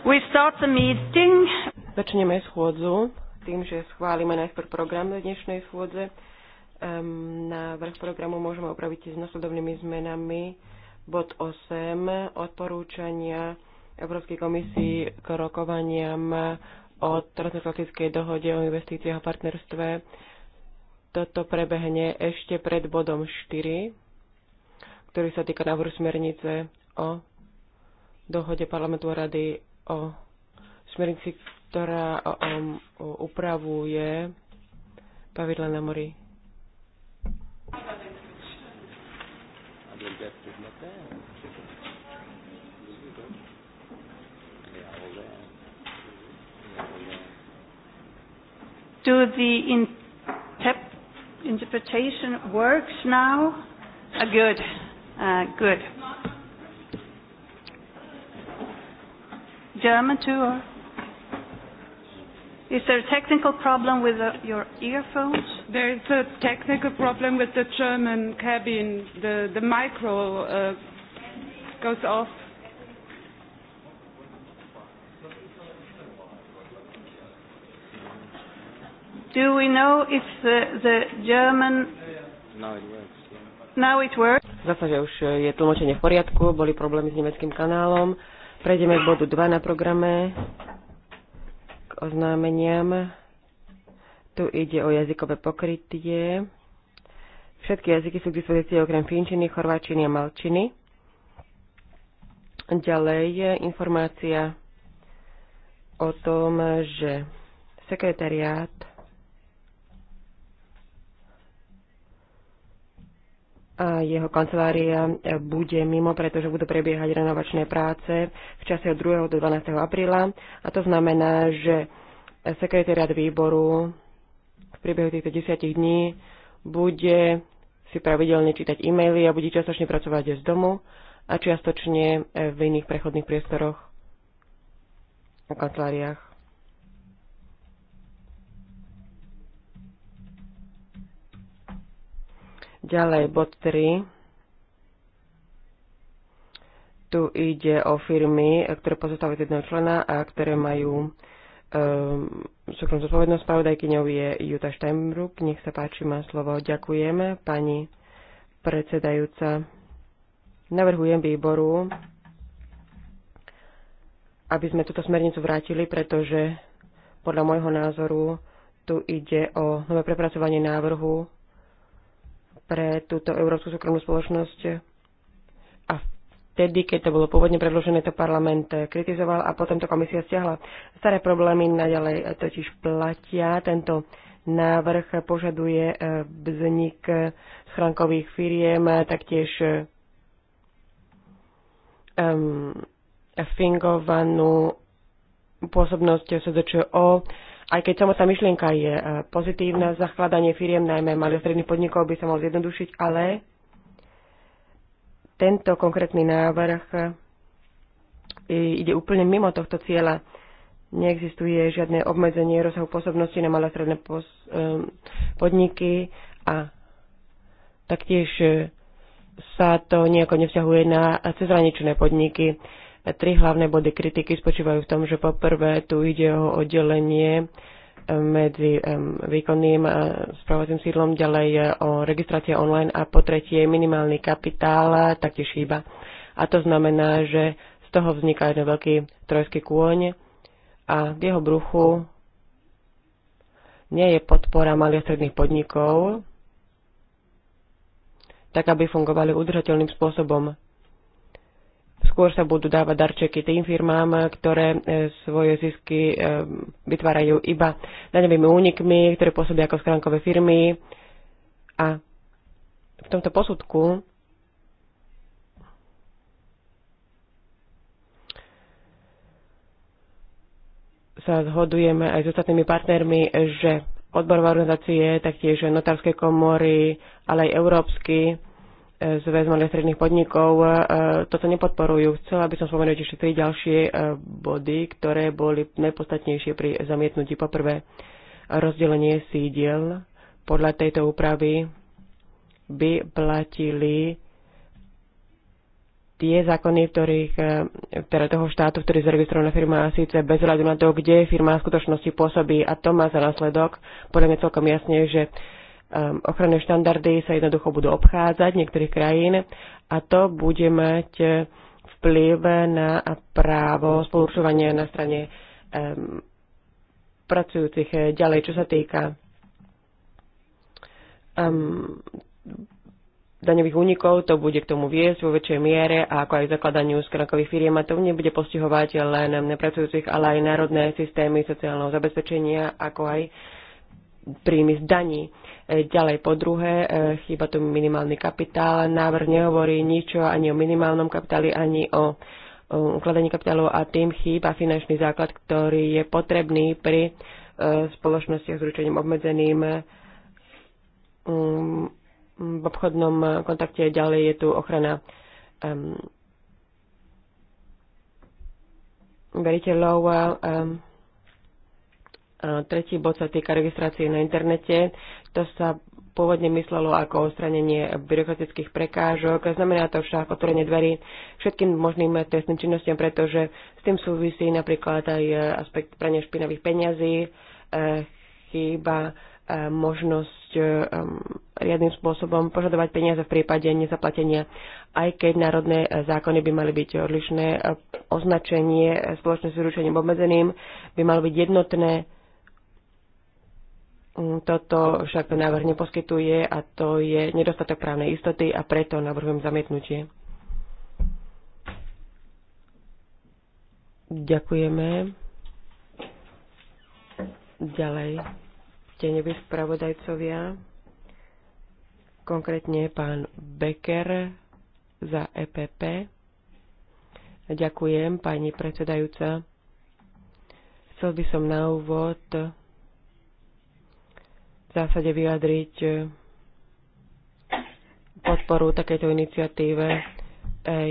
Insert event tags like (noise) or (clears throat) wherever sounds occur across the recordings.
We start the meeting. Začneme schôdzu tým, že schválime najprv program dnešnej schôdze. Um, ehm, na vrch programu môžeme opraviť s nasledovnými zmenami bod 8 odporúčania Európskej komisii k rokovaniam o transatlantickej dohode o investíciách a partnerstve. Toto prebehne ešte pred bodom 4, ktorý sa týka návrhu smernice o dohode parlamentu a rady o smernici, ktorá um, upravuje pavidla na mori. Do the interp interpretation works now? Uh, good, uh, good. German too? Or? Is there a technical problem with the, uh, your earphones? There is a technical problem with the German cabin. The, the micro uh, goes off. Do we know if the, the German... Now it works. Yeah. Now it works. už uh, je tlmočenie v poriadku, boli problémy s nemeckým kanálom. Prejdeme k bodu 2 na programe, k oznámeniam. Tu ide o jazykové pokrytie. Všetky jazyky sú k dispozícii okrem finčiny, chorváčiny a malčiny. Ďalej je informácia o tom, že sekretariát a jeho kancelária bude mimo, pretože budú prebiehať renovačné práce v čase od 2. do 12. apríla. A to znamená, že sekretariat výboru v priebehu týchto 10 dní bude si pravidelne čítať e-maily a bude častočne pracovať z domu a čiastočne v iných prechodných priestoroch a kanceláriách. Ďalej, bod 3. Tu ide o firmy, ktoré pozostávajú z jedného člena a ktoré majú um, súkromnú zodpovednosť. Spravodajkyňou je Juta Steinbruck. Nech sa páči, má slovo. Ďakujeme, pani predsedajúca. Navrhujem výboru, aby sme túto smernicu vrátili, pretože podľa môjho názoru tu ide o nové prepracovanie návrhu pre túto Európsku súkromnú spoločnosť. A vtedy, keď to bolo pôvodne predložené, to parlament kritizoval a potom to komisia stiahla. Staré problémy naďalej totiž platia. Tento návrh požaduje eh, vznik eh, schránkových firiem, eh, taktiež um, fingovanú pôsobnosť SZČO. Aj keď samotná myšlienka je e, pozitívna, zakladanie firiem, najmä malých stredných podnikov by sa mal zjednodušiť, ale tento konkrétny návrh e, ide úplne mimo tohto cieľa. Neexistuje žiadne obmedzenie rozsahu pôsobnosti na malé stredné e, podniky a taktiež sa to nejako nevzťahuje na cezhraničné podniky. Tri hlavné body kritiky spočívajú v tom, že poprvé tu ide o oddelenie medzi výkonným a e, spravovacím sídlom, ďalej o registrácie online a po tretie minimálny kapitál taktiež chýba. A to znamená, že z toho vzniká jeden veľký trojský kôň a v jeho bruchu nie je podpora malých a stredných podnikov, tak aby fungovali udržateľným spôsobom skôr sa budú dávať darčeky tým firmám, ktoré e, svoje zisky e, vytvárajú iba daňovými únikmi, ktoré pôsobia ako skránkové firmy. A v tomto posudku sa zhodujeme aj s ostatnými partnermi, že odborové organizácie, taktiež notárske komory, ale aj európsky z malých stredných podnikov e, toto nepodporujú. Chcela by som spomenúť ešte tri ďalšie e, body, ktoré boli najpodstatnejšie pri zamietnutí. Poprvé, rozdelenie sídiel podľa tejto úpravy by platili tie zákony, ktorých, e, teda toho štátu, ktorý zaregistrovaná firma, a síce bez hľadu na to, kde firma v skutočnosti pôsobí. A to má za následok, podľa mňa celkom jasne, že Ehm, ochranné štandardy sa jednoducho budú obchádzať niektorých krajín a to bude mať eh, vplyv na právo spolurčovania na strane um, pracujúcich eh, ďalej, čo sa týka um, daňových únikov, to bude k tomu viesť vo väčšej miere a ako aj zakladaniu skrankových firiem a to nebude postihovať len nepracujúcich, ale aj národné systémy sociálneho zabezpečenia, ako aj uh, príjmy z daní. E, ďalej po druhé, e, chýba tu minimálny kapitál. Návrh nehovorí nič ani o minimálnom kapitáli, ani o ukladaní kapitálu a tým chýba finančný základ, ktorý je potrebný pri e, spoločnostiach s ručením obmedzeným v obchodnom kontakte. Ďalej je tu ochrana veriteľov E, tretí bod sa týka registrácie na internete. To sa pôvodne myslelo ako odstranenie byrokratických prekážok. Znamená to však otvorenie dverí všetkým možným trestným činnostiam, pretože s tým súvisí napríklad aj e, aspekt prania špinavých peňazí, e, chýba možnosť riadnym spôsobom požadovať peniaze v prípade nezaplatenia, aj keď národné zákony by mali byť odlišné. Označenie spoločné s vyručením obmedzeným by malo byť jednotné toto však návrh neposkytuje a to je nedostatok právnej istoty a preto navrhujem zamietnutie. Ďakujeme. Ďalej. Tenevi spravodajcovia. Konkrétne pán Becker za EPP. Ďakujem, pani predsedajúca. Chcel by som na úvod v zásade vyjadriť e, podporu takejto iniciatíve. E,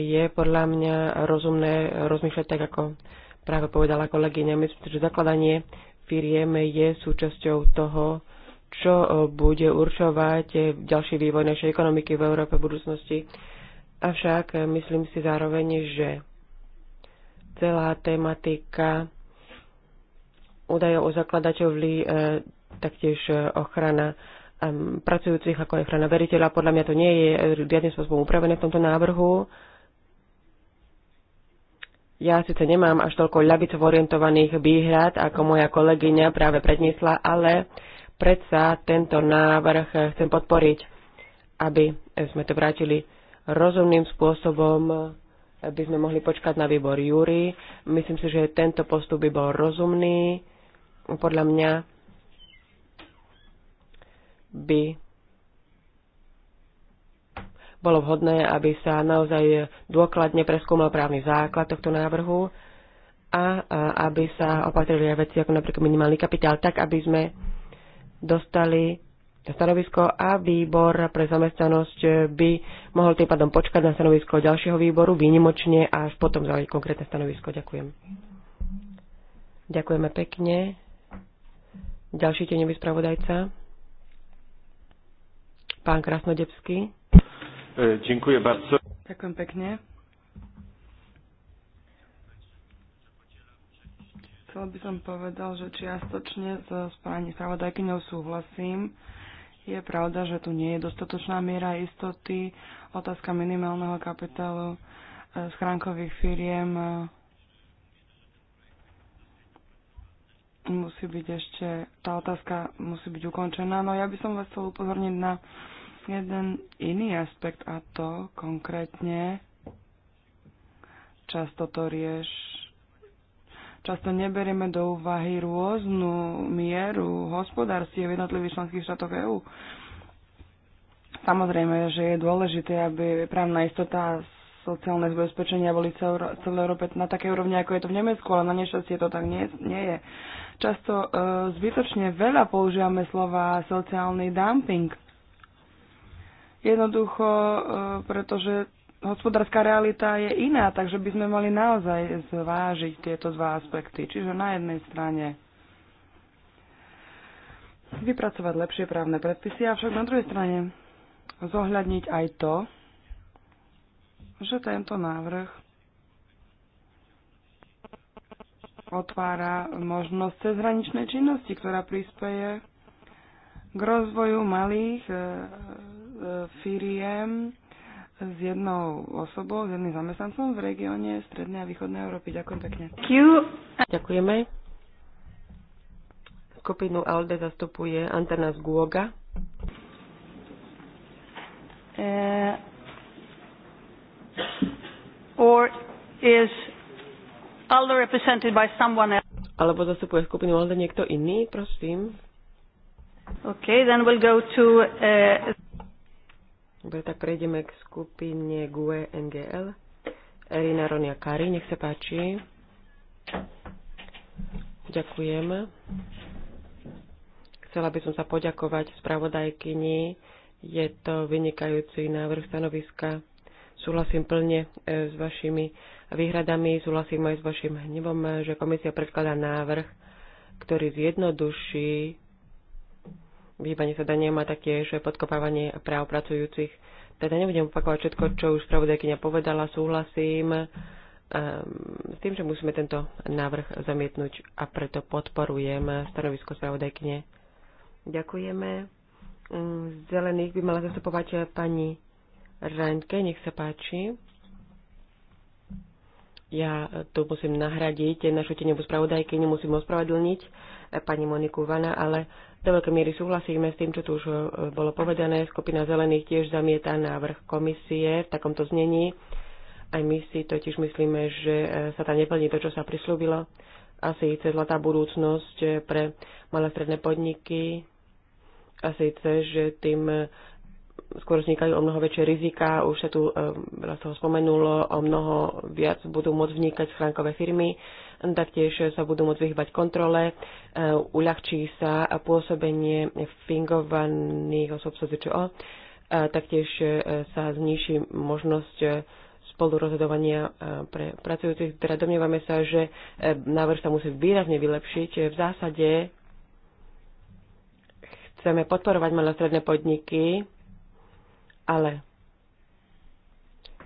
je podľa mňa rozumné rozmýšľať tak, ako práve povedala kolegyňa. Myslím, že zakladanie firiem je súčasťou toho, čo e, bude určovať ďalší vývoj našej ekonomiky v Európe v budúcnosti. Avšak myslím si zároveň, že celá tematika údajov o zakladateľovi taktiež e, ochrana pracujúcich ako ochrana veriteľa. Podľa mňa to nie je riadným e, spôsobom upravené v tomto návrhu. Ja síce nemám až toľko ľavicov orientovaných výhrad, ako moja kolegyňa práve predniesla, ale predsa tento návrh chcem podporiť, aby sme to vrátili rozumným spôsobom, aby sme mohli počkať na výbor Júri. Myslím si, že tento postup by bol rozumný. Podľa mňa by bolo vhodné, aby sa naozaj dôkladne preskúmal právny základ tohto návrhu a aby sa opatrili aj veci ako napríklad minimálny kapitál, tak aby sme dostali stanovisko a výbor pre zamestnanosť by mohol tým pádom počkať na stanovisko ďalšieho výboru výnimočne a až potom zaujať konkrétne stanovisko. Ďakujem. Ďakujeme pekne. Ďalší tenový spravodajca. Pán Krasnodebský. E, ďakujem bardzo. Ďakujem pekne. Chcel by som povedal, že čiastočne so správne spravodajkyňou súhlasím. Je pravda, že tu nie je dostatočná miera istoty. Otázka minimálneho kapitálu e, schránkových firiem e, musí byť ešte, tá otázka musí byť ukončená. No ja by som vás chcel upozorniť na jeden iný aspekt a to konkrétne často to rieš Často neberieme do úvahy rôznu mieru hospodárstie v jednotlivých členských štátoch EÚ. Samozrejme, že je dôležité, aby právna istota a sociálne zabezpečenia boli celé Európe na také úrovni, ako je to v Nemecku, ale na nešťastie to tak nie, nie je. Často e, zbytočne veľa používame slova sociálny dumping. Jednoducho, e, pretože hospodárska realita je iná, takže by sme mali naozaj zvážiť tieto dva aspekty. Čiže na jednej strane vypracovať lepšie právne predpisy, avšak na druhej strane zohľadniť aj to, že tento návrh otvára možnosť cezhraničnej činnosti, ktorá prispieje k rozvoju malých e, e, firiem s jednou osobou, s jedným zamestnancom v regióne Strednej a Východnej Európy. Ďakujem pekne. Q. Ďakujeme. Skupinu ALDE zastupuje Antanas Guoga. Uh, or is ALDE represented by someone else? Alebo zastupuje skupinu ALDE niekto iný, prosím. OK, then we'll go to... Uh... Dobre, tak prejdeme k skupine GUE NGL. Erina Ronia Kari, nech sa páči. Ďakujem. Chcela by som sa poďakovať spravodajkyni. Je to vynikajúci návrh stanoviska. Súhlasím plne eh, s vašimi výhradami. Súhlasím aj s vašim hnevom, že komisia predkladá návrh, ktorý zjednoduší vyhýbanie sa daniem a taktiež podkopávanie práv pracujúcich. Teda nebudem opakovať všetko, čo už spravodajkynia povedala. Súhlasím ehm, s tým, že musíme tento návrh zamietnúť a preto podporujem stanovisko spravodajkne. Ďakujeme. Mm, zelených by mala zastupovať pani Raňke, nech sa páči. Ja tu musím nahradiť našu tenebu spravodajky, nemusím ospravedlniť pani Moniku Vana, ale do veľkej miery súhlasíme s tým, čo tu už e, bolo povedané. Skupina zelených tiež zamieta návrh komisie v takomto znení. Aj my si totiž myslíme, že e, sa tam neplní to, čo sa prislúbilo. A síce zlatá budúcnosť e, pre malé stredné podniky. A síce, že tým skôr vznikajú o mnoho väčšie rizika, už sa tu eh, veľa toho spomenulo, o mnoho viac budú môcť vnikať schránkové firmy, taktiež sa budú môcť vyhybať kontrole, eh, uľahčí sa pôsobenie fingovaných osob SZČO, eh, taktiež sa zniží možnosť spolurozhodovania pre pracujúcich. Teda domnievame sa, že návrh sa musí výrazne vylepšiť. V zásade chceme podporovať malé stredné podniky, ale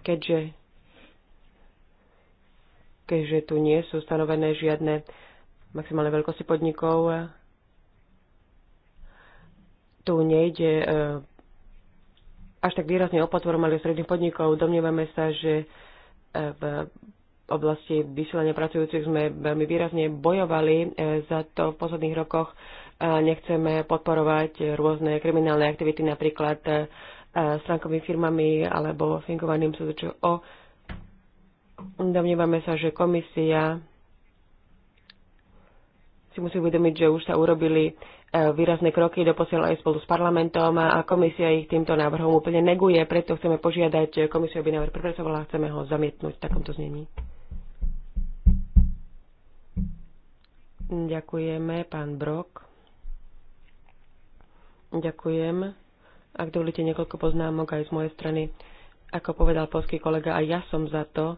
keďže, keďže tu nie sú stanovené žiadne maximálne veľkosti podnikov, tu nejde eh, až tak výrazne o podporu malých stredných podnikov. Domnievame sa, že eh, v oblasti vysielania pracujúcich sme veľmi výrazne bojovali eh, za to v posledných rokoch. Nechceme podporovať rôzne kriminálne aktivity, napríklad stránkovými firmami alebo fingovaným o. Domnievame sa, že komisia si musí uvedomiť, že už sa urobili e, výrazné kroky posiela aj spolu s parlamentom a komisia ich týmto návrhom úplne neguje, preto chceme požiadať komisiu, aby návrh prepracovala a chceme ho zamietnúť v takomto znení. Ďakujeme, pán Brok. Ďakujem. Ak dovolíte niekoľko poznámok aj z mojej strany, ako povedal polský kolega, aj ja som za to,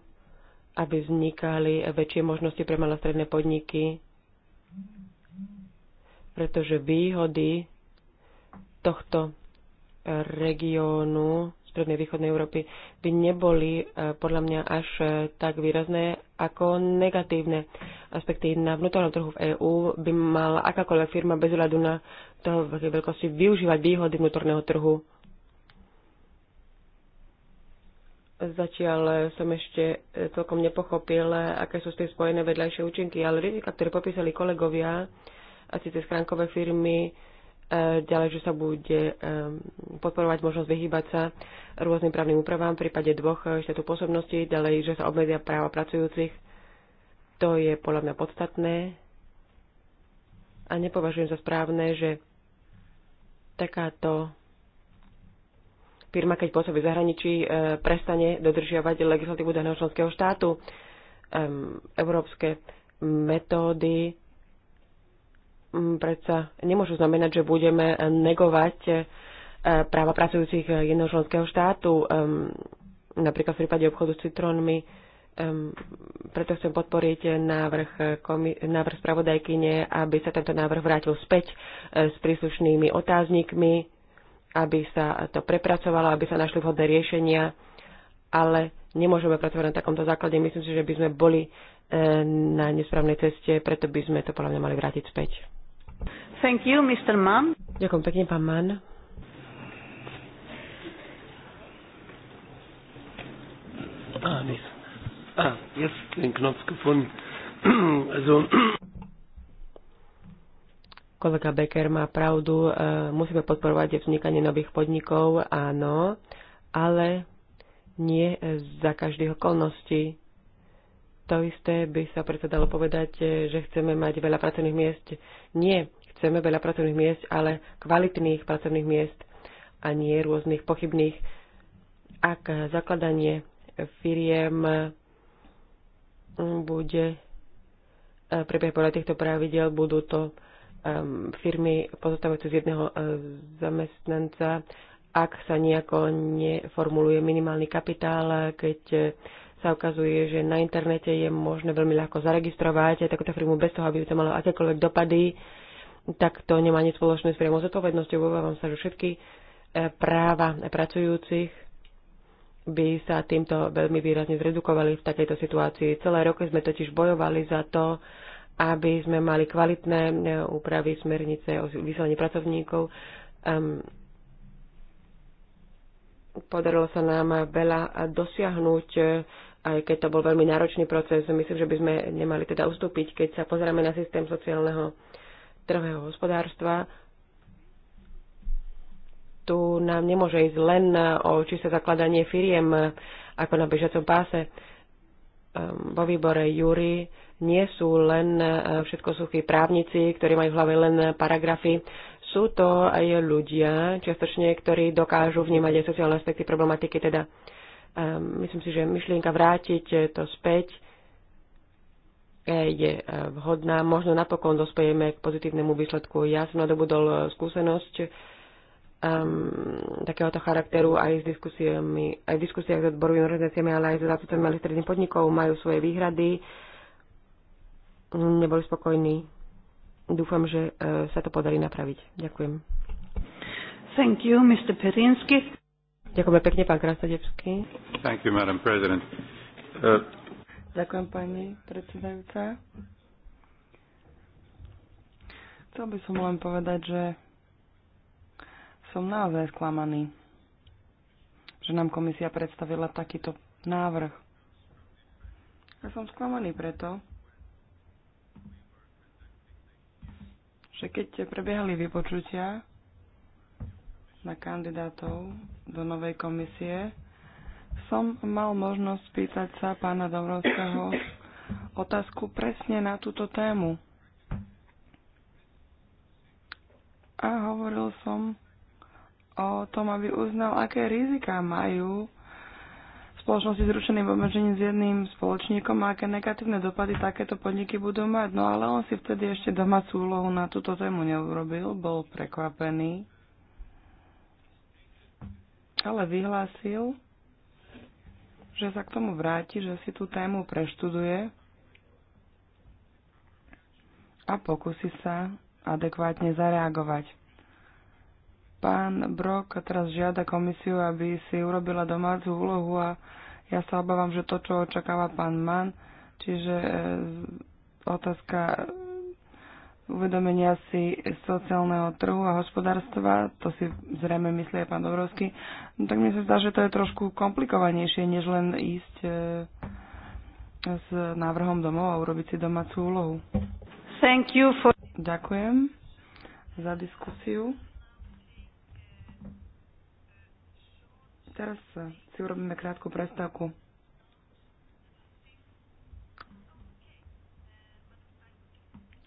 aby vznikali väčšie možnosti pre malé stredné podniky, pretože výhody tohto regiónu strednej východnej Európy by neboli e, podľa mňa až e, tak výrazné ako negatívne aspekty na vnútornom trhu v EÚ by mala akákoľvek firma bez hľadu na toho v akej veľkosti využívať výhody vnútorného trhu. Zatiaľ e, som ešte celkom nepochopil, aké sú s tým spojené vedľajšie účinky, ale rizika, ktoré popísali kolegovia, a síce schránkové firmy, E, ďalej, že sa bude e, podporovať možnosť vyhýbať sa rôznym právnym úpravám v prípade dvoch e, štátov pôsobnosti, ďalej, že sa obmedzia práva pracujúcich. To je podľa mňa podstatné a nepovažujem za správne, že takáto firma, keď pôsobí v zahraničí, prestane dodržiavať legislatívu daného členského štátu. Európske metódy Mm, predsa nemôžu znamenať, že budeme eh, negovať eh, práva pracujúcich eh, jedného členského štátu, ehm, napríklad v prípade obchodu s citrónmi. Ehm, preto chcem podporiť návrh, návrh spravodajkyne, aby sa tento návrh vrátil späť s príslušnými otáznikmi, aby sa to prepracovalo, aby sa našli vhodné riešenia, ale nemôžeme pracovať na takomto základe. Myslím si, že by sme boli na nesprávnej ceste, preto by sme to podľa mňa mali vrátiť späť. Thank you, Mr. Mann. Ďakujem pekne, pán Mann. Ah, nicht. Ah, jetzt den Knopf gefunden. (clears throat) also... (clears throat) Kolega Becker má pravdu, eh, musíme podporovať vznikanie nových podnikov, áno, ale nie eh, za každých okolností. To isté by sa predsa dalo povedať, eh, že chceme mať veľa pracovných miest. Nie, Chceme veľa pracovných miest, ale kvalitných pracovných miest a nie rôznych pochybných. Ak zakladanie firiem bude e, prebiehať podľa týchto pravidel, budú to e, firmy pozostávajúce z jedného e, zamestnanca, ak sa nejako neformuluje minimálny kapitál, keď sa ukazuje, že na internete je možné veľmi ľahko zaregistrovať aj takúto firmu bez toho, aby to malo akékoľvek dopady tak to nemá nič spoločné s priamo zodpovednosťou. Obávam sa, že všetky e, práva pracujúcich by sa týmto veľmi výrazne zredukovali v takejto situácii. Celé roky sme totiž bojovali za to, aby sme mali kvalitné e, úpravy smernice o vysielaní pracovníkov. Ehm, podarilo sa nám veľa dosiahnuť e, aj keď to bol veľmi náročný proces, myslím, že by sme nemali teda ustúpiť, keď sa pozrieme na systém sociálneho trhového hospodárstva, tu nám nemôže ísť len eh, o čisté zakladanie firiem eh, ako na bežiacom páse. Ehm, vo výbore Júri nie sú len eh, všetko suchí právnici, ktorí majú v hlave len paragrafy. Sú to aj ľudia, čiastočne, ktorí dokážu vnímať aj sociálne aspekty problematiky. Teda ehm, myslím si, že myšlienka vrátiť to späť je e, vhodná. Možno napokon dospejeme k pozitívnemu výsledku. Ja som nadobudol skúsenosť um, takéhoto charakteru aj s diskusiami, aj v diskusiách s odborovými organizáciami, ale aj s zástupcami malých stredných podnikov majú svoje výhrady. Neboli spokojní. Dúfam, že uh, sa to podarí napraviť. Ďakujem. Thank you, Mr. Perinsky. Ďakujeme pekne, pán Krasadevský. Thank you, Madam President. Uh, Ďakujem pani predsedajúca. Chcel by som len povedať, že som naozaj sklamaný, že nám komisia predstavila takýto návrh. Ja som sklamaný preto, že keď prebiehali vypočutia na kandidátov do novej komisie, som mal možnosť spýtať sa pána Dobrovského otázku presne na túto tému. A hovoril som o tom, aby uznal, aké rizika majú spoločnosti s ručeným obmedzením s jedným spoločníkom a aké negatívne dopady takéto podniky budú mať. No ale on si vtedy ešte domácu úlohu na túto tému neurobil, bol prekvapený. Ale vyhlásil, že sa k tomu vráti, že si tú tému preštuduje a pokusí sa adekvátne zareagovať. Pán Brok teraz žiada komisiu, aby si urobila domácu úlohu a ja sa obávam, že to, čo očakáva pán Mann, čiže e, otázka uvedomenia si sociálneho trhu a hospodárstva, to si zrejme myslí aj pán Dobrovský, no tak mi sa zdá, že to je trošku komplikovanejšie, než len ísť e, s návrhom domov a urobiť si domácu úlohu. Thank you for... Ďakujem za diskusiu. Teraz si urobíme krátku prestávku.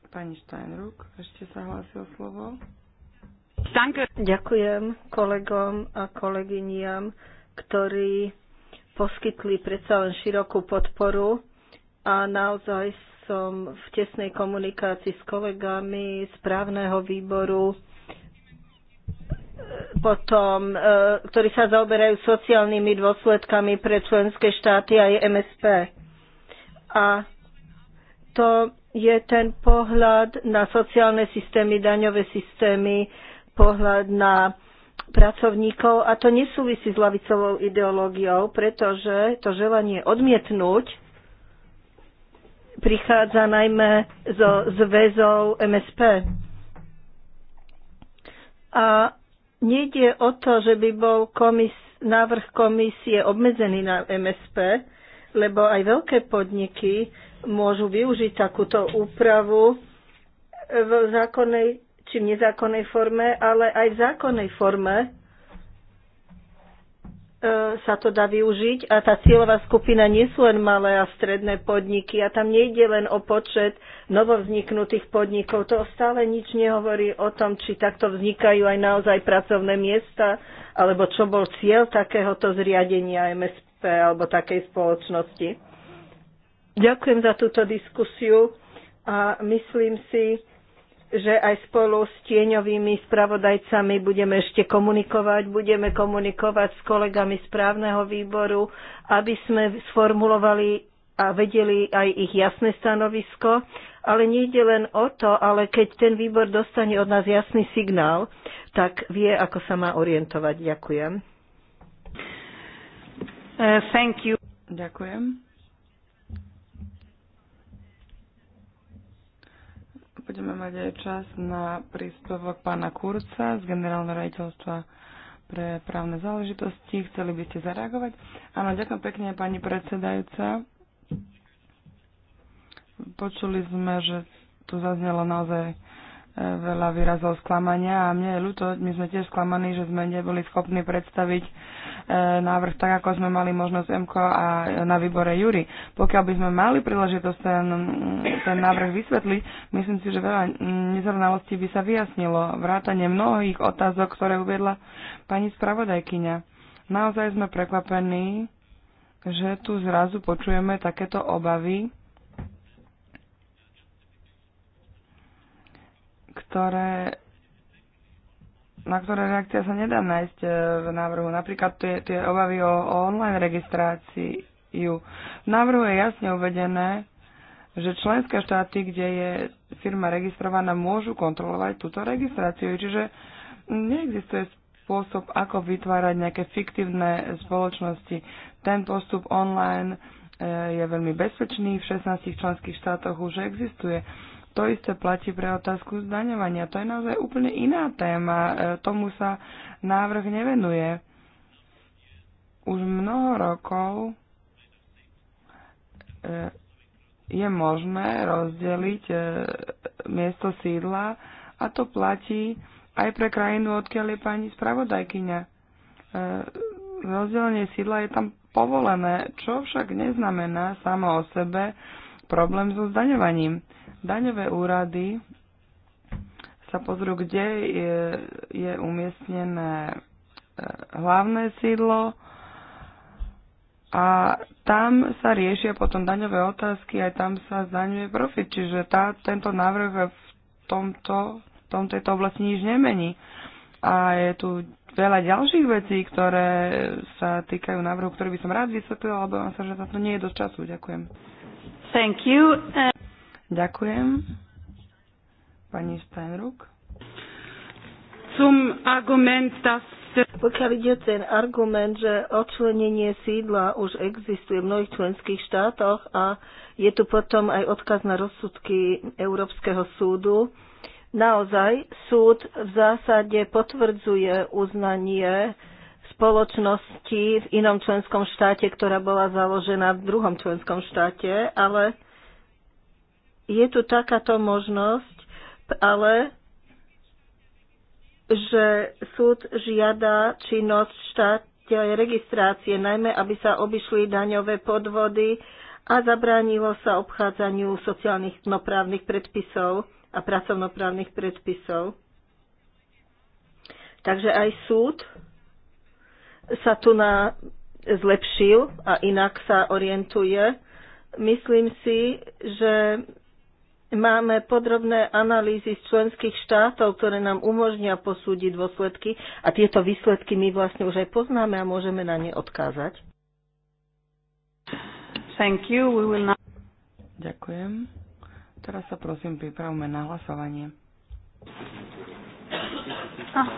Pani Steinruck ešte sa hlási o slovo. Ďakujem kolegom a kolegyniam, ktorí poskytli predsa len širokú podporu a naozaj som v tesnej komunikácii s kolegami z právneho výboru, e, potom, e, ktorí sa zaoberajú sociálnymi dôsledkami pre členské štáty aj MSP. A to je ten pohľad na sociálne systémy, daňové systémy, pohľad na pracovníkov a to nesúvisí s lavicovou ideológiou, pretože to želanie odmietnúť prichádza najmä zo zväzov MSP. A nejde o to, že by bol komis, návrh komisie obmedzený na MSP, lebo aj veľké podniky môžu využiť takúto úpravu v zákonnej či nezákonnej forme, ale aj v zákonnej forme e, sa to dá využiť a tá cieľová skupina nie sú len malé a stredné podniky a tam nejde len o počet novovzniknutých podnikov. To stále nič nehovorí o tom, či takto vznikajú aj naozaj pracovné miesta, alebo čo bol cieľ takéhoto zriadenia MSP alebo takej spoločnosti. Ďakujem za túto diskusiu a myslím si, že aj spolu s tieňovými spravodajcami budeme ešte komunikovať, budeme komunikovať s kolegami právneho výboru, aby sme sformulovali a vedeli aj ich jasné stanovisko, ale nejde len o to, ale keď ten výbor dostane od nás jasný signál, tak vie, ako sa má orientovať. Ďakujem. Uh, thank you. Ďakujem. budeme mať aj čas na príspevok pána Kurca z generálneho raditeľstva pre právne záležitosti. Chceli by ste zareagovať? Áno, ďakujem pekne, pani predsedajúca. Počuli sme, že tu zaznelo naozaj veľa výrazov sklamania a mne je ľúto, my sme tiež sklamaní, že sme neboli schopní predstaviť e, návrh tak, ako sme mali možnosť MK a na výbore Jury. Pokiaľ by sme mali príležitosť ten, ten návrh vysvetliť, myslím si, že veľa nezrovnalostí by sa vyjasnilo. Vrátanie mnohých otázok, ktoré uviedla pani spravodajkyňa. Naozaj sme prekvapení, že tu zrazu počujeme takéto obavy, ktoré, na ktoré reakcia sa nedá nájsť e, v návrhu. Napríklad tie, tie obavy o, o online registráciu. V návrhu je jasne uvedené, že členské štáty, kde je firma registrovaná, môžu kontrolovať túto registráciu. Čiže neexistuje spôsob, ako vytvárať nejaké fiktívne spoločnosti. Ten postup online e, je veľmi bezpečný, v 16 členských štátoch už existuje. To isté platí pre otázku zdaňovania. To je naozaj úplne iná téma. E, tomu sa návrh nevenuje. Už mnoho rokov e, je možné rozdeliť e, miesto sídla a to platí aj pre krajinu, odkiaľ je pani spravodajkyňa. Rozdelenie sídla je tam povolené, čo však neznamená samo o sebe problém so zdaňovaním. Daňové úrady sa pozrú, kde je, je umiestnené e, hlavné sídlo a tam sa riešia potom daňové otázky, aj tam sa zdaňuje profit, čiže tá, tento návrh v tomto, v tom tejto oblasti nič nemení. A je tu veľa ďalších vecí, ktoré sa týkajú návrhu, ktorý by som rád vysvetlila, ale bojím sa, že za to nie je dosť času. Ďakujem. Thank you. Ďakujem. Pani Steinruck. Zum Argument, dass pokiaľ ide ten argument, že odčlenenie sídla už existuje v mnohých členských štátoch a je tu potom aj odkaz na rozsudky Európskeho súdu, naozaj súd v zásade potvrdzuje uznanie spoločnosti v inom členskom štáte, ktorá bola založená v druhom členskom štáte, ale je tu takáto možnosť, ale že súd žiada činnosť štáte registrácie, najmä aby sa obišli daňové podvody a zabránilo sa obchádzaniu sociálnych právnych predpisov a pracovnoprávnych predpisov. Takže aj súd sa tu na zlepšil a inak sa orientuje. Myslím si, že Máme podrobné analýzy z členských štátov, ktoré nám umožnia posúdiť dôsledky a tieto výsledky my vlastne už aj poznáme a môžeme na ne odkázať. Thank you. We will not... Ďakujem. Teraz sa prosím pripravme na hlasovanie. Ah.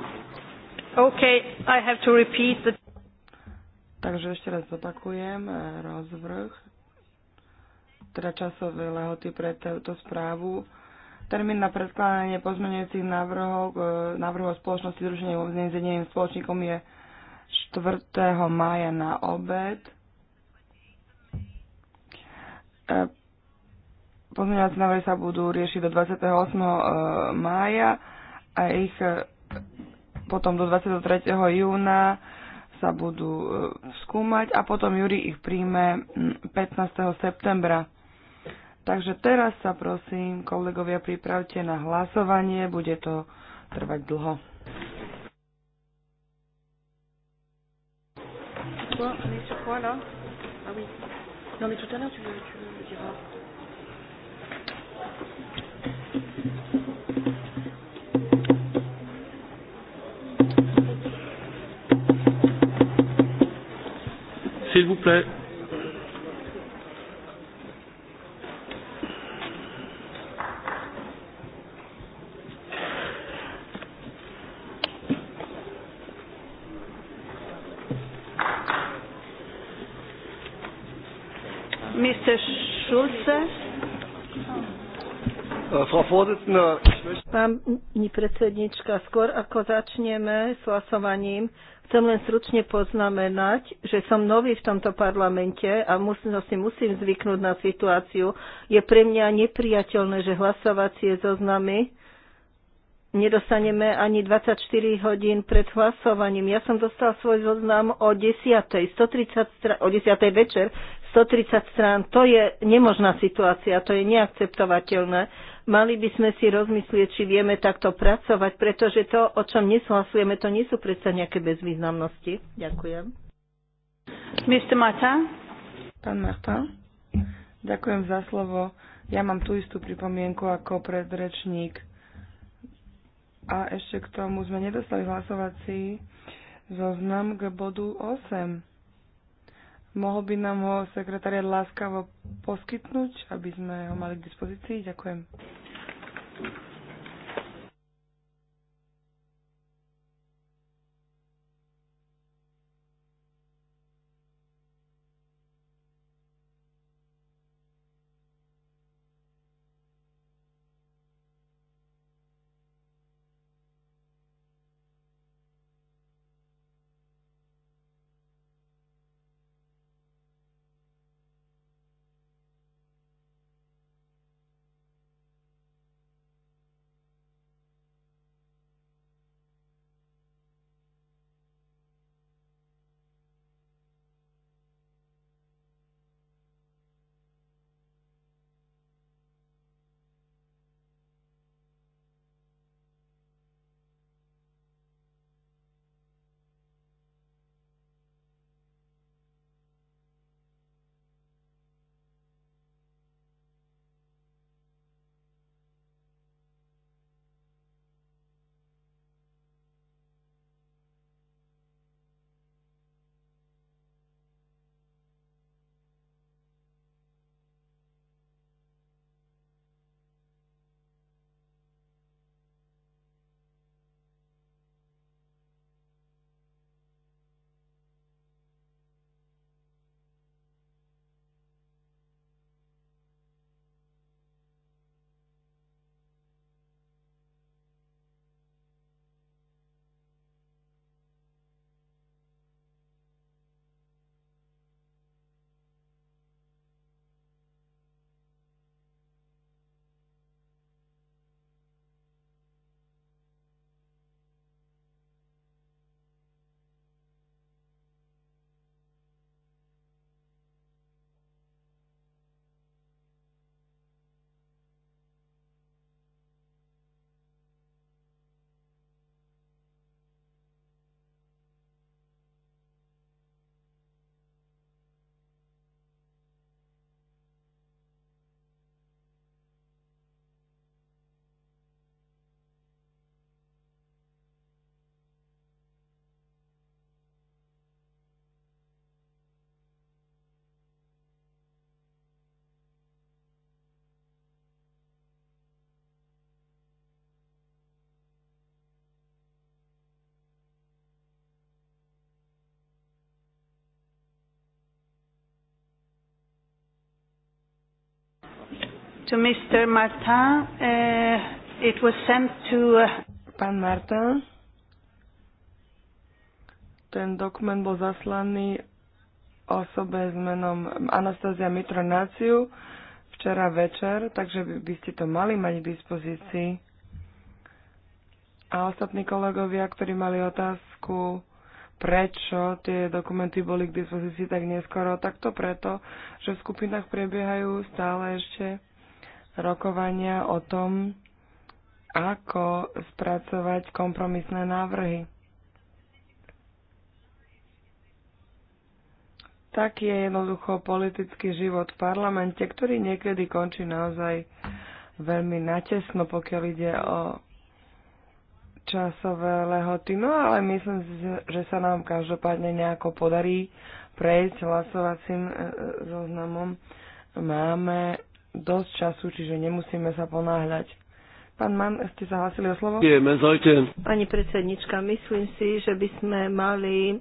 Okay, I have to repeat the... Takže ešte raz zopakujem eh, rozvrh teda časové lehoty pre túto správu. Termín na predkladanie pozmeňujúcich návrhov, e, návrhov spoločnosti zrušenia obzdeným zedeným spoločníkom je 4. mája na obed. E, pozmeňovacie návrhy sa budú riešiť do 28. E, mája a ich potom do 23. júna sa budú skúmať a potom Júri ich príjme 15. septembra. Takže teraz sa prosím, kolegovia, pripravte na hlasovanie, bude to trvať dlho. Ah S'il vous plaît. No. Pani predsednička, skôr ako začneme s hlasovaním, chcem len stručne poznamenať, že som nový v tomto parlamente a musím, si musím zvyknúť na situáciu. Je pre mňa nepriateľné, že hlasovacie zoznamy nedostaneme ani 24 hodín pred hlasovaním. Ja som dostal svoj zoznam o 10. 130 str- o 10. večer, 130 strán. To je nemožná situácia, to je neakceptovateľné. Mali by sme si rozmyslieť, či vieme takto pracovať, pretože to, o čom nesúhlasujeme, to nie sú predsa nejaké bezvýznamnosti. Ďakujem. Mr. Mata. Pán Marta. Ďakujem za slovo. Ja mám tú istú pripomienku ako predrečník. A ešte k tomu sme nedostali hlasovací zoznam k bodu 8. Mohol by nám ho sekretariat láskavo poskytnúť, aby sme ho mali k dispozícii? Ďakujem. to Mr. Martin. Uh, it was sent to... Uh... Pán Martin. Ten dokument bol zaslaný osobe s menom Anastázia Mitronáciu včera večer, takže by, by ste to mali mať k dispozícii. A ostatní kolegovia, ktorí mali otázku, prečo tie dokumenty boli k dispozícii tak neskoro, tak to preto, že v skupinách prebiehajú stále ešte rokovania o tom, ako spracovať kompromisné návrhy. Tak je jednoducho politický život v parlamente, ktorý niekedy končí naozaj veľmi natesno, pokiaľ ide o časové lehoty. No ale myslím si, že sa nám každopádne nejako podarí prejsť hlasovacím e, e, zoznamom. Máme dosť času, čiže nemusíme sa ponáhľať. Pán Mann, ste sa hlasili o slovo? Pani predsednička, myslím si, že by sme mali e,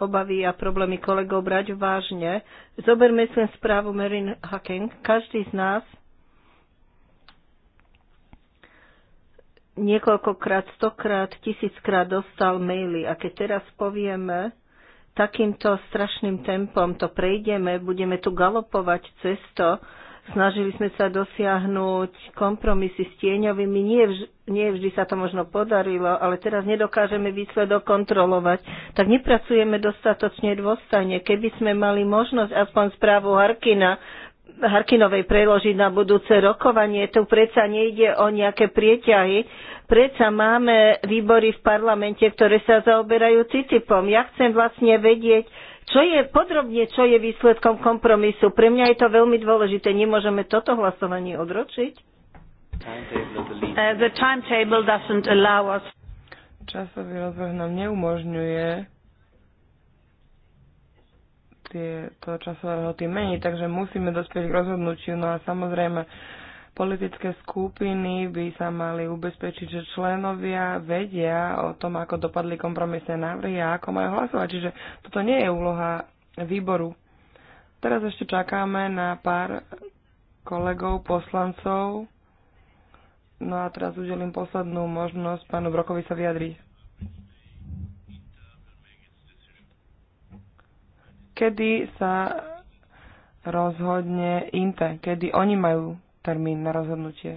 obavy a problémy kolegov brať vážne. Zoberme si len správu Marin Hacking. Každý z nás niekoľkokrát, stokrát, tisíckrát dostal maily. A keď teraz povieme, takýmto strašným tempom to prejdeme, budeme tu galopovať cesto, Snažili sme sa dosiahnuť kompromisy s tieňovými. Nie, vž- nie vždy sa to možno podarilo, ale teraz nedokážeme výsledok kontrolovať. Tak nepracujeme dostatočne dôstajne. Keby sme mali možnosť aspoň správu Harkina Harkinovej preložiť na budúce rokovanie. Tu predsa nejde o nejaké prieťahy. Predsa máme výbory v parlamente, ktoré sa zaoberajú CITIPom. Ja chcem vlastne vedieť, čo je podrobne, čo je výsledkom kompromisu? Pre mňa je to veľmi dôležité. Nemôžeme toto hlasovanie odročiť? Uh, the timetable doesn't allow us. Časový rozvrh nám neumožňuje tie, to časové lehoty meniť, takže musíme dospieť k rozhodnutiu. No a samozrejme, uh, Politické skupiny by sa mali ubezpečiť, že členovia vedia o tom, ako dopadli kompromisné návrhy a ako majú hlasovať. Čiže toto nie je úloha výboru. Teraz ešte čakáme na pár kolegov, poslancov. No a teraz udelím poslednú možnosť pánu Brokovi sa vyjadriť. Kedy sa rozhodne INTE, kedy oni majú termín na rozhodnutie.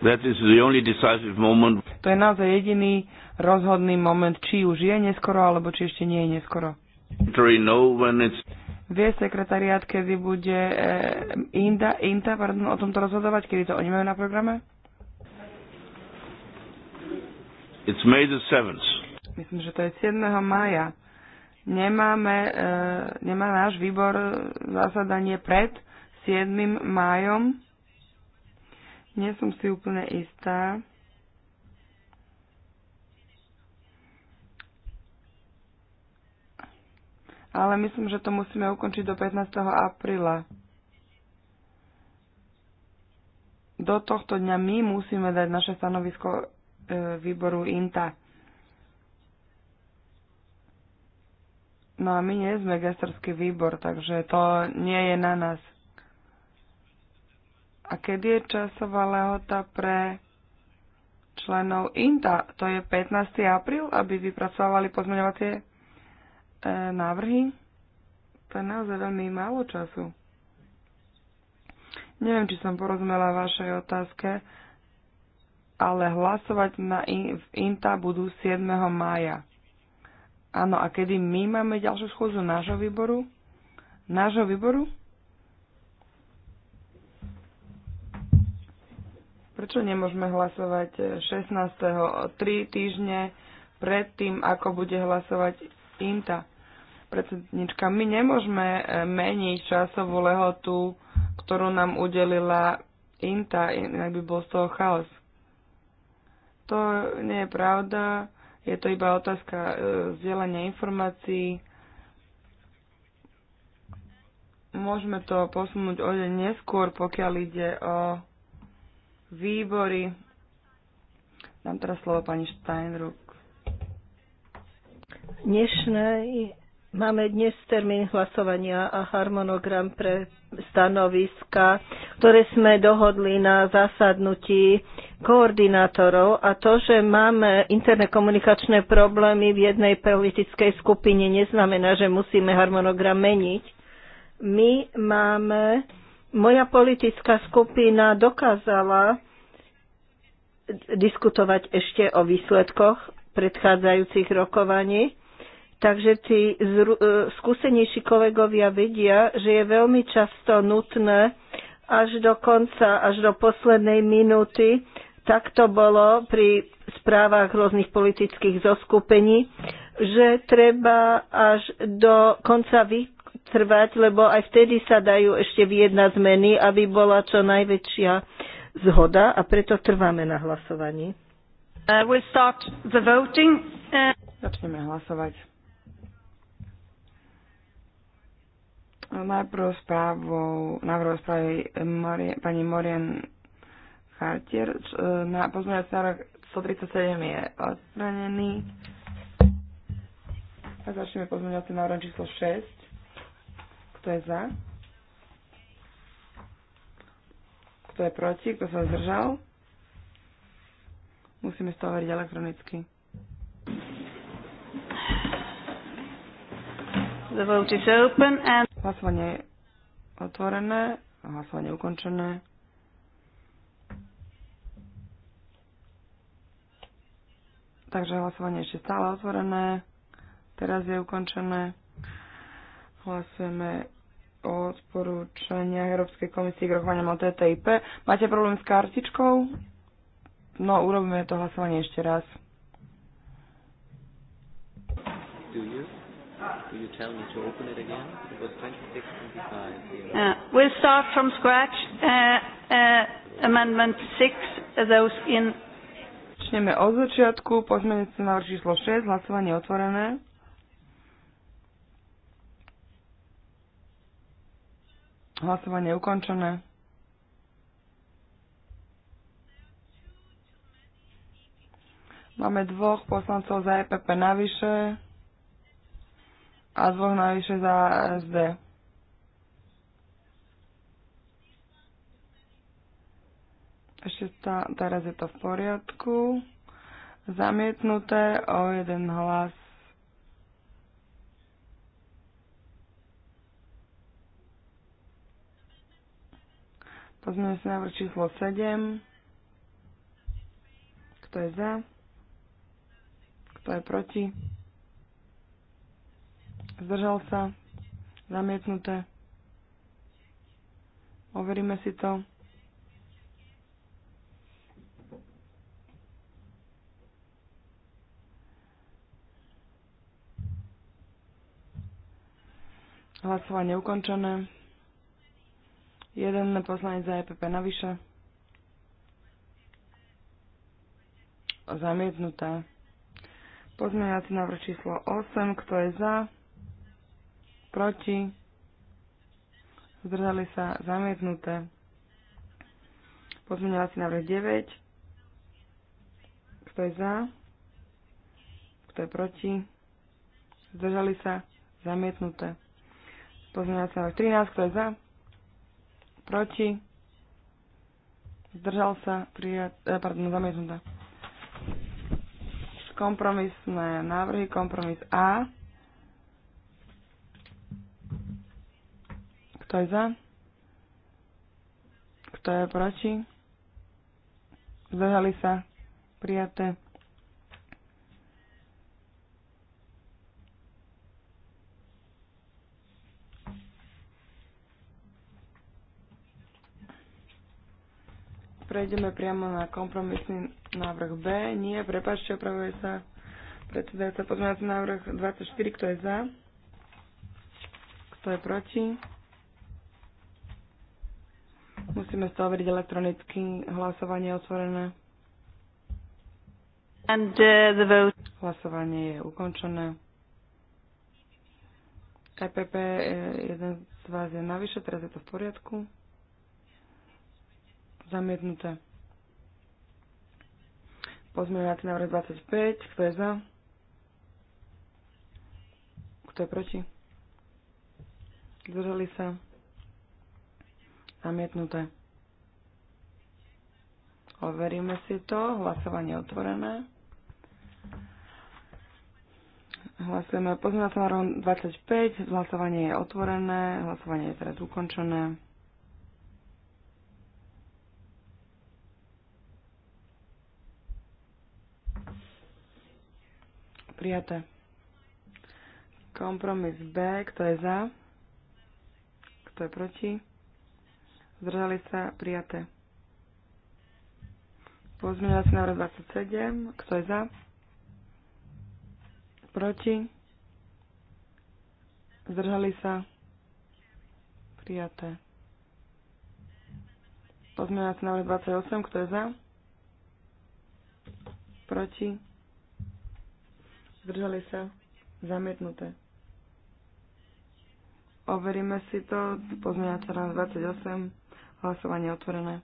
That is the only decisive moment. To je naozaj jediný rozhodný moment, či už je neskoro, alebo či ešte nie je neskoro. Vie sekretariát, kedy bude e, Inda, Inta pardon, o tomto rozhodovať, kedy to oni majú na programe? It's May the 7th. Myslím, že to je 7. mája. Nemáme, e, nemá náš výbor zasadanie pred 7. májom nie som si úplne istá. Ale myslím, že to musíme ukončiť do 15. apríla. Do tohto dňa my musíme dať naše stanovisko e, výboru INTA. No a my nie sme gestorský výbor, takže to nie je na nás. A kedy je časová lehota pre členov INTA? To je 15. apríl, aby vypracovali pozmeňovacie e, návrhy? To je naozaj veľmi málo času. Neviem, či som porozumela vašej otázke, ale hlasovať na in, v INTA budú 7. mája. Áno, a kedy my máme ďalšiu schôdzu nášho výboru? Nášho výboru? Prečo nemôžeme hlasovať 16. Eh, 3 eh, týždne pred tým, ako bude hlasovať INTA? Predsednička, my nemôžeme eh, meniť časovú lehotu, ktorú nám udelila INTA, inak by bol z toho chaos. To nie je pravda, je to iba otázka vzdelania vzdielania informácií. Môžeme to posunúť o deň neskôr, pokiaľ ide o výbory. Dám teraz slovo pani Steinruck. Dnešnej Máme dnes termín hlasovania a harmonogram pre stanoviska, ktoré sme dohodli na zasadnutí koordinátorov a to, že máme interné komunikačné problémy v jednej politickej skupine, neznamená, že musíme harmonogram meniť. My máme moja politická skupina dokázala diskutovať ešte o výsledkoch predchádzajúcich rokovaní, takže tí e, skúsenejší kolegovia vedia, že je veľmi často nutné až do konca, až do poslednej minúty. Tak to bolo pri správach rôznych politických zoskupení, že treba až do konca vy, trvať, lebo aj vtedy sa dajú ešte vyjednať zmeny, aby bola čo najväčšia zhoda a preto trváme na hlasovaní. Uh, we'll start the voting. Uh... Začneme hlasovať. Najprv správou, návrhu správy Morien, pani Morien Chartier. E, na pozmeňovací návrh 137 je odstranený. A začneme pozmeňovacím návrhom číslo 6. Kto je za? Kto je proti? Kto sa zdržal? Musíme z toho veriť elektronicky. The vote is open and... Hlasovanie je otvorené, hlasovanie je ukončené. Takže hlasovanie je ešte stále otvorené. Teraz je ukončené. Hlasujeme o odporúčaniach Európskej komisie k rokovaniam o TTIP. Máte problém s kartičkou? No, urobíme to hlasovanie ešte raz. Do you? you tell me to open it again? It was 26.25. Uh, we'll start from scratch. Uh, uh, amendment 6, uh, those in... Začneme od začiatku, pozmeňujúci návrh číslo 6, hlasovanie otvorené. Hlasovanie ukončené. Máme dvoch poslancov za EPP navyše a dvoch navyše za SD. Ešte tá, teraz je to v poriadku. Zamietnuté o jeden hlas Pozmeňujem sa návrh číslo 7. Kto je za? Kto je proti? Zdržal sa? Zamietnuté? Overíme si to. Hlasovanie ukončené. Jeden poslanec za EPP navyše. Zamietnuté. Pozmeňovací návrh číslo 8. Kto je za? Proti? Zdržali sa? Zamietnuté. Pozmeňovací návrh 9. Kto je za? Kto je proti? Zdržali sa? Zamietnuté. Pozmeňovací návrh 13. Kto je za? proti, zdržal sa, prijať, eh, pardon, zamietnutá. Kompromisné návrhy, kompromis A. Kto je za? Kto je proti? Zdržali sa, prijaté. prejdeme priamo na kompromisný návrh B. Nie, prepáčte, opravuje sa predsedajúca pozmeňovací návrh 24, kto je za? Kto je proti? Musíme z toho veriť elektronicky. Hlasovanie je otvorené. And, uh, the vote. Hlasovanie je ukončené. EPP, e, jeden z vás je navyše, teraz je to v poriadku. Zamietnuté. Pozmeňovací návrh 25. Kto je za? Kto je proti? Zdržali sa? Zamietnuté. Overíme si to. Hlasovanie otvorené. Hlasujeme pozmeňovacím návrh 25. Hlasovanie je otvorené. Hlasovanie je teraz ukončené. Prijaté. Kompromis B, kto je za? Kto je proti? Zdržali sa? Prijaté. Pozmeňovací návrh 27, kto je za? Proti? Zdržali sa? Prijaté. Pozmeňovací návrh 28, kto je za? Proti? zdržali sa, zamietnuté. Overíme si to, Pozmeňa sa raz 28, hlasovanie otvorené.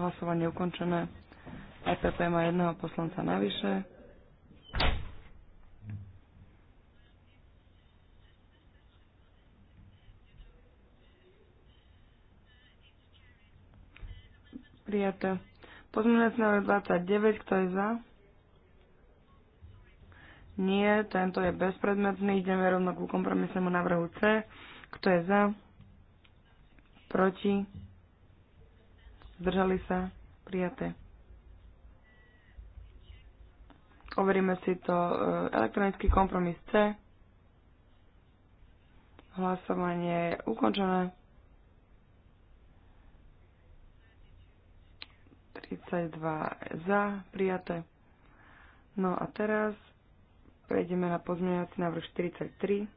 Hlasovanie ukončené. EPP má jedného poslanca navyše. Prijaté. Pozmeňujúci návrh 29, kto je za? Nie, tento je bezpredmetný. Ideme rovno ku kompromisnému návrhu C. Kto je za? Proti? Zdržali sa? Prijaté. Overíme si to e, elektronický kompromis C. Hlasovanie je ukončené. 32 za, prijaté. No a teraz Prejdeme na pozmeňovací návrh 43.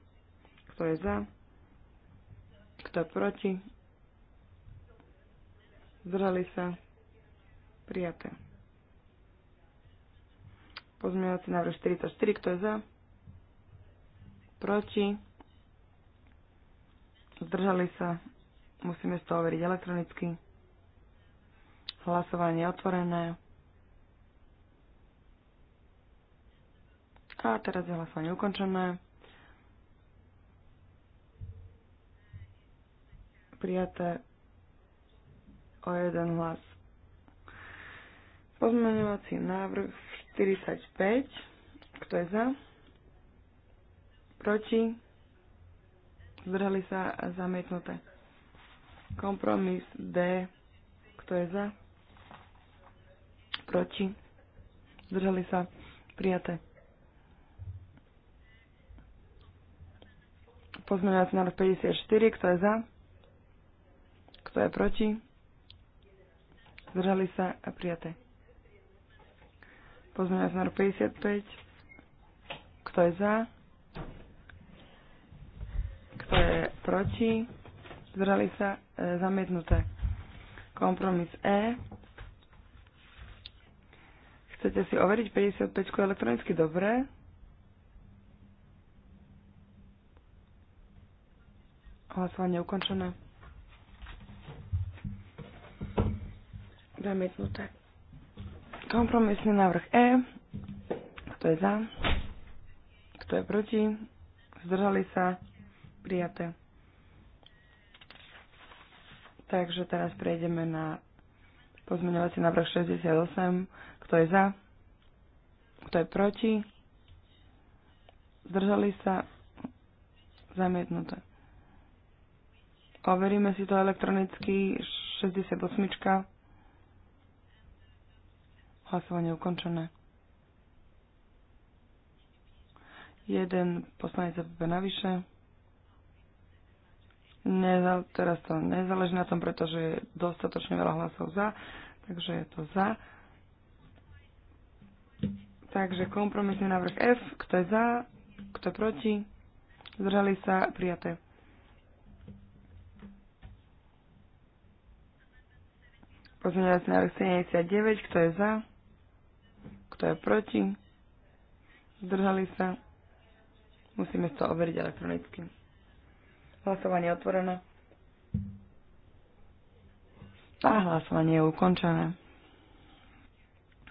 Kto je za? Kto je proti? Zdržali sa? Prijaté. Pozmeňovací návrh 44. Kto je za? Proti? Zdržali sa? Musíme z toho overiť elektronicky. Hlasovanie je otvorené. A teraz je hlasovanie ukončené. Prijaté o jeden hlas. Pozmeňovací návrh 45. Kto je za? Proti? Zdrhali sa zamietnuté. Kompromis D. Kto je za? Proti? Zdrhali sa prijaté. Pozmeňovací návrh 54, kto je za? Kto je proti? Zdržali sa a prijaté. Pozmeňovací návrh 55, kto je za? Kto je proti? Zdržali sa e, zamietnuté. Kompromis E. Chcete si overiť 55 elektronicky? Dobre. Hlasovanie ukončené. Zamietnuté. Kompromisný návrh E. Kto je za? Kto je proti? Zdržali sa? Prijaté. Takže teraz prejdeme na pozmeňovací návrh 68. Kto je za? Kto je proti? Zdržali sa? Zamietnuté. Overíme si to elektronicky. 68. Hlasovanie ukončené. Jeden poslanec FB navyše. Neza, teraz to nezáleží na tom, pretože je dostatočne veľa hlasov za, takže je to za. Takže kompromisný návrh F, kto je za, kto je proti, zdržali sa, prijaté. Pozmeňovací návrh 79, kto je za? Kto je proti? Zdržali sa? Musíme to overiť elektronicky. Hlasovanie je otvorené. A hlasovanie je ukončené.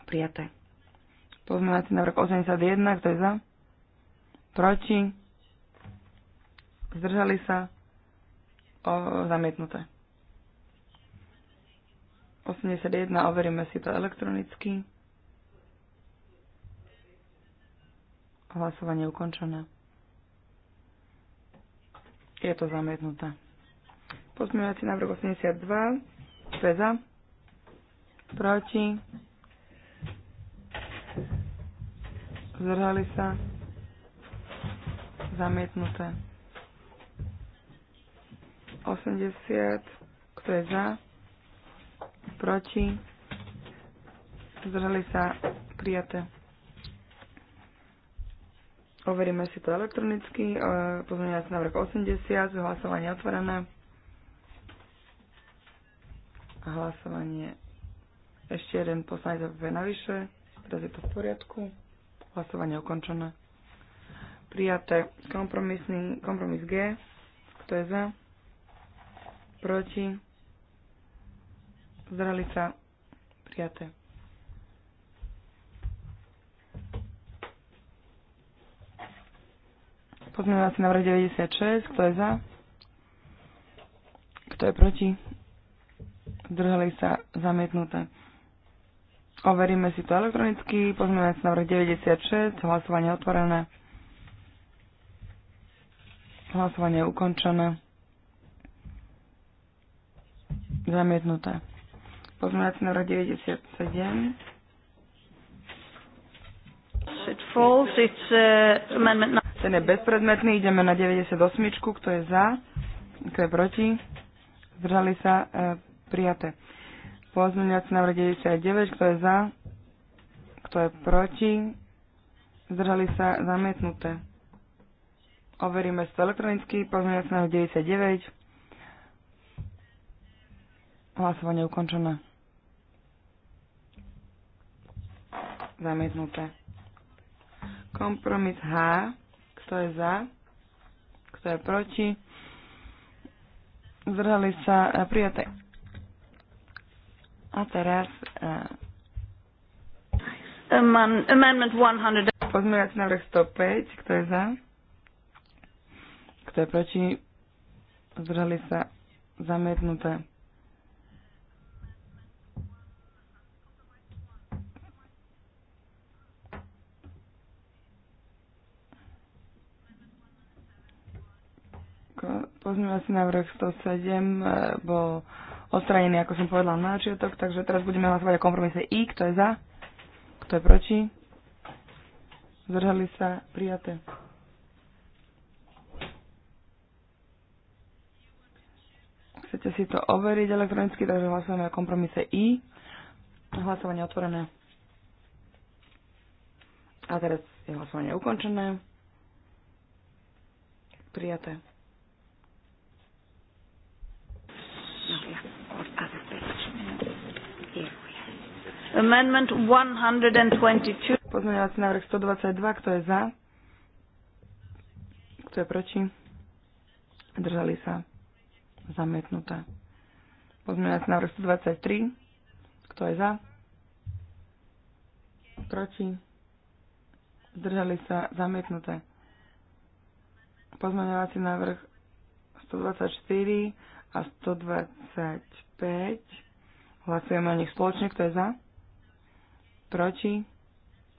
Prijaté. Pozmeňovací návrh 81, kto je za? Proti? Zdržali sa? O, zamietnuté. 81, overíme si to elektronicky. Hlasovanie ukončené. Je to zamietnuté. Pozmeňovací návrh 82. Kto je za? Proti? Zdržali sa? Zamietnuté. 80. Kto je za? proti, zdržali sa prijaté. Overíme si to elektronicky, na e, návrh 80, hlasovanie otvorené. hlasovanie ešte jeden poslanec je navyše, teraz je to v poriadku. Hlasovanie ukončené. Prijaté kompromisný, kompromis G. Kto je za? Proti? Zdrhali sa prijaté. Pozmeňovací návrh 96. Kto je za? Kto je proti? Zdrhali sa zamietnuté. Overíme si to elektronicky. Pozmeňovací návrh 96. Hlasovanie otvorené. Hlasovanie ukončené. Zamietnuté. Pozmeňovací návrh 97. It falls, it's, uh, amendment... Ten je bezpredmetný, ideme na 98, kto je za, kto je proti. Zdržali sa e, prijaté. Pozmeňovací návrh 99, kto je za, kto je proti. Zdržali sa zamietnuté. Overíme to elektronicky, pozmeňovací návrh 99. Hlasovanie ukončené. zamietnuté. Kompromis H, kto je za, kto je proti, zdrhali sa eh, prijaté. A teraz eh, Amendment 100. Pozmeňovací návrh 105, kto je za? Kto je proti? Zdrhali sa zamietnuté. Pozmeňovací návrh 107 e, bol odstranený, ako som povedala, na načiatok, takže teraz budeme hlasovať o kompromise I, kto je za, kto je proti. Zdržali sa prijaté. Chcete si to overiť elektronicky, takže hlasujeme o kompromise I. Hlasovanie otvorené. A teraz je hlasovanie ukončené. Prijaté. Amendment 122. Pozmeňovací návrh 122, kto je za? Kto je proti? Držali sa. Zamietnuté. Pozmeňovací návrh 123. Kto je za? Proti? Držali sa. Zamietnuté. Pozmeňovací návrh 124 a 125 Hlasujeme o nich spoločne, kto je za, proti,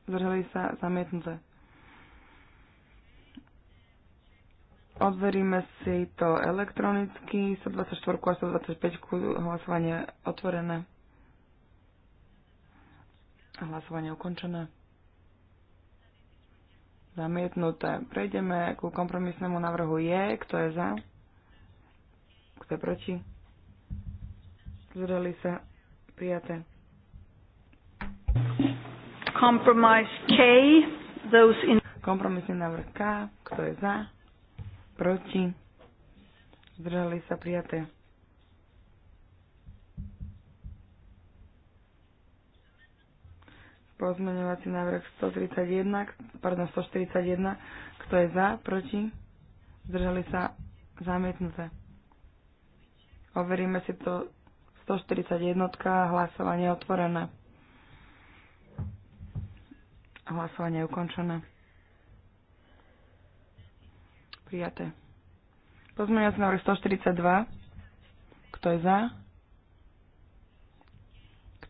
zdržali sa, zamietnuté. Odveríme si to elektronicky, 124 a 125 hlasovanie otvorené. Hlasovanie ukončené. Zamietnuté. Prejdeme ku kompromisnému návrhu je, kto je za, kto je proti. Zdržali sa Prijaté. Compromise K. Those in... Kompromisný návrh K. Kto je za? Proti? Zdržali sa prijaté. Pozmeňovací návrh 131, pardon, 141. Kto je za? Proti? Zdržali sa? Zamietnuté. Overíme si to 141. Hlasovanie otvorené. Hlasovanie ukončené. Prijaté. Pozmeňovací návrh 142. Kto je za?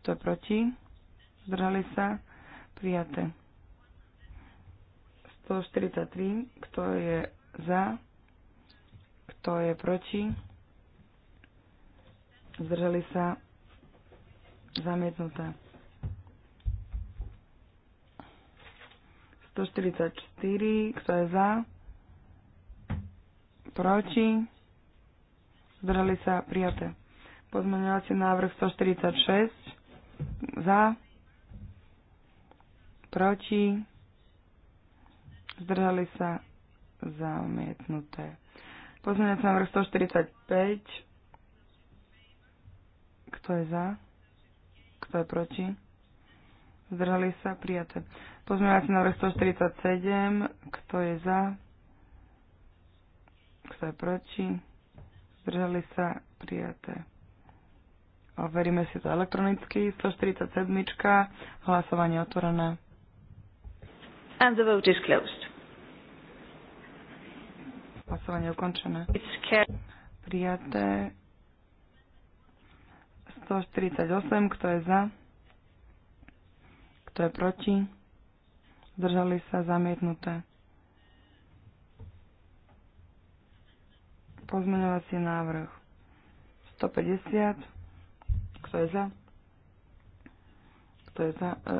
Kto je proti? Zdržali sa? Prijaté. 143. Kto je za? Kto je proti? zdržali sa, zamietnuté. 144, kto je za, proti, zdržali sa, prijaté. Pozmeňovací návrh 146, za, proti, zdržali sa, zamietnuté. Pozmeňovací návrh 145, kto je za? Kto je proti? Zdržali sa? Prijaté. Pozmeňovací návrh 147. Kto je za? Kto je proti? Zdržali sa? Prijaté. Overíme si to elektronicky. 147. Hlasovanie otvorené. And the vote is closed. Hlasovanie ukončené. Prijaté. 148, kto je za, kto je proti, zdržali sa zamietnuté. Pozmeňovací návrh 150, kto je za, kto je za, e,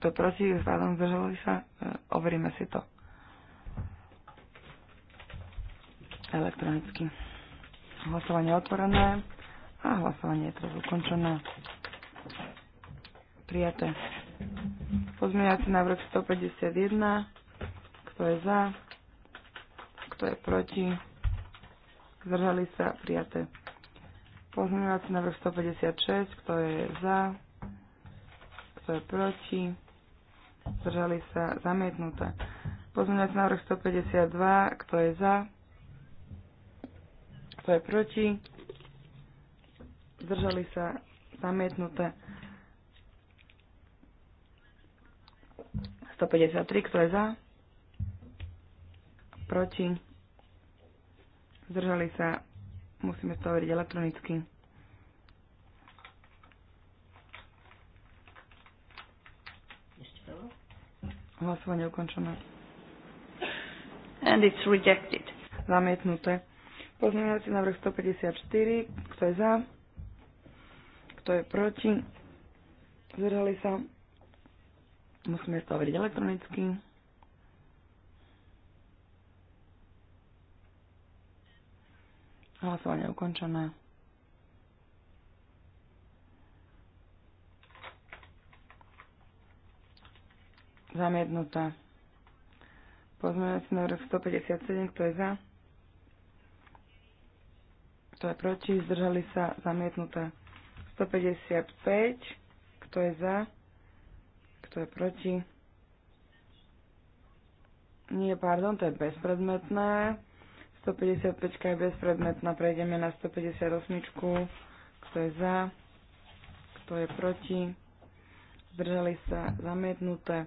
kto je proti, pardon, zdržali sa, e, overíme si to elektronicky. Hlasovanie otvorené. A hlasovanie je teraz ukončené. Prijaté. Pozmeňovací návrh 151. Kto je za? Kto je proti? Zdržali sa? Prijaté. Pozmeňovací návrh 156. Kto je za? Kto je proti? Zdržali sa? Zamietnuté. Pozmeňovací návrh 152. Kto je za? Kto je proti? držali sa zamietnuté 153, kto je za, proti, zdržali sa, musíme to overiť elektronicky. Hlasovanie ukončené. And it's rejected. Zamietnuté. Pozmeňovací návrh 154, kto je za? Kto je proti? Zdržali sa? Musíme to overiť elektronicky. Hlasovanie ukončené. Zamietnuté. si návrh 157, kto je za? Kto je proti? Zdržali sa zamietnuté. 155. Kto je za? Kto je proti? Nie, pardon, to je bezpredmetné. 155 je bezpredmetná. Prejdeme na 158. Kto je za? Kto je proti? Zdržali sa zamietnuté.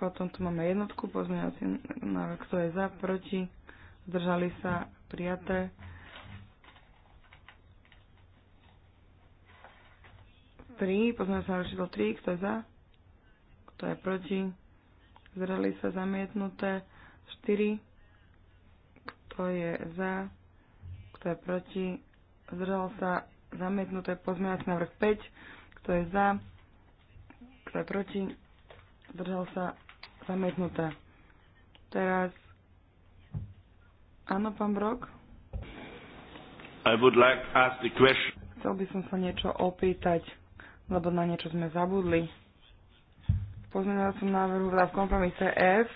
Potom tu máme jednotku, pozmeňovací návrh, kto je za, proti, zdržali sa prijaté. Tri, poznáme sa na číslo 3, kto je za, kto je proti, zreli sa zamietnuté. štyri, kto je za, kto je proti, zdržal sa zamietnuté pozmeňovací návrh 5, kto je za, kto je proti, zdržal sa zamietnuté. Teraz Áno, pán Brok? I would like to ask the question. Chcel by som sa niečo opýtať, lebo na niečo sme zabudli. Poznala som návrhu v kompromise F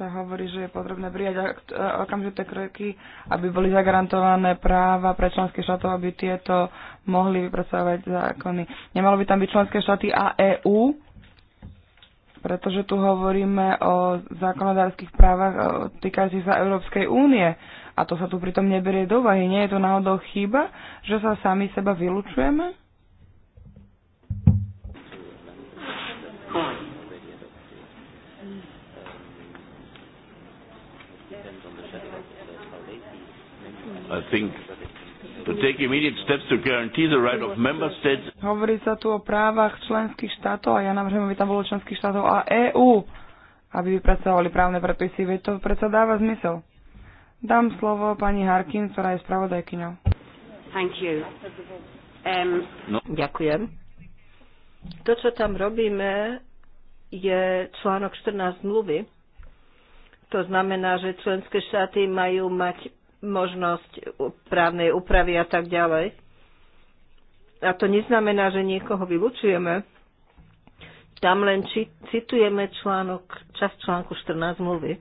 sa hovorí, že je potrebné prijať e, okamžité kroky, aby boli zagarantované práva pre členské štátov, aby tieto mohli vypracovať zákony. Nemalo by tam byť členské štáty a EÚ, pretože tu hovoríme o zákonodárských právach e, týkajúcich sa Európskej únie a to sa tu pritom neberie do úvahy. Nie je to náhodou chyba, že sa sami seba vylučujeme? I think Hovorí sa tu o právach členských štátov a ja navrhujem, aby tam bolo členských štátov a EÚ, aby vypracovali právne predpisy. Veď to predsa dáva zmysel. Dám slovo pani Harkin, ktorá je spravodajkyňou. Um, no. Ďakujem. To, čo tam robíme, je článok 14 zmluvy. To znamená, že členské štáty majú mať možnosť právnej úpravy a tak ďalej. A to neznamená, že niekoho vylučujeme. Tam len či, citujeme článok, čas článku 14 zmluvy.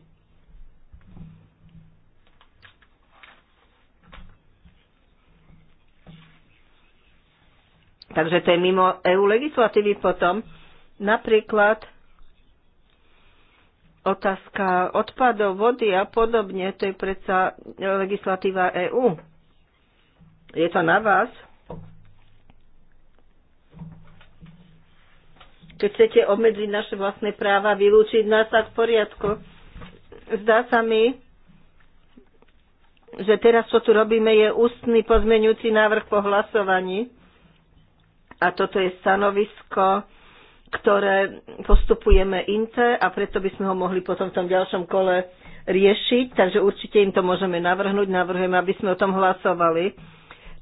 Takže to je mimo EU legislatívy potom. Napríklad otázka odpadov, vody a podobne, to je predsa legislatíva EÚ. Je to na vás. Keď chcete obmedziť naše vlastné práva, vylúčiť nás, tak v poriadku. Zdá sa mi, že teraz, čo tu robíme, je ústny pozmeňujúci návrh po hlasovaní. A toto je stanovisko ktoré postupujeme inte a preto by sme ho mohli potom v tom ďalšom kole riešiť, takže určite im to môžeme navrhnúť, navrhujeme, aby sme o tom hlasovali.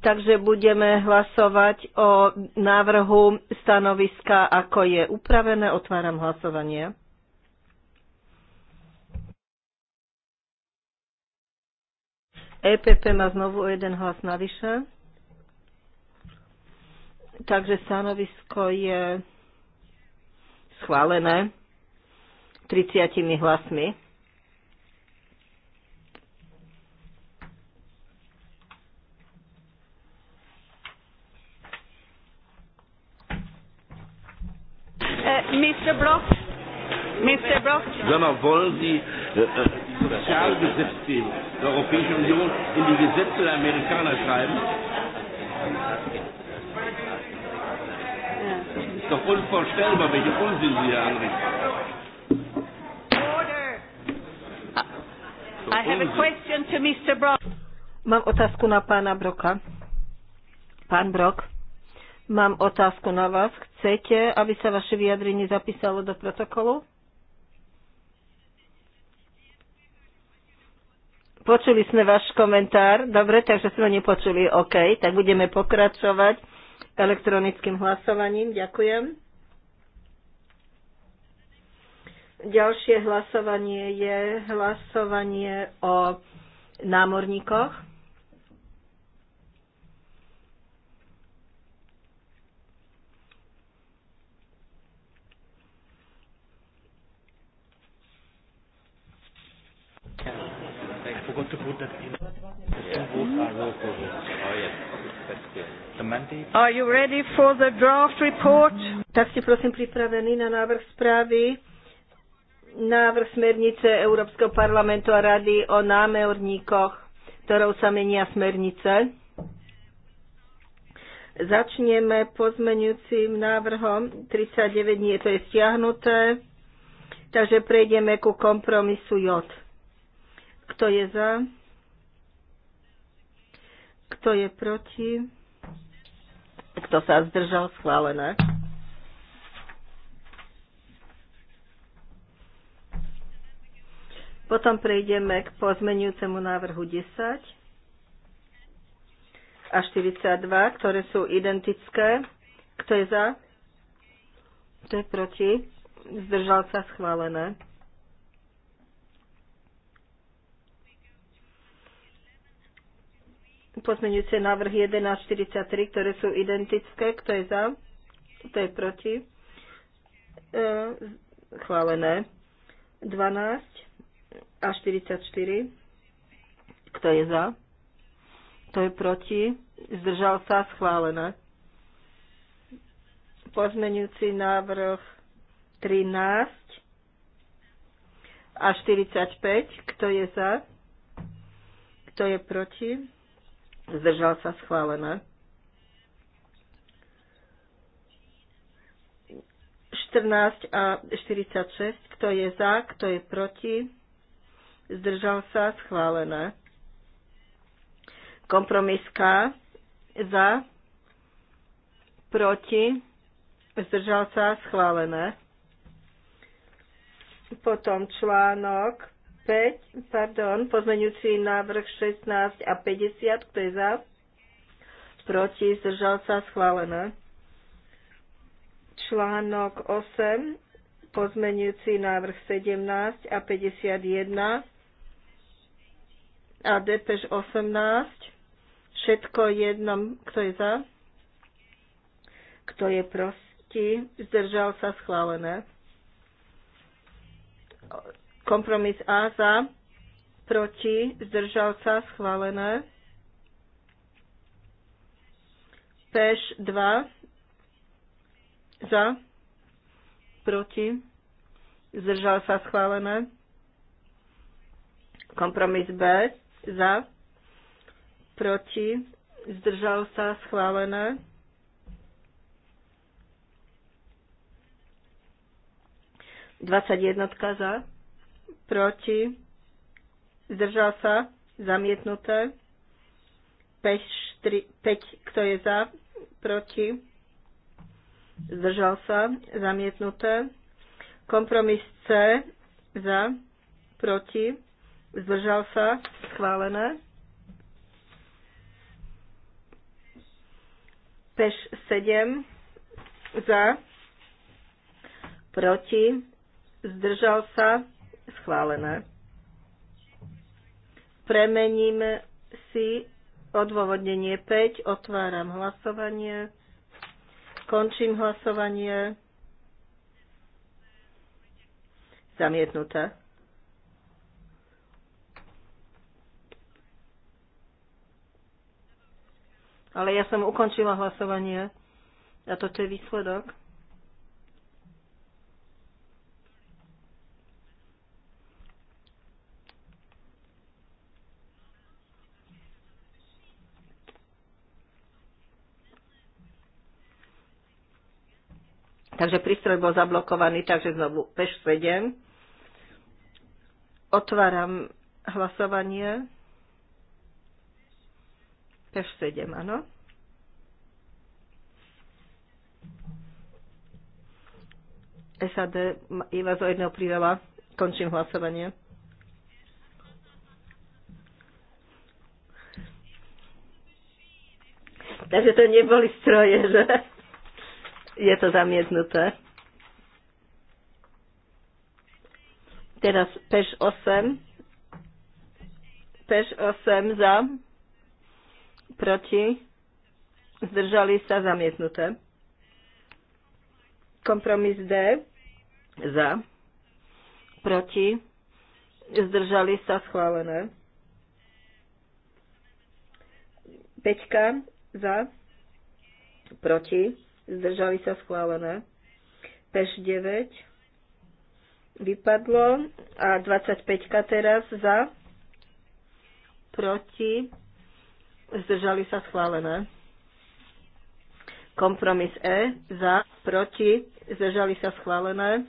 Takže budeme hlasovať o návrhu stanoviska, ako je upravené. Otváram hlasovanie. EPP má znovu jeden hlas navyše. Takže stanovisko je schválené 30 hlasmi. Eh, Mr. Brock, Mr. Brock. Sondern wollen Sie äh, die äh, der Europäischen Union in die Gesetze der Amerikaner schreiben? doch unvorstellbar, welche Unsinn Sie hier anrichten. Ah. I have a question to Mr. Brock. Mam otázku na pána Broka. Pán Brok, mám otázku na vás. Chcete, aby sa vaše vyjadrenie zapísalo do protokolu? Počuli sme váš komentár. Dobre, takže sme ho nepočuli. OK, tak budeme pokračovať elektronickým hlasovaním. Ďakujem. Ďalšie hlasovanie je hlasovanie o námorníkoch. I forgot to put that in. Yeah. Two votes Are you ready for the draft report? Tak ste prosím pripravení na návrh správy. Návrh smernice Európskeho parlamentu a rady o námeorníkoch, ktorou sa menia smernice. Začneme pozmenujúcim návrhom 39, nie to je stiahnuté. Takže prejdeme ku kompromisu J. Kto je za? Kto je proti? Kto sa zdržal? Schválené. Potom prejdeme k pozmenujúcemu návrhu 10 a 42, ktoré sú identické. Kto je za? Kto je proti? Zdržal sa schválené. pozmeňujúce návrhy 43, ktoré sú identické. Kto je za? Kto je proti? E, chválené. 12 a 44. Kto je za? Kto je proti? Zdržal sa? Schválené. Pozmeňujúci návrh 13 a 45. Kto je za? Kto je proti? zdržal sa schválené. 14 a 46, kto je za, kto je proti, zdržal sa schválené. Kompromis K, za, proti, zdržal sa schválené. Potom článok 5, pardon, pozmeňujúci návrh 16 a 50, kto je za? Proti, zdržal sa, schválené. Článok 8, pozmeňujúci návrh 17 a 51 a depež 18, všetko jedno, kto je za? Kto je proti? Zdržal sa, schválené Kompromis A za, proti, zdržal sa, schválené. Peš 2 za, proti, zdržal sa, schválené. Kompromis B za, proti, zdržal sa, schválené. Dvadsať jednotka za proti, zdržal sa, zamietnuté. 5, 4, 5 kto je za, proti, zdržal sa, zamietnuté. Kompromis C, za, proti, zdržal sa, schválené. Peš 7, za, proti, zdržal sa, schválené. Premením si odôvodnenie 5, otváram hlasovanie, končím hlasovanie, zamietnuté. Ale ja som ukončila hlasovanie a toto je výsledok. Takže prístroj bol zablokovaný, takže znovu peš 7. Otváram hlasovanie. Peš 7, áno. SAD je zo jedného priveľa. Končím hlasovanie. Takže to neboli stroje, že? Je to zamietnuté. Teraz peš 8. Peš 8 za. Proti. Zdržali sa zamietnuté. Kompromis D. Za. Proti. Zdržali sa schválené. Peťka za. Proti zdržali sa schválené. Peš 9 vypadlo a 25 teraz za, proti, zdržali sa schválené. Kompromis E za, proti, zdržali sa schválené.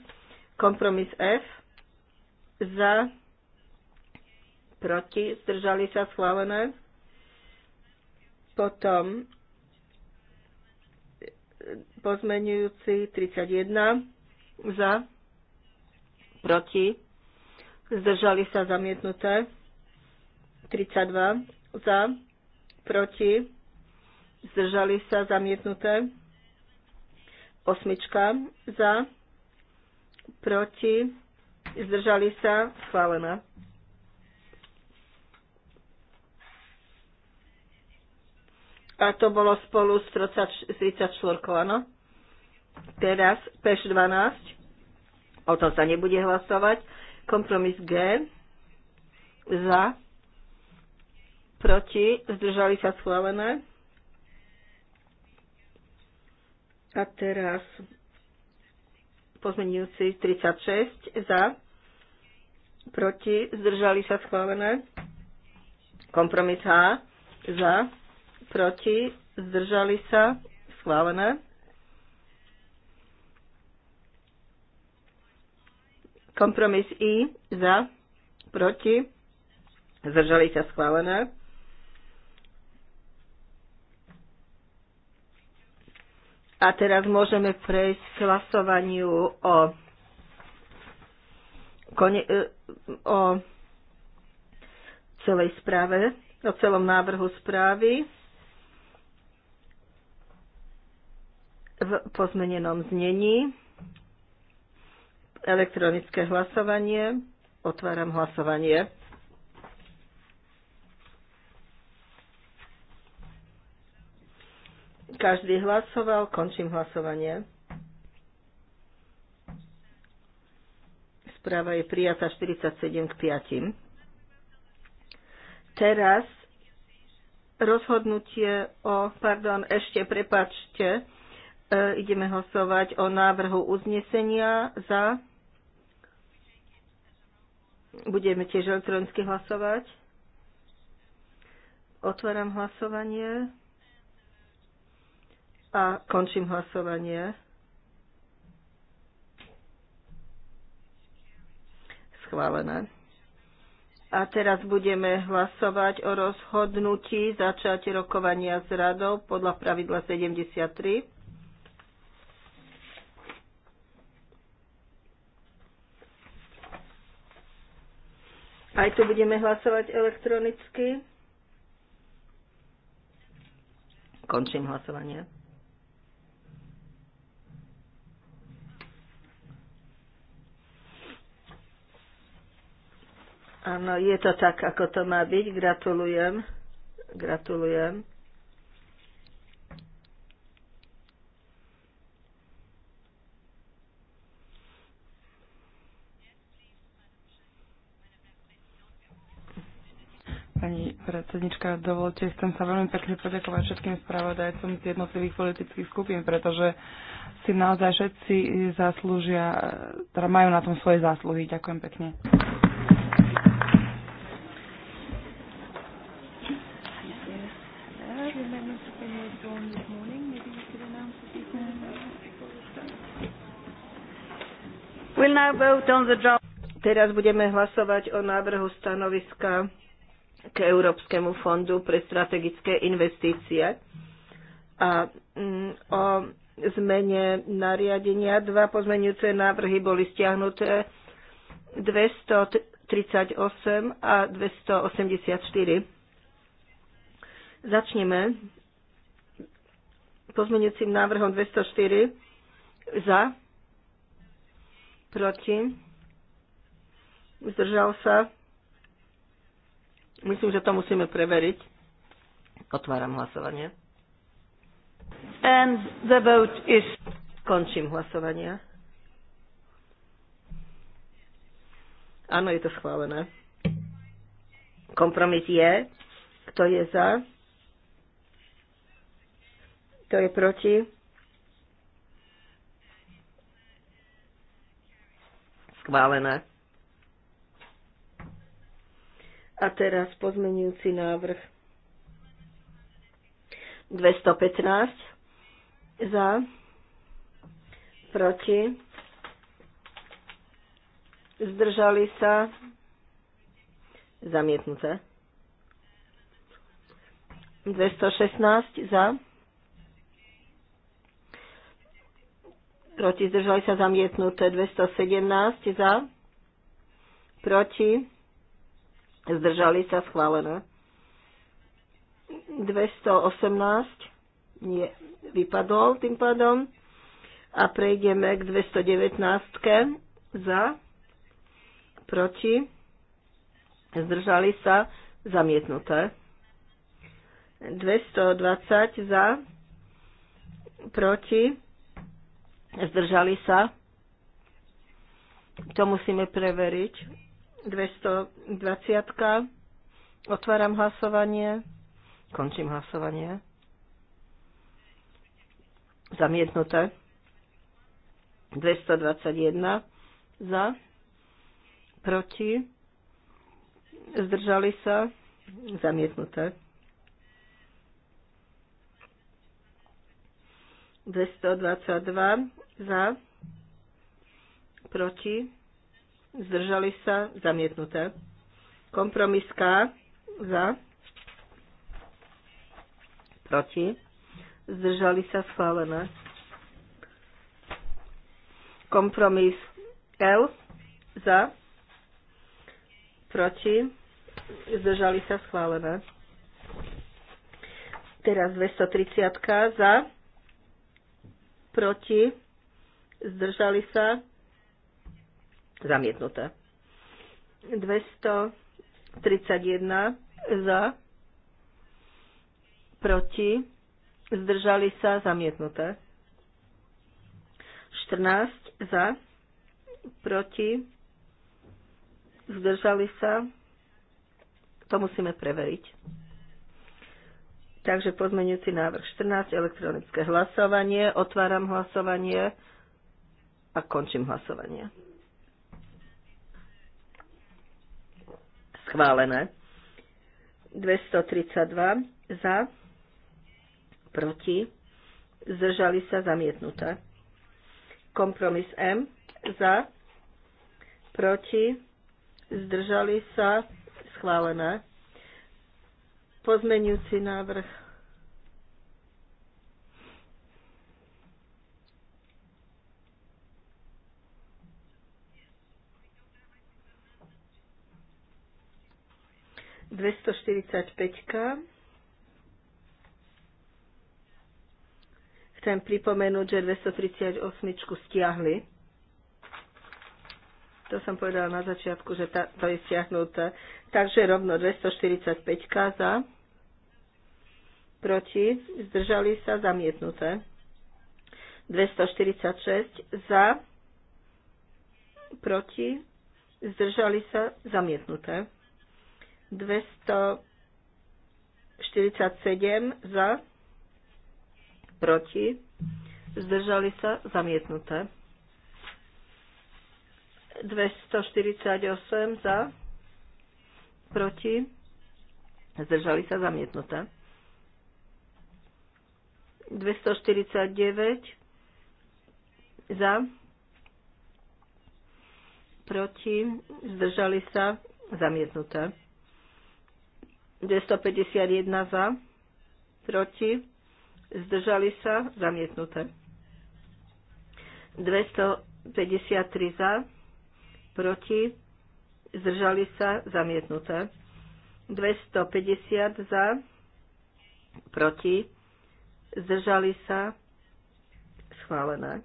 Kompromis F za, proti, zdržali sa schválené. Potom pozmenujúci 31 za, proti, zdržali sa zamietnuté, 32 za, proti, zdržali sa zamietnuté, osmička za, proti, zdržali sa schválená. A to bolo spolu s 34, áno? Teraz PEŠ 12. O tom sa nebude hlasovať. Kompromis G. Za. Proti. Zdržali sa schválené. A teraz pozmeňujúci 36 za, proti, zdržali sa schválené. Kompromis H za, proti, zdržali sa, schválené. Kompromis I za, proti, zdržali sa, schválené. A teraz môžeme prejsť k hlasovaniu o, kone, e, o celej správe, o celom návrhu správy. v pozmenenom znení. Elektronické hlasovanie. Otváram hlasovanie. Každý hlasoval, končím hlasovanie. Správa je prijata 47 k 5. Teraz rozhodnutie o, pardon, ešte prepačte, E, ideme hlasovať o návrhu uznesenia za. Budeme tiež elektronicky hlasovať. Otváram hlasovanie a končím hlasovanie. Schválené. A teraz budeme hlasovať o rozhodnutí začať rokovania s radou podľa pravidla 73. Aj tu budeme hlasovať elektronicky. Končím hlasovanie. Áno, je to tak, ako to má byť. Gratulujem. Gratulujem. pani predsednička. Dovolte, chcem sa veľmi pekne poďakovať všetkým spravodajcom z jednotlivých politických skupín, pretože si naozaj všetci zaslúžia, teda majú na tom svoje zásluhy. Ďakujem pekne. Teraz budeme hlasovať o návrhu stanoviska k Európskemu fondu pre strategické investície. A mm, o zmene nariadenia dva pozmenujúce návrhy boli stiahnuté 238 a 284. Začneme pozmenujúcim návrhom 204 za, proti, zdržal sa, Myslím, že to musíme preveriť. Otváram hlasovanie. And the vote is... Končím hlasovanie. Áno, je to schválené. Kompromis je. Kto je za? Kto je proti? Schválené. A teraz pozmenujúci návrh 215 za, proti, zdržali sa, zamietnuté. 216 za, proti, zdržali sa, zamietnuté. 217 za, proti, Zdržali sa schválené. 218 nie, vypadol tým pádom. A prejdeme k 219 za, proti, zdržali sa, zamietnuté. 220 za, proti, zdržali sa. To musíme preveriť. 220. Otváram hlasovanie. Končím hlasovanie. Zamietnuté. 221 za, proti, zdržali sa, zamietnuté. 222 za, proti, zdržali sa, zamietnuté. Kompromis K, za, proti, zdržali sa, schválené. Kompromis L, za, proti, zdržali sa, schválené. Teraz 230 za, proti, zdržali sa, zamietnuté. 231 za, proti, zdržali sa, zamietnuté. 14 za, proti, zdržali sa, to musíme preveriť. Takže pozmenujúci návrh 14, elektronické hlasovanie, otváram hlasovanie a končím hlasovanie. schválené. 232 za, proti, zdržali sa zamietnuté. Kompromis M za, proti, zdržali sa schválené. Pozmenujúci návrh 245. Chcem pripomenúť, že 238 stiahli. To som povedala na začiatku, že tá, to je stiahnuté. Takže rovno 245 za, proti, zdržali sa, zamietnuté. 246 za, proti, zdržali sa, zamietnuté. 247 za, proti, zdržali sa, zamietnuté. 248 za, proti, zdržali sa, zamietnuté. 249 za, proti, zdržali sa, zamietnuté. 251 za, proti, zdržali sa, zamietnuté. 253 za, proti, zdržali sa, zamietnuté. 250 za, proti, zdržali sa, schválené.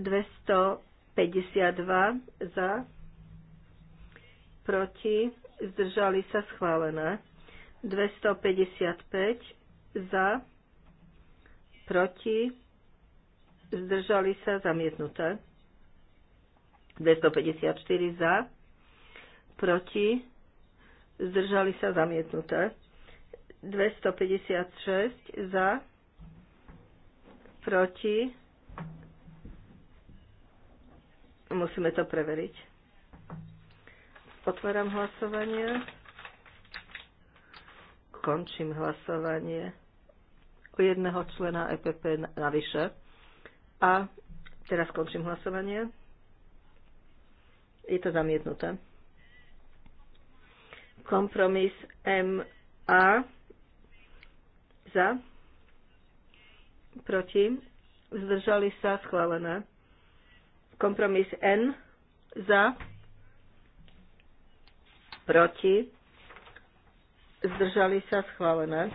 252 za, proti, zdržali sa schválené. 255 za, proti, zdržali sa zamietnuté. 254 za, proti, zdržali sa zamietnuté. 256 za, proti, musíme to preveriť. Otváram hlasovanie. Končím hlasovanie. U jedného člena EPP navyše. A teraz končím hlasovanie. Je to zamietnuté. Kompromis MA za, proti, zdržali sa, schválené. Kompromis N za, proti, zdržali sa schválené.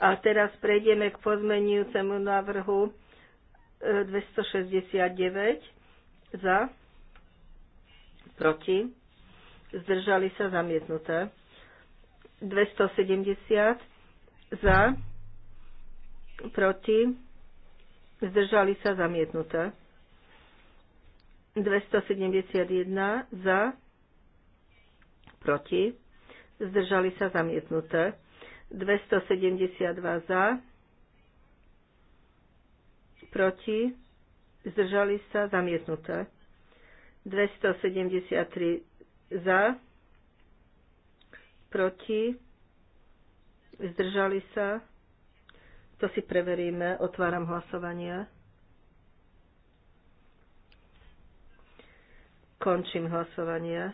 A teraz prejdeme k pozmenujúcemu návrhu 269 e, za, proti, zdržali sa zamietnuté. 270 za, proti, zdržali sa zamietnuté. 271 za, proti, zdržali sa zamietnuté, 272 za, proti, zdržali sa zamietnuté, 273 za, proti, zdržali sa, to si preveríme, otváram hlasovanie. Končím hlasovanie.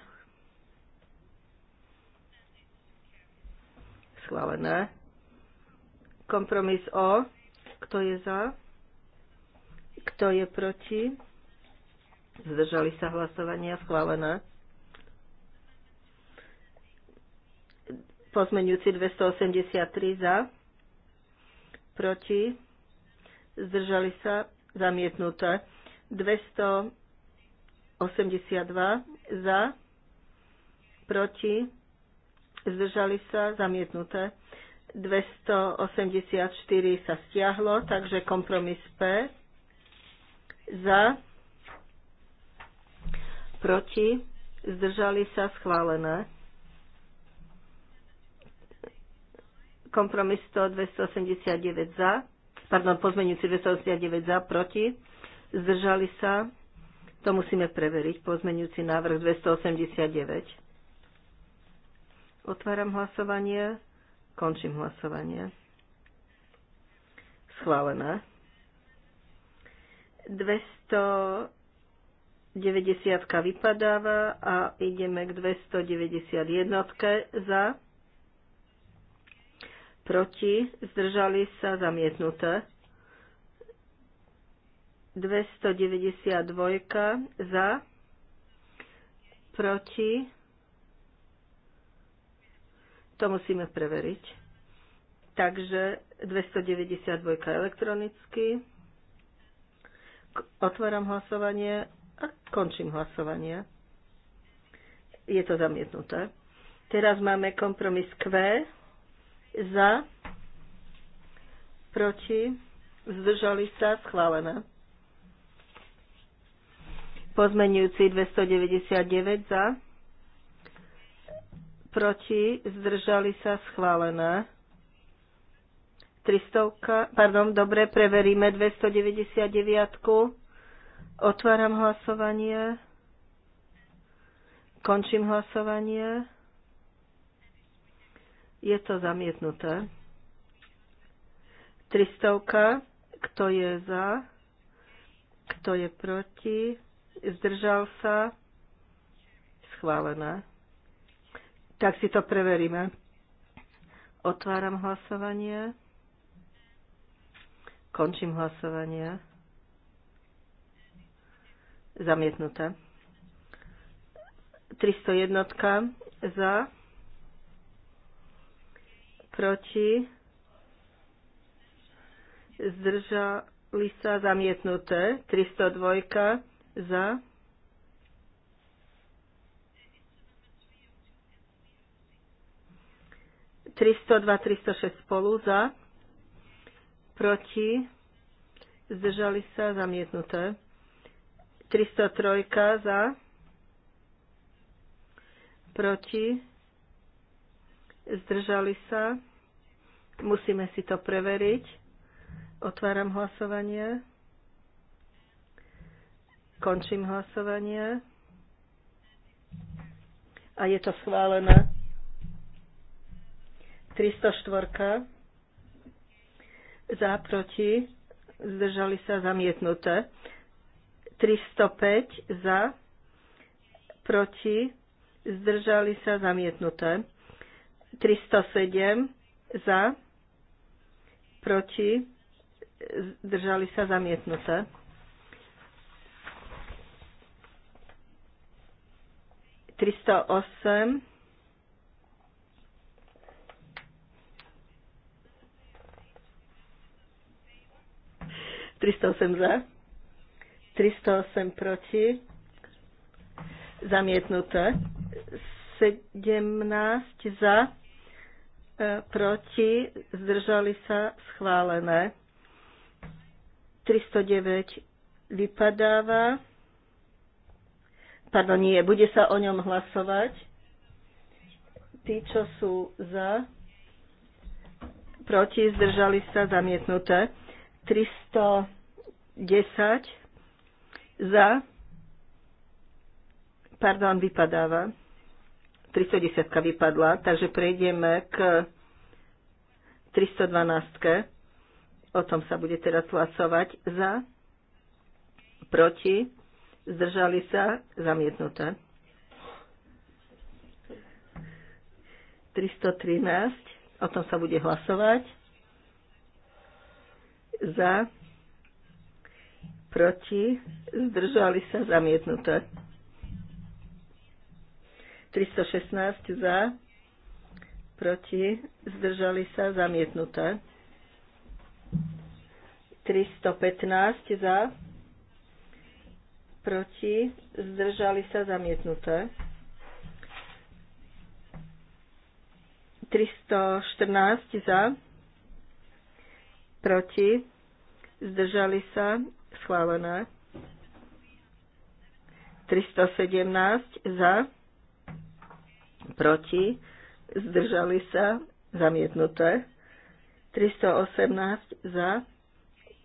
schválené. Kompromis O. Kto je za? Kto je proti? Zdržali sa hlasovania schválené. Pozmeňujúci 283 za. Proti. Zdržali sa zamietnuté. 282 za. Proti zdržali sa, zamietnuté. 284 sa stiahlo, takže kompromis P za, proti, zdržali sa, schválené. Kompromis 100, 289 za, pardon, pozmeňujúci 289 za, proti, zdržali sa, to musíme preveriť, pozmeňujúci návrh 289. Otváram hlasovanie. Končím hlasovanie. Schválené. 290 vypadáva a ideme k 291 za. Proti. Zdržali sa zamietnuté. 292 za. Proti to musíme preveriť. Takže 292 elektronicky. Otváram hlasovanie a končím hlasovanie. Je to zamietnuté. Teraz máme kompromis Q za, proti, zdržali sa, schválené. Pozmenujúci 299 za, proti, zdržali sa schválené. 300, pardon, dobre, preveríme 299. -ku. Otváram hlasovanie. Končím hlasovanie. Je to zamietnuté. 300. Kto je za? Kto je proti? Zdržal sa? Schválené tak si to preveríme. Otváram hlasovanie. Končím hlasovanie. Zamietnuté. 301 za, proti, zdržali sa zamietnuté, 302 za, 302-306 spolu za, proti, zdržali sa, zamietnuté. 303 za, proti, zdržali sa. Musíme si to preveriť. Otváram hlasovanie. Končím hlasovanie. A je to schválené. 304. Za, proti, zdržali sa zamietnuté. 305 za, proti, zdržali sa zamietnuté. 307 za, proti, zdržali sa zamietnuté. Tristo osem 308 za, 308 proti, zamietnuté, 17 za, e, proti, zdržali sa, schválené, 309 vypadáva, pardon, nie, bude sa o ňom hlasovať, tí, čo sú za, proti, zdržali sa, zamietnuté, 310 za, pardon, vypadáva, 310 vypadla, takže prejdeme k 312. -ke. O tom sa bude teraz hlasovať za, proti, zdržali sa, zamietnuté. 313, o tom sa bude hlasovať za, proti, zdržali sa zamietnuté. 316 za, proti, zdržali sa zamietnuté. 315 za, proti, zdržali sa zamietnuté. 314 za, proti, zdržali sa, schválené. 317 za, proti, zdržali sa, zamietnuté. 318 za,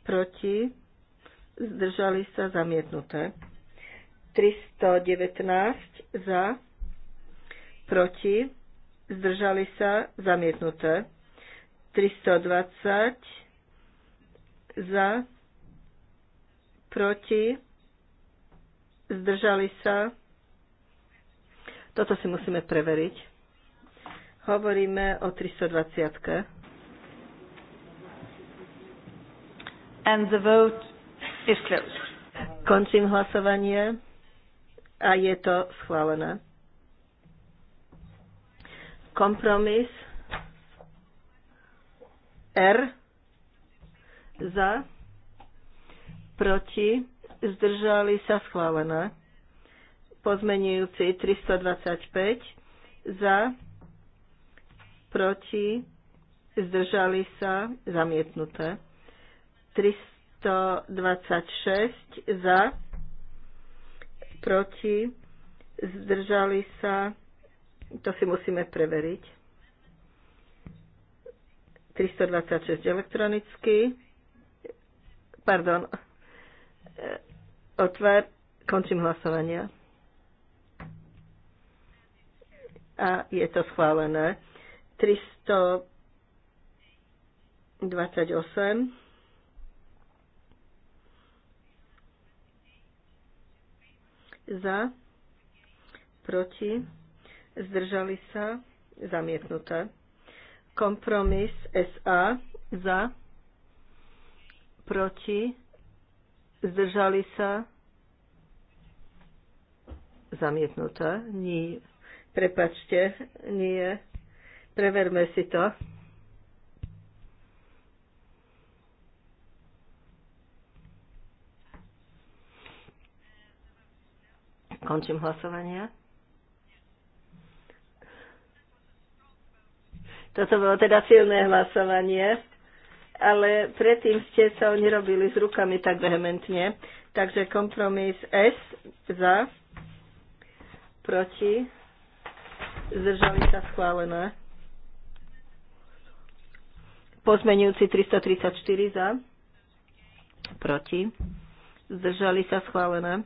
proti, zdržali sa, zamietnuté. 319 za, proti, zdržali sa, zamietnuté. 320 za, proti, zdržali sa. Toto si musíme preveriť. Hovoríme o 320. And the vote is closed. Končím hlasovanie a je to schválené. Kompromis R za, proti, zdržali sa schválené. Pozmenujúci 325 za, proti, zdržali sa zamietnuté. 326 za, proti, zdržali sa, to si musíme preveriť. 326 elektronicky. Pardon. Otvár, končím hlasovanie. A je to schválené. 328. Za. Proti. Zdržali sa. Zamietnuté. Kompromis SA. Za proti, zdržali sa, zamietnuté, nie, prepačte, nie, preverme si to. Končím hlasovanie. Toto bolo teda silné hlasovanie ale predtým ste sa oni robili s rukami tak vehementne. Takže kompromis S za, proti, zdržali sa schválené. Pozmenujúci 334 za, proti, zdržali sa schválené.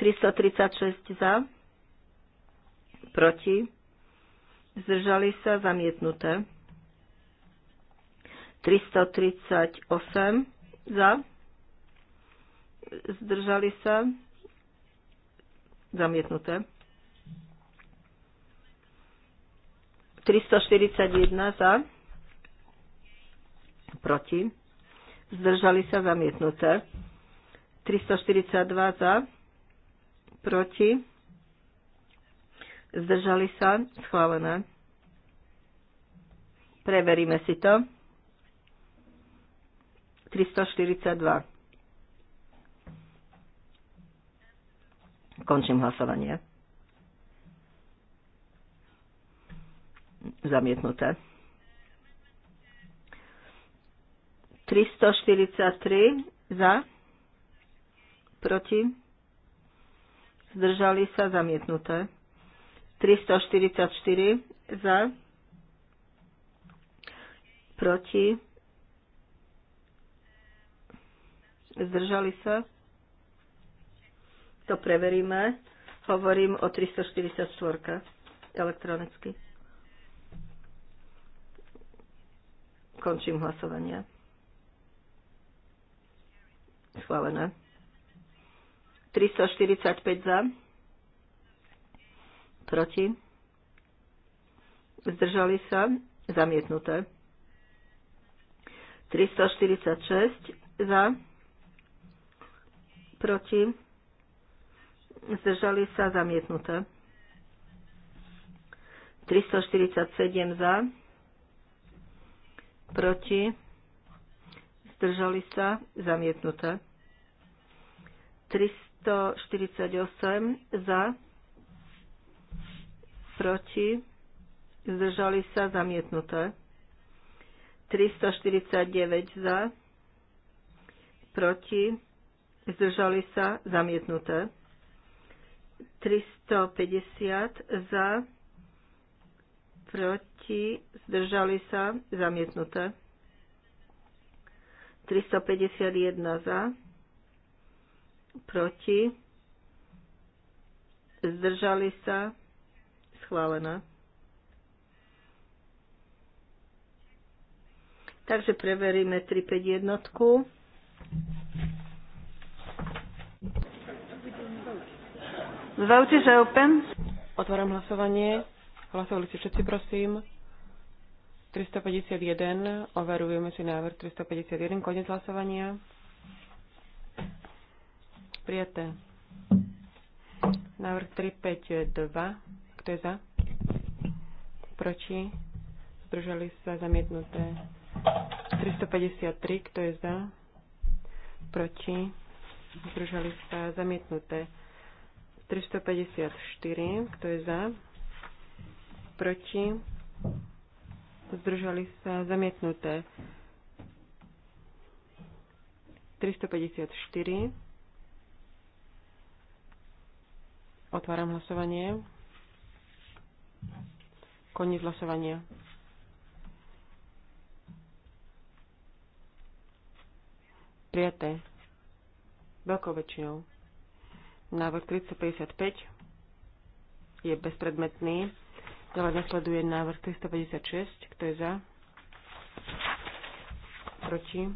336 za, proti, zdržali sa, zamietnuté. 338 za, zdržali sa, zamietnuté. 341 za, proti, zdržali sa, zamietnuté. 342 za, proti, Zdržali sa? Schválené. Preveríme si to. 342. Končím hlasovanie. Zamietnuté. 343 za, proti, zdržali sa, zamietnuté. 344 za, proti, zdržali sa. To preveríme. Hovorím o 344 elektronicky. Končím hlasovanie. Schválené. 345 za. Proti? Zdržali sa? Zamietnuté. 346 za. Proti? Zdržali sa? Zamietnuté. 347 za. Proti? Zdržali sa? Zamietnuté. 348 za proti, zdržali sa zamietnuté. 349 za, proti, zdržali sa zamietnuté. 350 za, proti, zdržali sa zamietnuté. 351 za, proti, zdržali sa schválená. Takže preveríme 351. jednotku. is open. Otváram hlasovanie. Hlasovali ste všetci, prosím. 351. Overujeme si návrh 351. Konec hlasovania. Prijaté. Návrh 352. Kto je za? Proti? Zdržali sa zamietnuté. 353. Kto je za? Proti? Zdržali sa zamietnuté. 354. Kto je za? Proti? Zdržali sa zamietnuté. 354. Otváram hlasovanie. Koniec hlasovania. Prijaté. Veľkou väčšinou. Návrh 355 je bezpredmetný. Ďalej nasleduje návrh 356. Kto je za? Proti?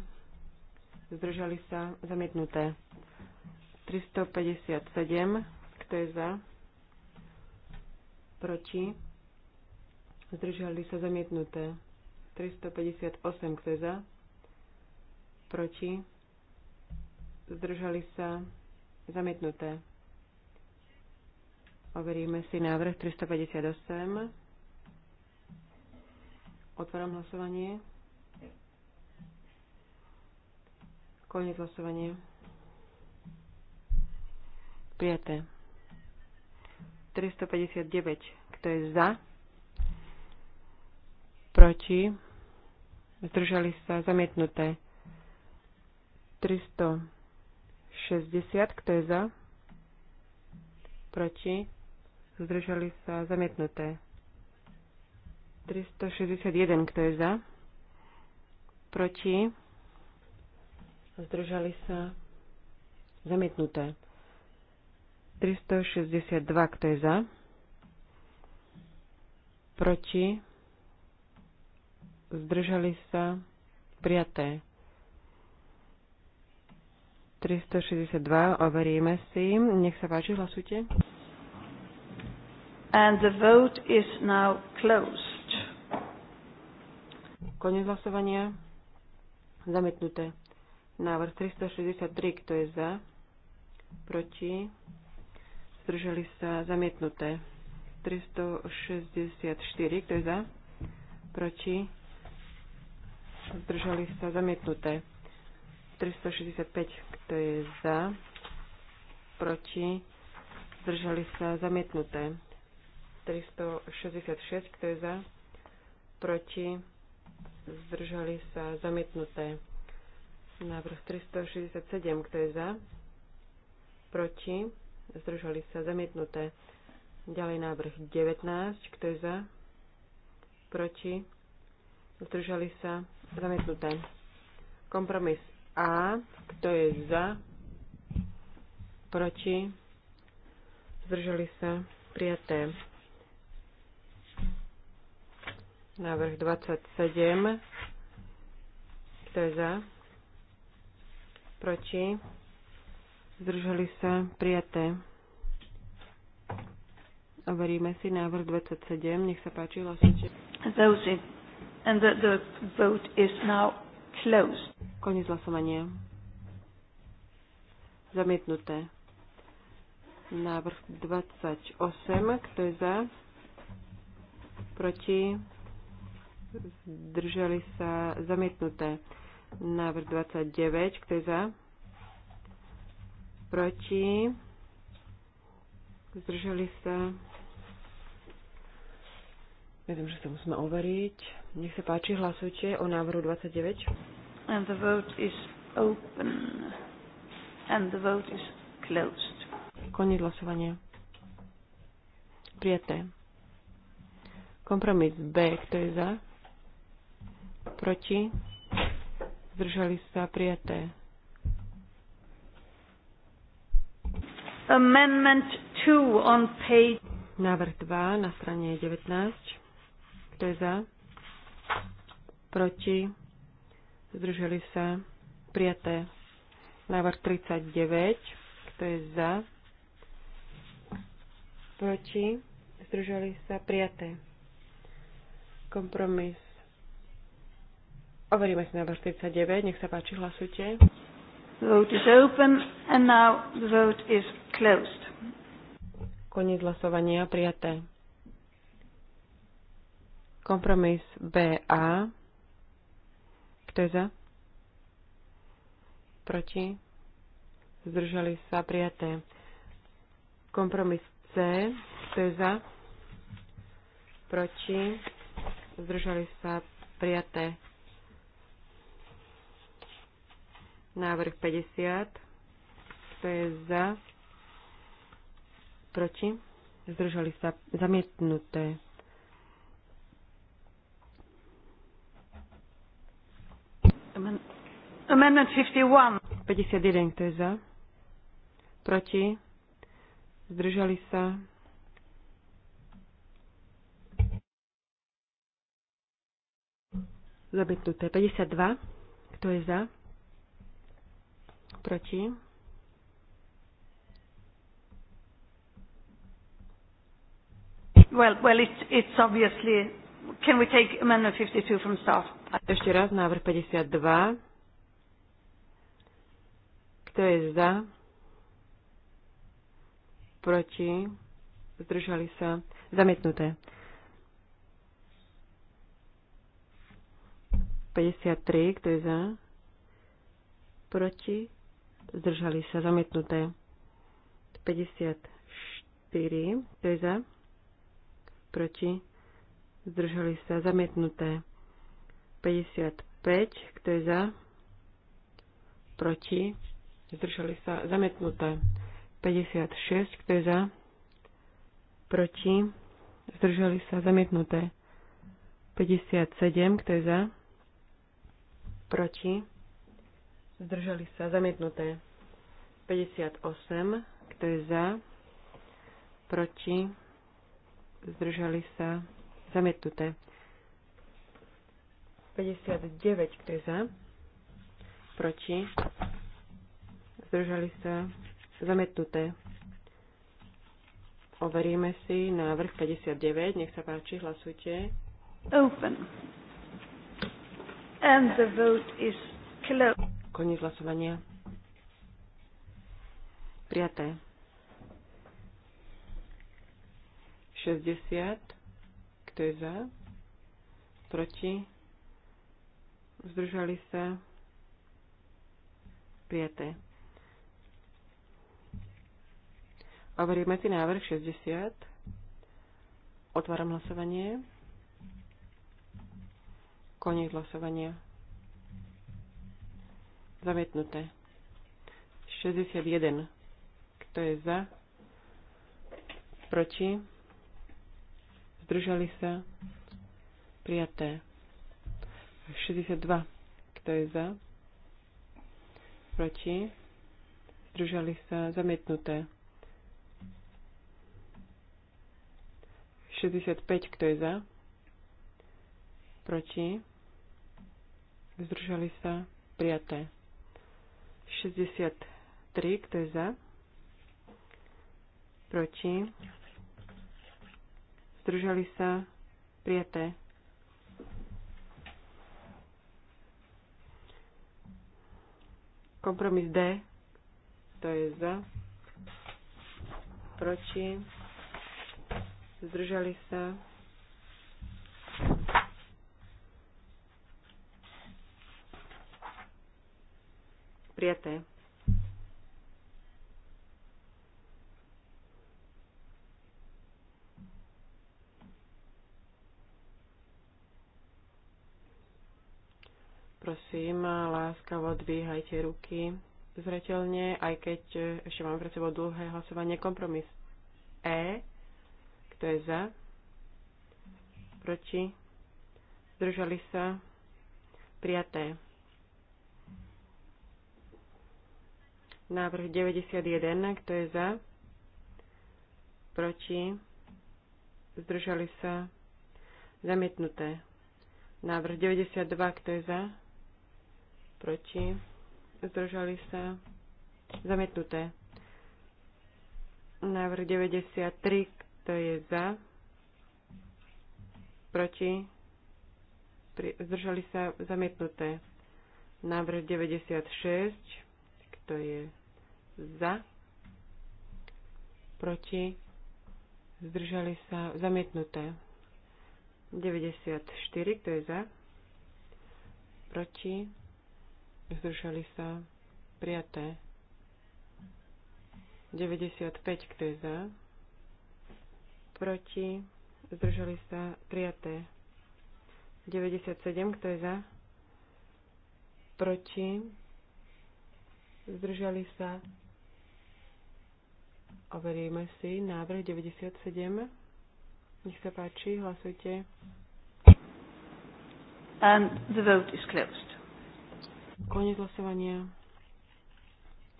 Zdržali sa? Zamietnuté. 357. Kto je za? proti, zdržali sa zamietnuté. 358, kto je za, proti, zdržali sa zamietnuté. Overíme si návrh 358. Otváram hlasovanie. Koniec hlasovanie. Prijaté. 359. Kto je za? Proti? Zdržali sa zamietnuté. 360. Kto je za? Proti? Zdržali sa zamietnuté. 361. Kto je za? Proti? Zdržali sa zamietnuté. 362, kto je za? Proti? Zdržali sa? Prijaté. 362, overíme si. Nech sa páči, hlasujte. And the vote is now closed. Konec hlasovania. Zametnuté. Návrh 363, kto je za? Proti? zdržali sa zamietnuté. 364, kto je za, proti, zdržali sa zamietnuté. 365, kto je za, proti, zdržali sa zamietnuté. 366, kto je za, proti, zdržali sa zamietnuté. Návrh 367, kto je za, proti, zdržali sa zamietnuté. Ďalej návrh 19, kto je za, proti, zdržali sa zamietnuté. Kompromis A, kto je za, proti, zdržali sa prijaté. Návrh 27, kto je za, proti, zdržali sa, prijaté. Overíme si návrh 27, nech sa páči, hlasujte. Those in, and the, the vote is now closed. Koniec hlasovania. Zamietnuté. Návrh 28, kto je za? Proti? Zdržali sa, zamietnuté. Návrh 29, kto je za? proti, zdržali sa. Myslím, že sa musíme overiť. Nech sa páči, hlasujte o návrhu 29. And the vote is open. And the vote is closed. Koniec hlasovania. Prijaté. Kompromis B, kto je za? Proti? Zdržali sa prijaté. Amendment 2 on page... Návrh 2 na strane 19. Kto je za? Proti? Zdržali sa? Prijaté. Návrh 39. Kto je za? Proti? Zdržali sa? Prijaté. Kompromis. Overíme si návrh 39. Nech sa páči, hlasujte. Vote is open and now the vote is closed. Koniec hlasovania prijaté. Kompromis BA. Kto je za? Proti? Zdržali sa prijaté. Kompromis C. Kto je za? Proti? Zdržali sa prijaté Návrh 50. Kto je za? Proti? Zdržali sa zamietnuté. Amendment 51. 51. Kto je za? Proti? Zdržali sa Zabitnuté. 52. Kto je za? Proti? Well, well, it's, it's obviously... Can we take amendment 52 from staff? Ešte raz návrh 52. Kto je za? Proti? Zdržali sa? Zamietnuté. 53. Kto je za? Proti? zdržali sa zamietnuté. 54, to je za, proti, zdržali sa zamietnuté. 55, kto je za, proti, zdržali sa zamietnuté. 56, kto je za, proti, zdržali sa zamietnuté. 57, kto je za, proti, zdržali sa, zamietnuté. 58, kto je za, proti, zdržali sa, zamietnuté. 59, kto je za, proti, zdržali sa, zamietnuté. Overíme si návrh 59, nech sa páči, hlasujte. Open. And the vote is closed. Koniec hlasovania. Prijaté. 60. Kto je za? Proti? Zdržali sa? Prijaté. Overíme si návrh 60. Otváram hlasovanie. Koniec hlasovania. Zamietnuté. 61. Kto je za? Proti? Zdržali sa? Prijaté. 62. Kto je za? Proti? Zdržali sa? Zamietnuté. 65. Kto je za? Proti? Zdržali sa? Prijaté. 63, kto je za? Proti? Zdržali sa? Prijaté. Kompromis D. Kto je za? Proti? Zdržali sa? Prijaté. Prosím, láskavo dvíhajte ruky zretelne, aj keď ešte máme pred sebou dlhé hlasovanie. Kompromis E. Kto je za? Proti? Zdržali sa? Prijaté. Návrh 91, kto je za? Proti? Zdržali sa? Zamietnuté. Návrh 92, kto je za? Proti? Zdržali sa? Zamietnuté. Návrh 93, kto je za? Proti? Zdržali sa? Zamietnuté. Návrh 96, kto je za, proti, zdržali sa, zamietnuté. 94, kto je za, proti, zdržali sa, prijaté. 95, kto je za, proti, zdržali sa, prijaté. 97, kto je za? Proti? Zdržali sa? Overíme si návrh 97. Nech sa páči, hlasujte. And the vote is closed. Koniec hlasovania.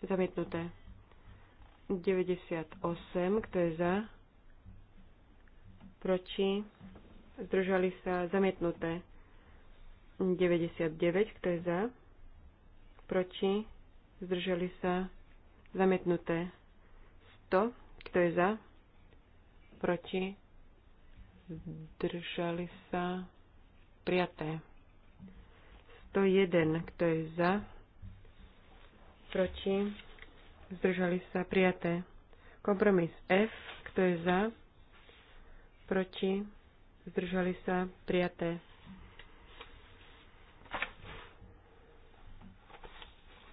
Zamietnuté. 98. Kto je za? Proti? Zdržali sa. Zamietnuté. 99. Kto je za? Proti? Zdržali sa. Zamietnuté kto? Kto je za? Proti? Zdržali sa? Prijaté. 101. Kto je za? Proti? Zdržali sa? Prijaté. Kompromis F. Kto je za? Proti? Zdržali sa? Prijaté.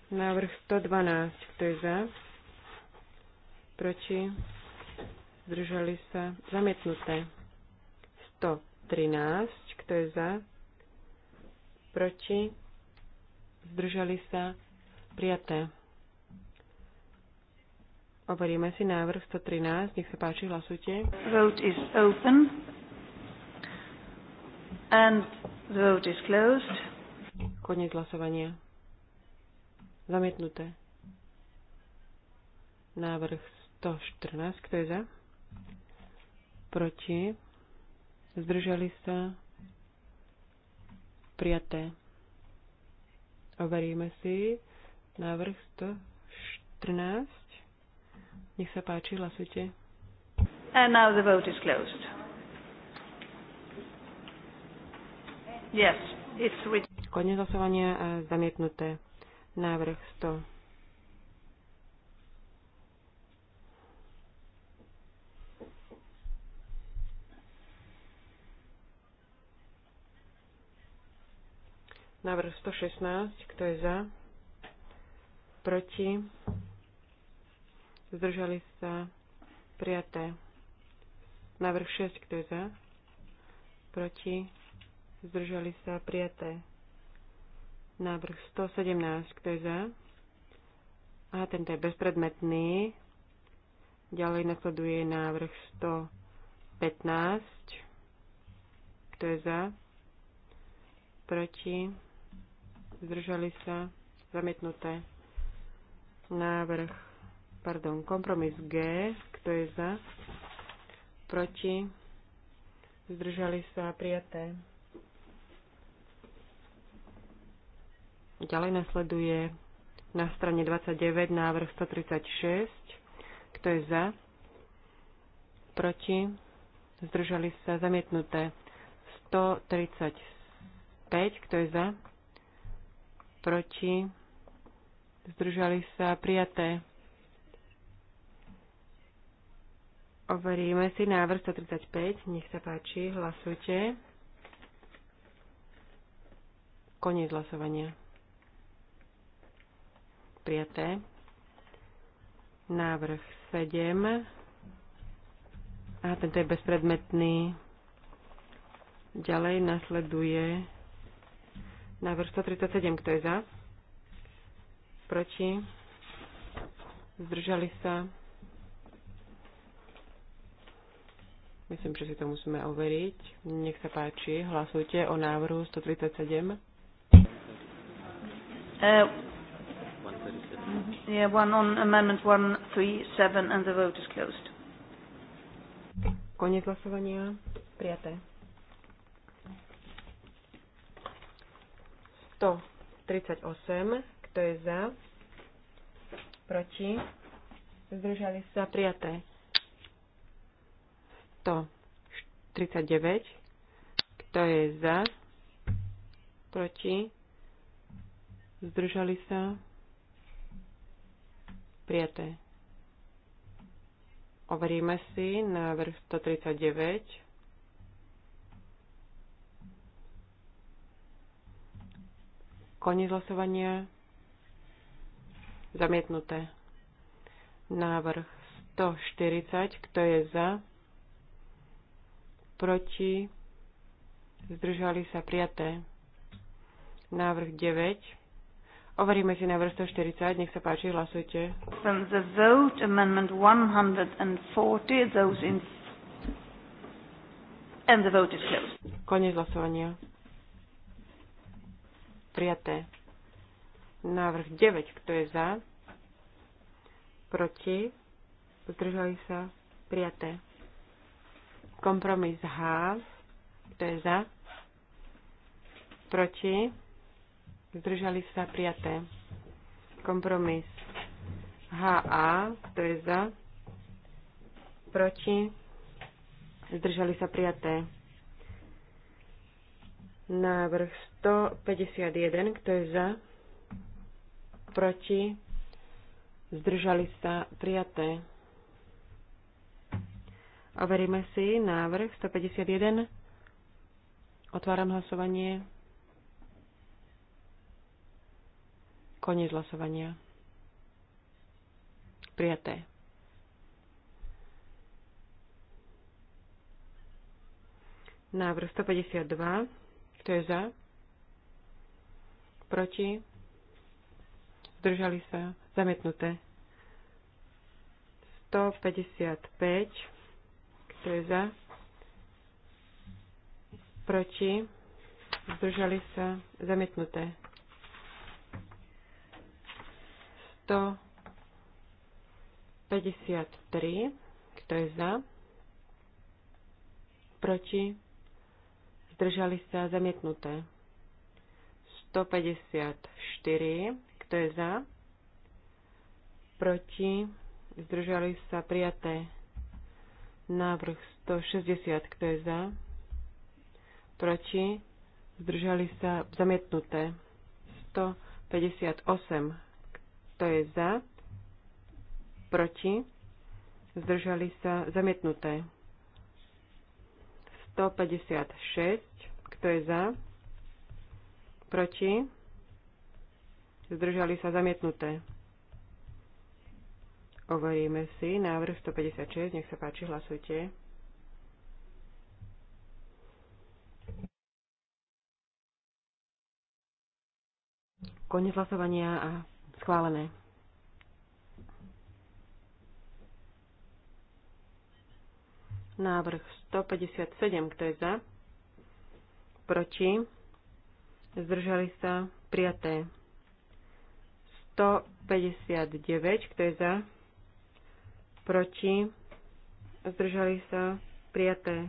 Návrh 112. Kto je za? proti, zdržali sa, zamietnuté. 113, kto je za, proti, zdržali sa, prijaté. Overíme si návrh 113, nech sa páči, hlasujte. Vote is open. And the vote is closed. Koniec hlasovania. Zamietnuté. Návrh 114, kto je za? Proti? Zdržali sa? Prijaté. Overíme si návrh 114. Nech sa páči, hlasujte. And now the vote is closed. Yes, it's with... Konec hlasovania eh, zamietnuté. Návrh 100. Návrh 116. Kto je za? Proti? Zdržali sa? Prijaté. Návrh 6. Kto je za? Proti? Zdržali sa? Prijaté. Návrh 117. Kto je za? A tento je bezpredmetný. Ďalej nasleduje návrh 115. Kto je za? Proti? zdržali sa, zamietnuté. Návrh, pardon, kompromis G, kto je za, proti, zdržali sa, prijaté. Ďalej nasleduje na strane 29 návrh 136. Kto je za? Proti? Zdržali sa zamietnuté 135. Kto je za? proti, zdržali sa prijaté. Overíme si návrh 135, nech sa páči, hlasujte. Koniec hlasovania. Prijaté. Návrh 7. A tento je bezpredmetný. Ďalej nasleduje Návrh 137, kto je za? Proti? Zdržali sa? Myslím, že si to musíme overiť. Nech sa páči, hlasujte o návrhu 137. Uh, yeah, one on amendment 137 and the vote is closed. Konec hlasovania. Prijaté. 138. Kto je za? Proti? Zdržali sa prijaté. 139. Kto je za? Proti? Zdržali sa? Prijaté. Overíme si návrh 139. Koniec hlasovania. Zamietnuté. Návrh 140. Kto je za? Proti? Zdržali sa prijaté. Návrh 9. Overíme si návrh 140. Nech sa páči, hlasujte. From the vote, amendment 140, those in... And the vote is closed. Koniec hlasovania prijaté. Návrh 9, kto je za, proti, zdržali sa, prijaté. Kompromis H, kto je za, proti, zdržali sa, prijaté. Kompromis HA, kto je za, proti, zdržali sa, prijaté. Návrh 151, kto je za, proti, zdržali sa prijaté. Overíme si návrh 151. Otváram hlasovanie. Koniec hlasovania. Prijaté. Návrh 152. Kto je za? proti, zdržali sa, zamietnuté. 155, kto je za, proti, zdržali sa, zamietnuté. 153, kto je za, proti, zdržali sa, zamietnuté. 154. Kto je za? Proti? Zdržali sa prijaté. Návrh 160. Kto je za? Proti? Zdržali sa zamietnuté. 158. Kto je za? Proti? Zdržali sa zamietnuté. 156. Kto je za? proti, zdržali sa zamietnuté. Overíme si návrh 156, nech sa páči, hlasujte. Konec hlasovania a schválené. Návrh 157, kto je za? Proti? zdržali sa, prijaté. 159, kto je za, proti, zdržali sa, prijaté.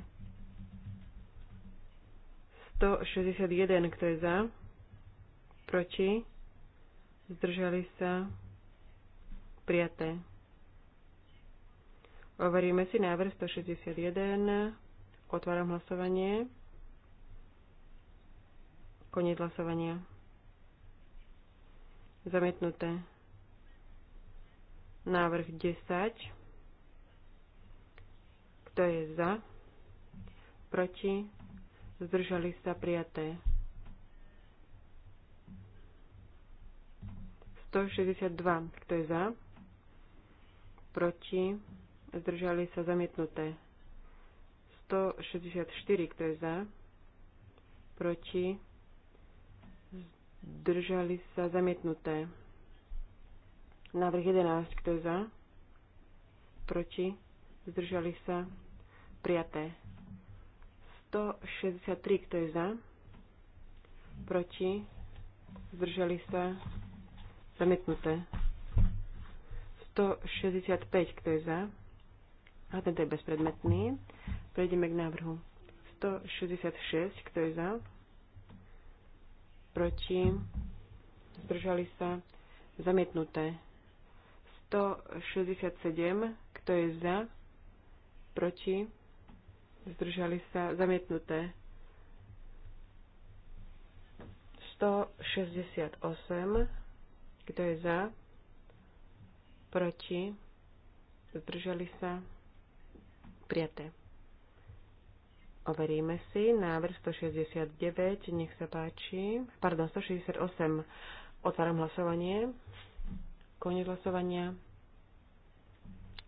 161, kto je za, proti, zdržali sa, prijaté. Overíme si návrh 161, otváram hlasovanie. Koniec hlasovania. Zamietnuté. Návrh 10. Kto je za? Proti? Zdržali sa prijaté. 162. Kto je za? Proti? Zdržali sa zamietnuté. 164. Kto je za? Proti? držali sa zamietnuté. Návrh 11. Kto je za? Proti? Zdržali sa prijaté. 163. Kto je za? Proti? Zdržali sa zamietnuté. 165. Kto je za? A tento je bezpredmetný. Prejdeme k návrhu. 166. Kto je za? proti, zdržali sa, zamietnuté. 167, kto je za, proti, zdržali sa, zamietnuté. 168, kto je za, proti, zdržali sa, prijaté. Overíme si návrh 169, nech sa páči. Pardon, 168. Otváram hlasovanie. Koniec hlasovania.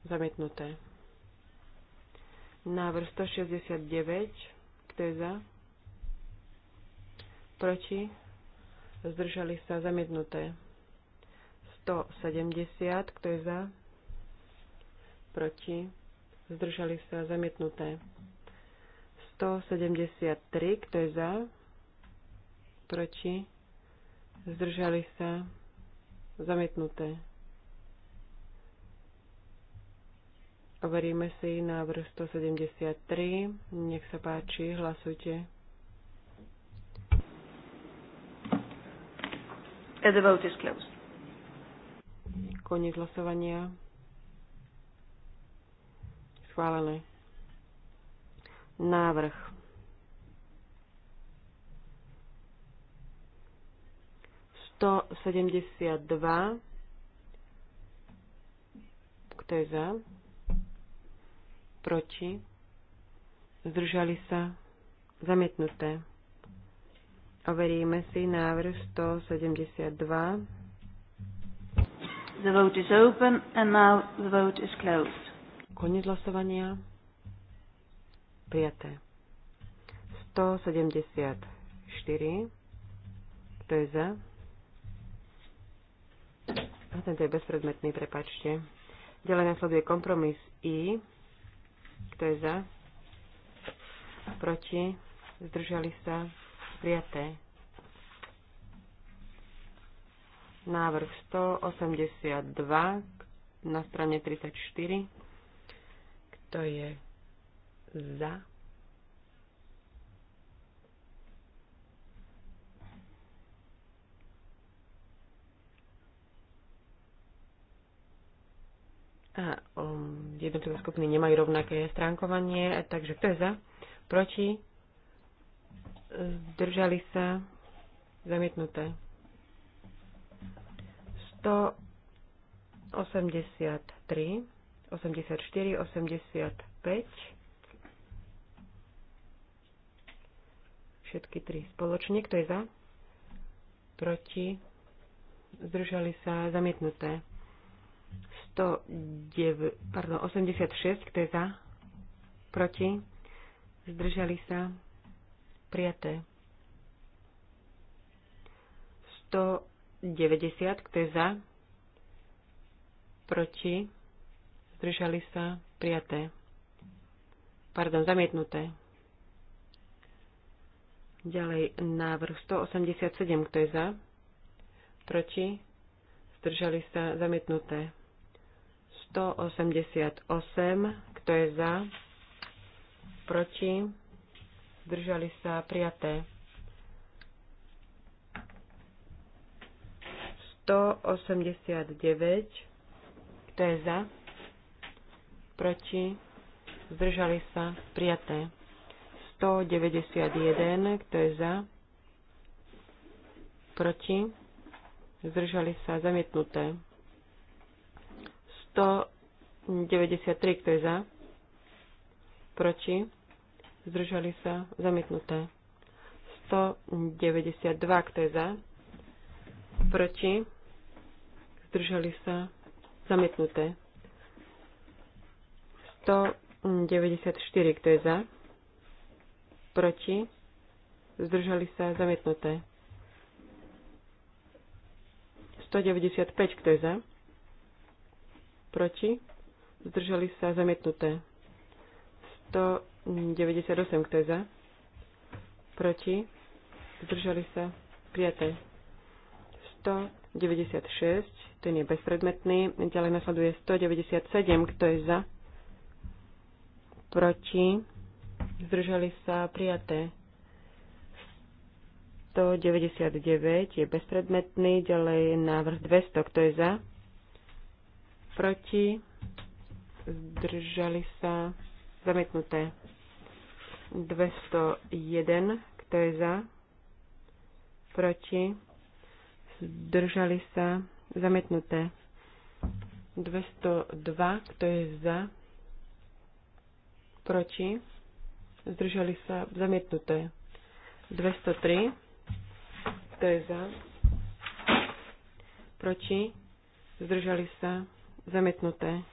Zamietnuté. Návrh 169. Kto je za? Proti? Zdržali sa zamietnuté. 170. Kto je za? Proti? Zdržali sa zamietnuté. 173, kto je za? Proti? Zdržali sa? Zamietnuté. Overíme si návrh 173. Nech sa páči, hlasujte. the vote is closed. Koniec hlasovania. Schválené návrh. Sto sedemdesiat dva. Kto je za? Proti? Zdržali sa? Zamietnuté. Overíme si návrh 172. The vote is open and now the vote is closed. Koniec hlasovania. Prijaté. 174. Kto je za? A tento je bezpredmetný, prepačte. Ďalej nasleduje kompromis I. Kto je za? Proti? Zdržali sa? Prijaté. Návrh 182 na strane 34. Kto je za a um, jednotlivé skupiny nemajú rovnaké stránkovanie, takže kto je za? Proti? Zdržali sa? Zamietnuté. 183, 84, 85, Všetky tri spoločne. Kto je za? Proti? Zdržali sa zamietnuté. 109, pardon, 86. Kto je za? Proti? Zdržali sa prijaté. 190. Kto je za? Proti? Zdržali sa prijaté. Pardon, zamietnuté. Ďalej návrh 187, kto je za? Proti? Zdržali sa zamietnuté. 188, kto je za? Proti? Zdržali sa prijaté. 189, kto je za? Proti? Zdržali sa prijaté. 191, kto je za, proti, zdržali sa zamietnuté. 193, kto je za, proti, zdržali sa zamietnuté. 192, kto je za, proti, zdržali sa zamietnuté. 194, kto je za, proti, zdržali sa zamietnuté. 195, kto je za, proti, zdržali sa zamietnuté. 198, kto je za, proti, zdržali sa prijaté. 196, ten je bezpredmetný. Ďalej nasleduje 197, kto je za, proti, zdržali sa prijaté. 199 je bezpredmetný, ďalej návrh 200, kto je za? Proti? Zdržali sa? Zamietnuté. 201, kto je za? Proti? Zdržali sa? Zamietnuté. 202, kto je za? Proti? zdržali sa zamietnuté. 203, to je za, proti, zdržali sa zamietnuté.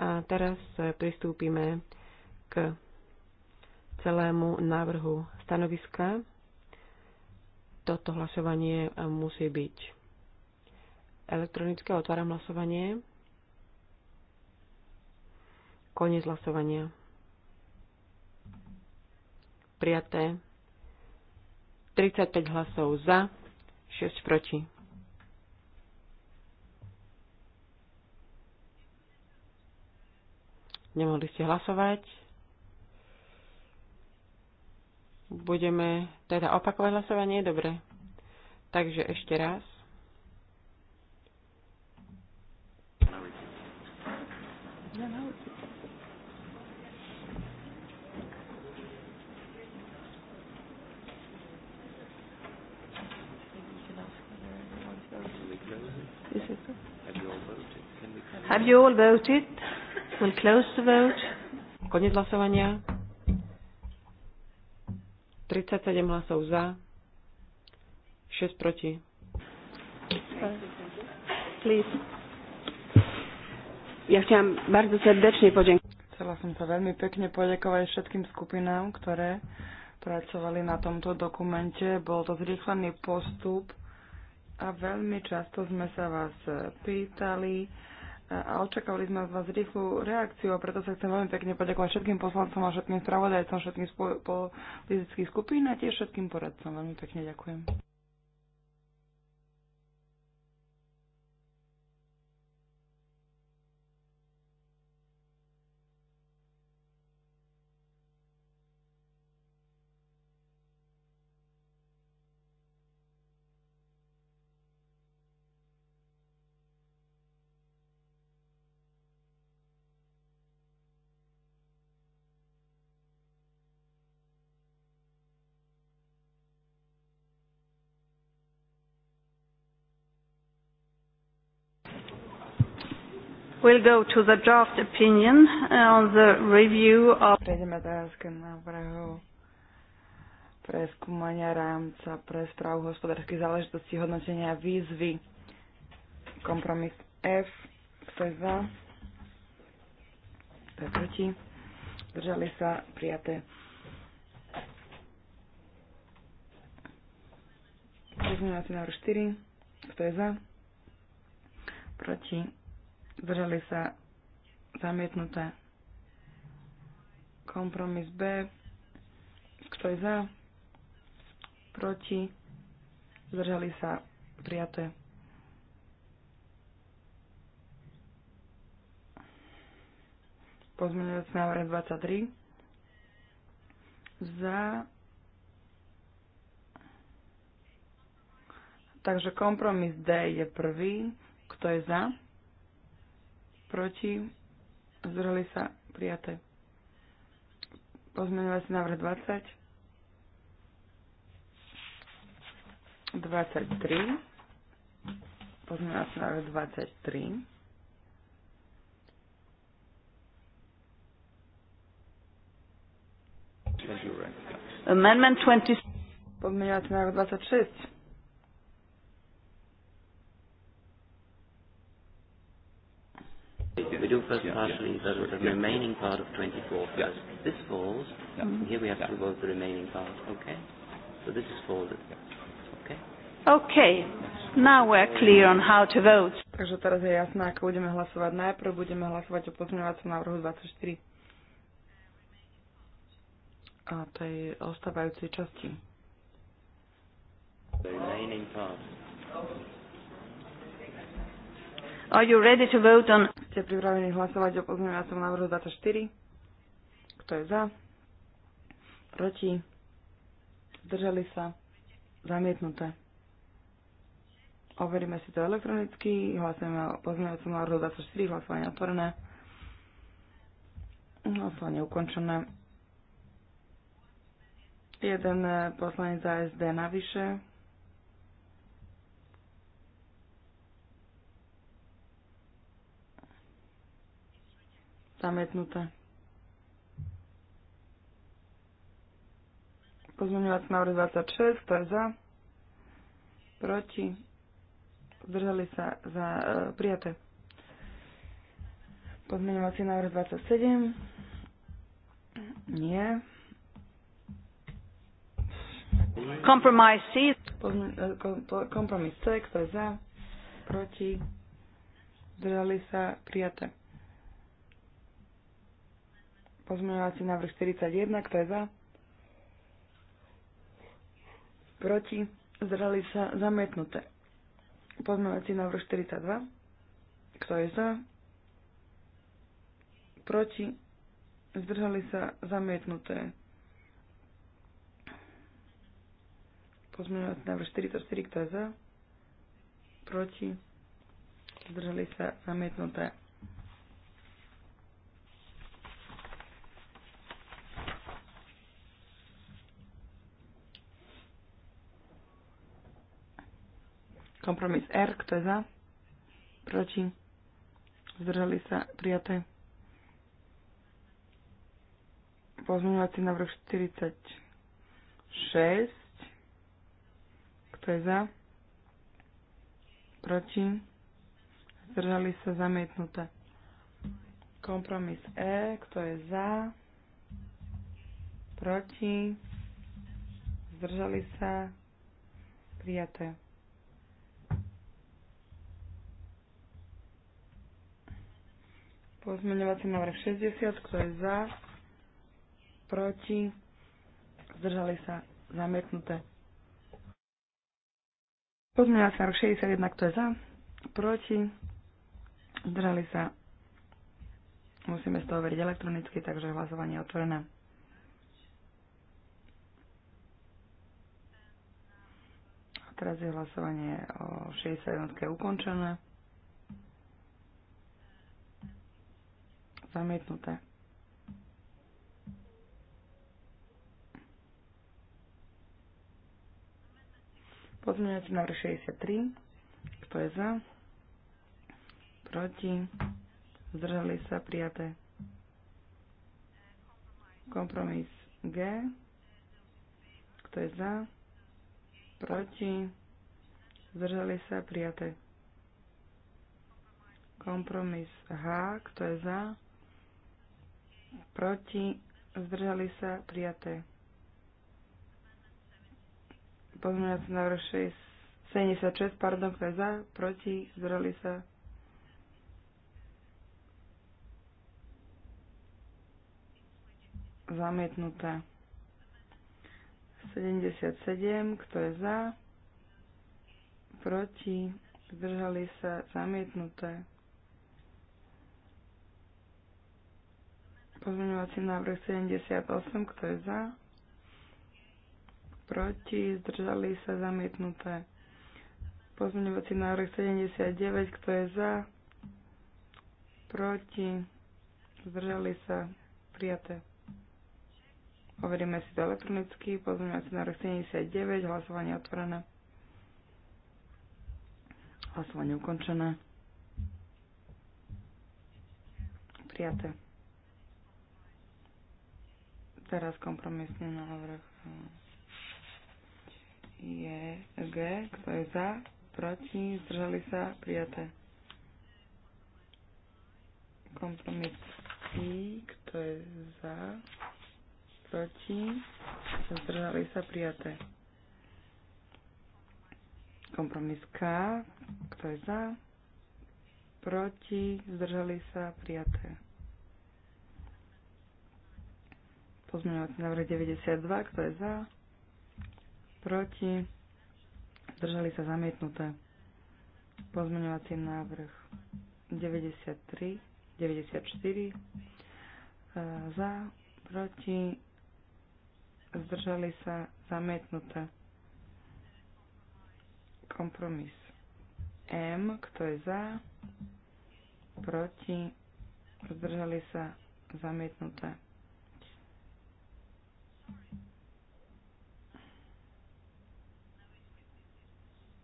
A teraz pristúpime k celému návrhu stanoviska. Toto hlasovanie musí byť elektronické. Otváram hlasovanie. Koniec hlasovania. Prijaté. 35 hlasov za, 6 proti. Nemohli ste hlasovať. Budeme teda opakovať hlasovanie? Dobre. Takže ešte raz. Have you all voted? We'll close the vote. Koniec hlasovania. 37 hlasov za, 6 proti. Please. Ja chciałam bardzo serdecznie podziękować. Chcela som sa veľmi pekne poďakovať všetkým skupinám, ktoré pracovali na tomto dokumente. Bol to zrýchlený postup a veľmi často sme sa vás pýtali a očakávali sme z vás rýchlu reakciu a preto sa chcem veľmi pekne poďakovať všetkým poslancom a všetkým spravodajcom, všetkým politických skupín a tiež všetkým poradcom. Veľmi pekne ďakujem. We'll go to the draft opinion uh, on the review of... Prejdeme teraz k návrhu pre skúmania rámca pre správu hospodárskej záležitosti hodnotenia výzvy. Kompromis F, kto je za, kto je proti, držali sa prijaté. Pozmeňovací návrh 4, kto je za, proti, držali sa zamietnuté. Kompromis B, kto je za, proti, zdržali sa prijaté. na návrh 23. Za. Takže kompromis D je prvý. Kto je za? proti, zdržali sa prijaté. si návrh 20, 23, si návrh 23, Amendment 20. Pozmeňovací návrh 26. We do first yeah, partially yeah. the, the yeah. remaining part of 24 first. Yeah. This falls. Yeah. Mm -hmm. here we have yeah. to vote the remaining part. Okay. So this is folded. Yeah. Okay. Okay. Now we're clear on how to vote. Takže teraz je jasné, ako budeme hlasovať. Najprv budeme hlasovať o pozmeňovacom návrhu 24. A tej ostávajúcej časti. The remaining part. Are you ready to vote on ste pripravení hlasovať o pozmeňovacom návrhu 24? Kto je za? Proti? Zdržali sa? Zamietnuté. Overíme si to elektronicky. Hlasujeme o pozmeňovacom návrhu 24. Hlasovanie otvorené. Hlasovanie ukončené. Jeden poslanec za SD navyše. zametnuté. Pozmeňovací návrh 26, to je za. Proti. Zdržali sa za e, prijaté. Pozmeňovací návrh 27. Nie. Kompromis C. E, kompromis C, kto je za. Proti. Zdržali sa prijaté. Pozmeňovací návrh 41, kto je za? Proti? Zdrali sa zamietnuté. Pozmeňovací návrh 42. Kto je za? Proti? Zdržali sa zamietnuté. Pozmeňovací návrh 44. Kto je za? Proti? Zdržali sa zamietnuté. Kompromis R, kto je za? Proti? Zdržali sa prijaté. Pozmeňovací návrh 46. Kto je za? Proti? Zdržali sa zamietnuté. Kompromis E, kto je za? Proti? Zdržali sa prijaté. Pozmeňovací návrh 60, kto je za, proti, zdržali sa zamietnuté. Pozmeňovací návrh 61, kto je za, proti, zdržali sa. Musíme z toho veriť elektronicky, takže hlasovanie je otvorené. teraz je hlasovanie o 61. ukončené. zamietnuté. Pozmeňujúci návrh 63. Kto je za? Proti? Zdržali sa prijaté. Kompromis G. Kto je za? Proti? Zdržali sa prijaté. Kompromis H. Kto je za? proti, zdržali sa, prijaté. Pozmeňovací návrh 6, 76, pardon, kto je za, proti, zdržali sa, zamietnuté. 77, kto je za, proti, zdržali sa, zamietnuté. Pozmeňovací návrh 78, kto je za? Proti, zdržali sa zamietnuté. Pozmeňovací návrh 79, kto je za? Proti, zdržali sa prijaté. Overíme si to elektronicky. Pozmeňovací návrh 79, hlasovanie otvorené. Hlasovanie ukončené. Prijaté. Teraz kompromisný návrh eh, je G. Kto je za? Proti? Zdržali sa? Prijaté. Kompromis I. Kto je za? Proti? Zdržali sa? Prijaté. Kompromis K. Kto je za? Proti? Zdržali sa? Prijaté Pozmeňovací návrh 92, kto je za? Proti? Zdržali sa zamietnuté. Pozmeňovací návrh 93, 94, e, za, proti, zdržali sa zamietnuté. Kompromis M, kto je za, proti, zdržali sa zamietnuté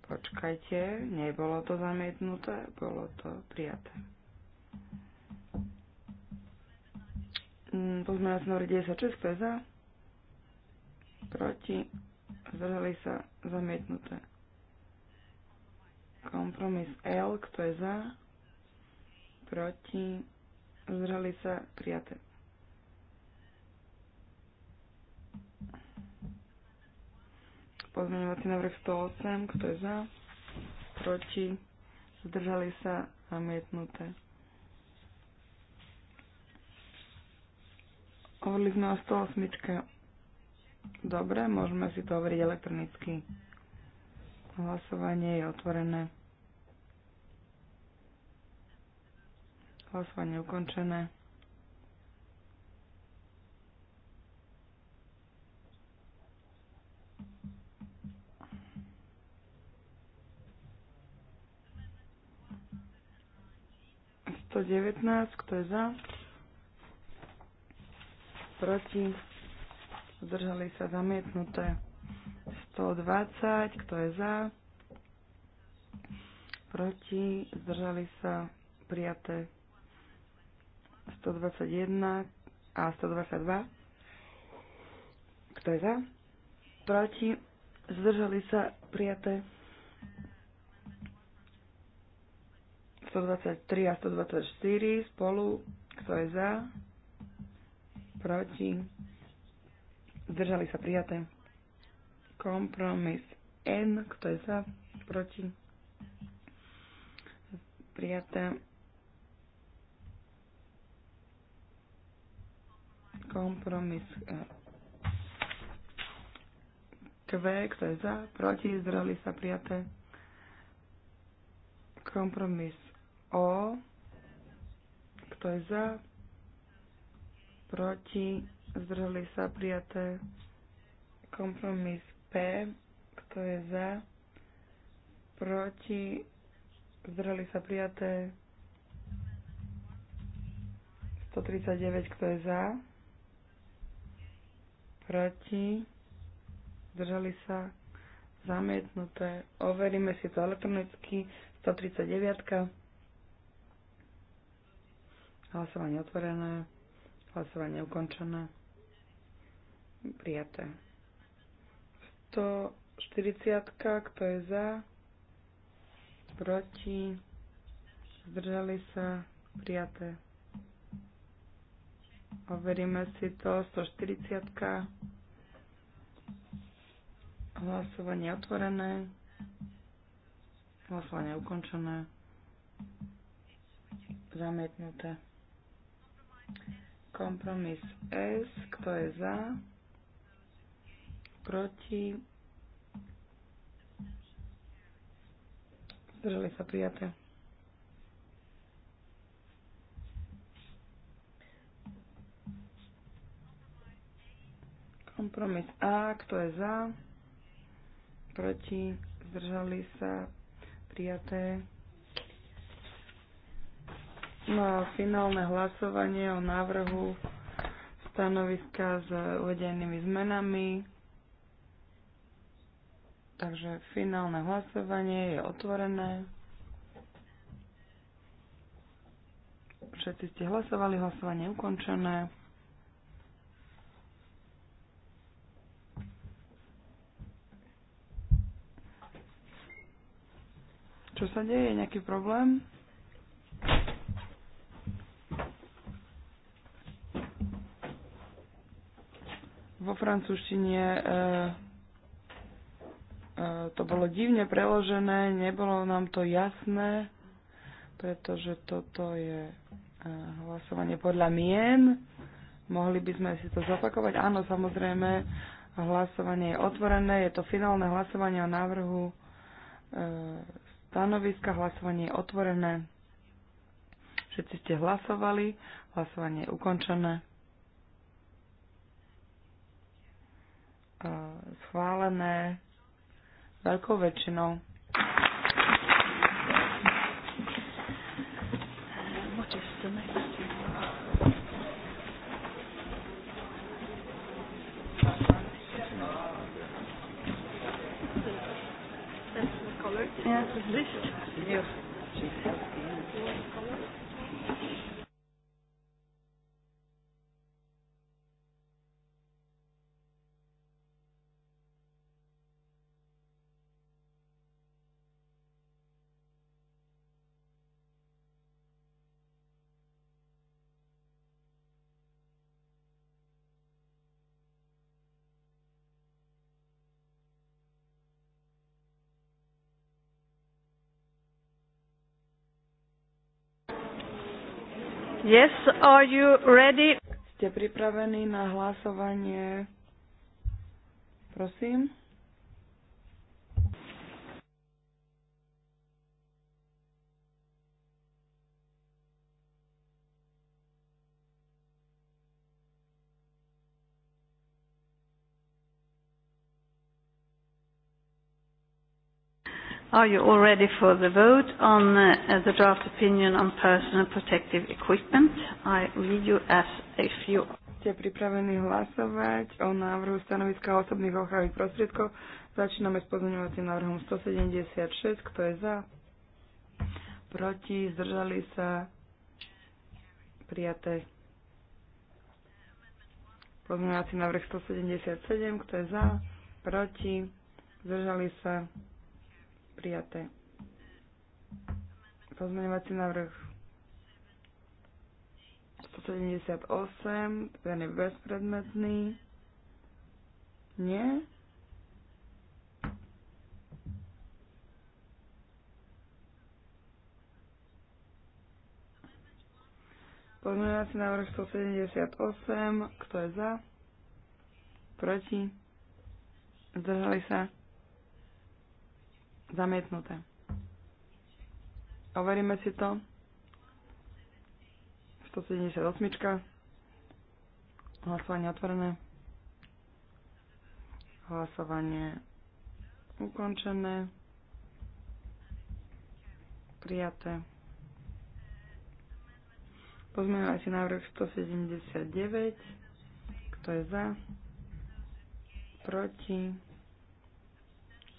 Počkajte, nebolo to zamietnuté, bolo to prijaté. Mm, pozmeňovací na 96, kto je za? Proti? Zdržali sa zamietnuté. Kompromis L, kto je za? Proti? Zdržali sa prijaté. Pozmeňovací návrh 108, kto je za? Proti? Zdržali sa? Zamietnuté. Hovorili sme o 108. Dobre, môžeme si to hovoriť elektronicky. Hlasovanie je otvorené. Hlasovanie ukončené. 119, kto je za? Proti? Zdržali sa zamietnuté. 120, kto je za? Proti? Zdržali sa prijaté. 121 a 122. Kto je za? Proti? Zdržali sa prijaté. 123 a 124 spolu. Kto je za? Proti? Zdržali sa prijaté. Kompromis N. Kto je za? Proti? Prijaté. Kompromis Q. Eh, Kto je za? Proti? Zdržali sa prijaté kompromis O. Kto je za? Proti? Zdržali sa prijaté. Kompromis P. Kto je za? Proti? Zdržali sa prijaté. 139. Kto je za? Proti? Zdržali sa zamietnuté. Overíme si to elektronicky. 139. Hlasovanie otvorené. Hlasovanie ukončené. Prijaté. 140. Kto je za? Proti? Zdržali sa? Prijaté. Overíme si to. 140. Hlasovanie otvorené. Hlasovanie ukončené. Zamietnuté. Kompromis S, kto je za? Proti? Zdržali sa prijaté. Kompromis A, kto je za? Proti? Zdržali sa prijaté. No a finálne hlasovanie o návrhu stanoviska s uvedenými zmenami. Takže finálne hlasovanie je otvorené. Všetci ste hlasovali, hlasovanie je ukončené. Čo sa deje? Nejaký problém? vo francúzštine e, e, to bolo divne preložené, nebolo nám to jasné, pretože toto je e, hlasovanie podľa mien. Mohli by sme si to zopakovať. Áno, samozrejme, hlasovanie je otvorené, je to finálne hlasovanie o návrhu e, stanoviska, hlasovanie je otvorené. Všetci ste hlasovali, hlasovanie je ukončené. schválené veľkou väčšinou. Yes, are you ready? Ste pripravení na hlasovanie? Prosím. Are you all ready for the vote on uh, the draft opinion on personal protective equipment? I read you as if you... Ste pripravení hlasovať o návrhu stanoviska osobných ochranných prostriedkov. Začíname s pozmeňovacím návrhom 176. Kto je za? Proti? Zdržali sa? Prijaté. Pozmeňovací návrh 177. Kto je za? Proti? Zdržali sa? Prijaté. Pozmeňovací návrh 178, ten je bezpredmetný. Nie? Pozmeňovací návrh 178. Kto je za? Proti? Zdržali sa? Zamietnuté. Overíme si to. 178. Hlasovanie otvorené. Hlasovanie ukončené. Prijaté. Pozmeňovací návrh 179. Kto je za? Proti?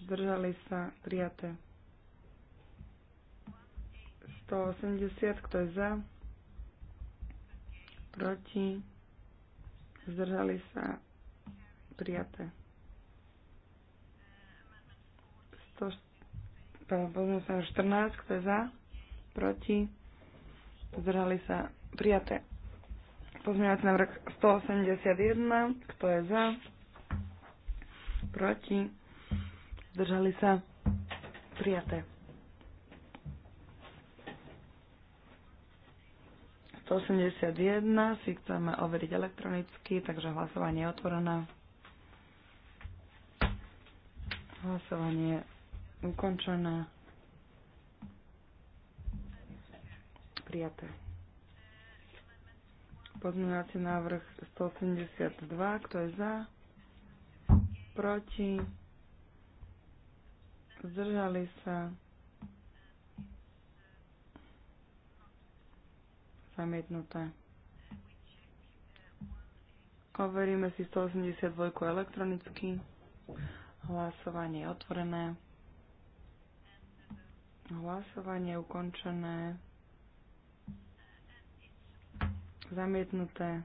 zdržali sa, prijaté. 180, kto je za, proti, zdržali sa, prijaté. 100, 14, kto je za, proti, zdržali sa, prijaté. Pozmeňovací návrh 181, kto je za, proti, zdržali sa, prijaté. 181 si chceme overiť elektronicky, takže hlasovanie je otvorené. Hlasovanie ukončené. Prijaté. Pozmeňovací návrh 182, kto je za? Proti? zdržali sa, zamietnuté. Overíme si 182 elektronicky. Hlasovanie je otvorené. Hlasovanie je ukončené. Zamietnuté.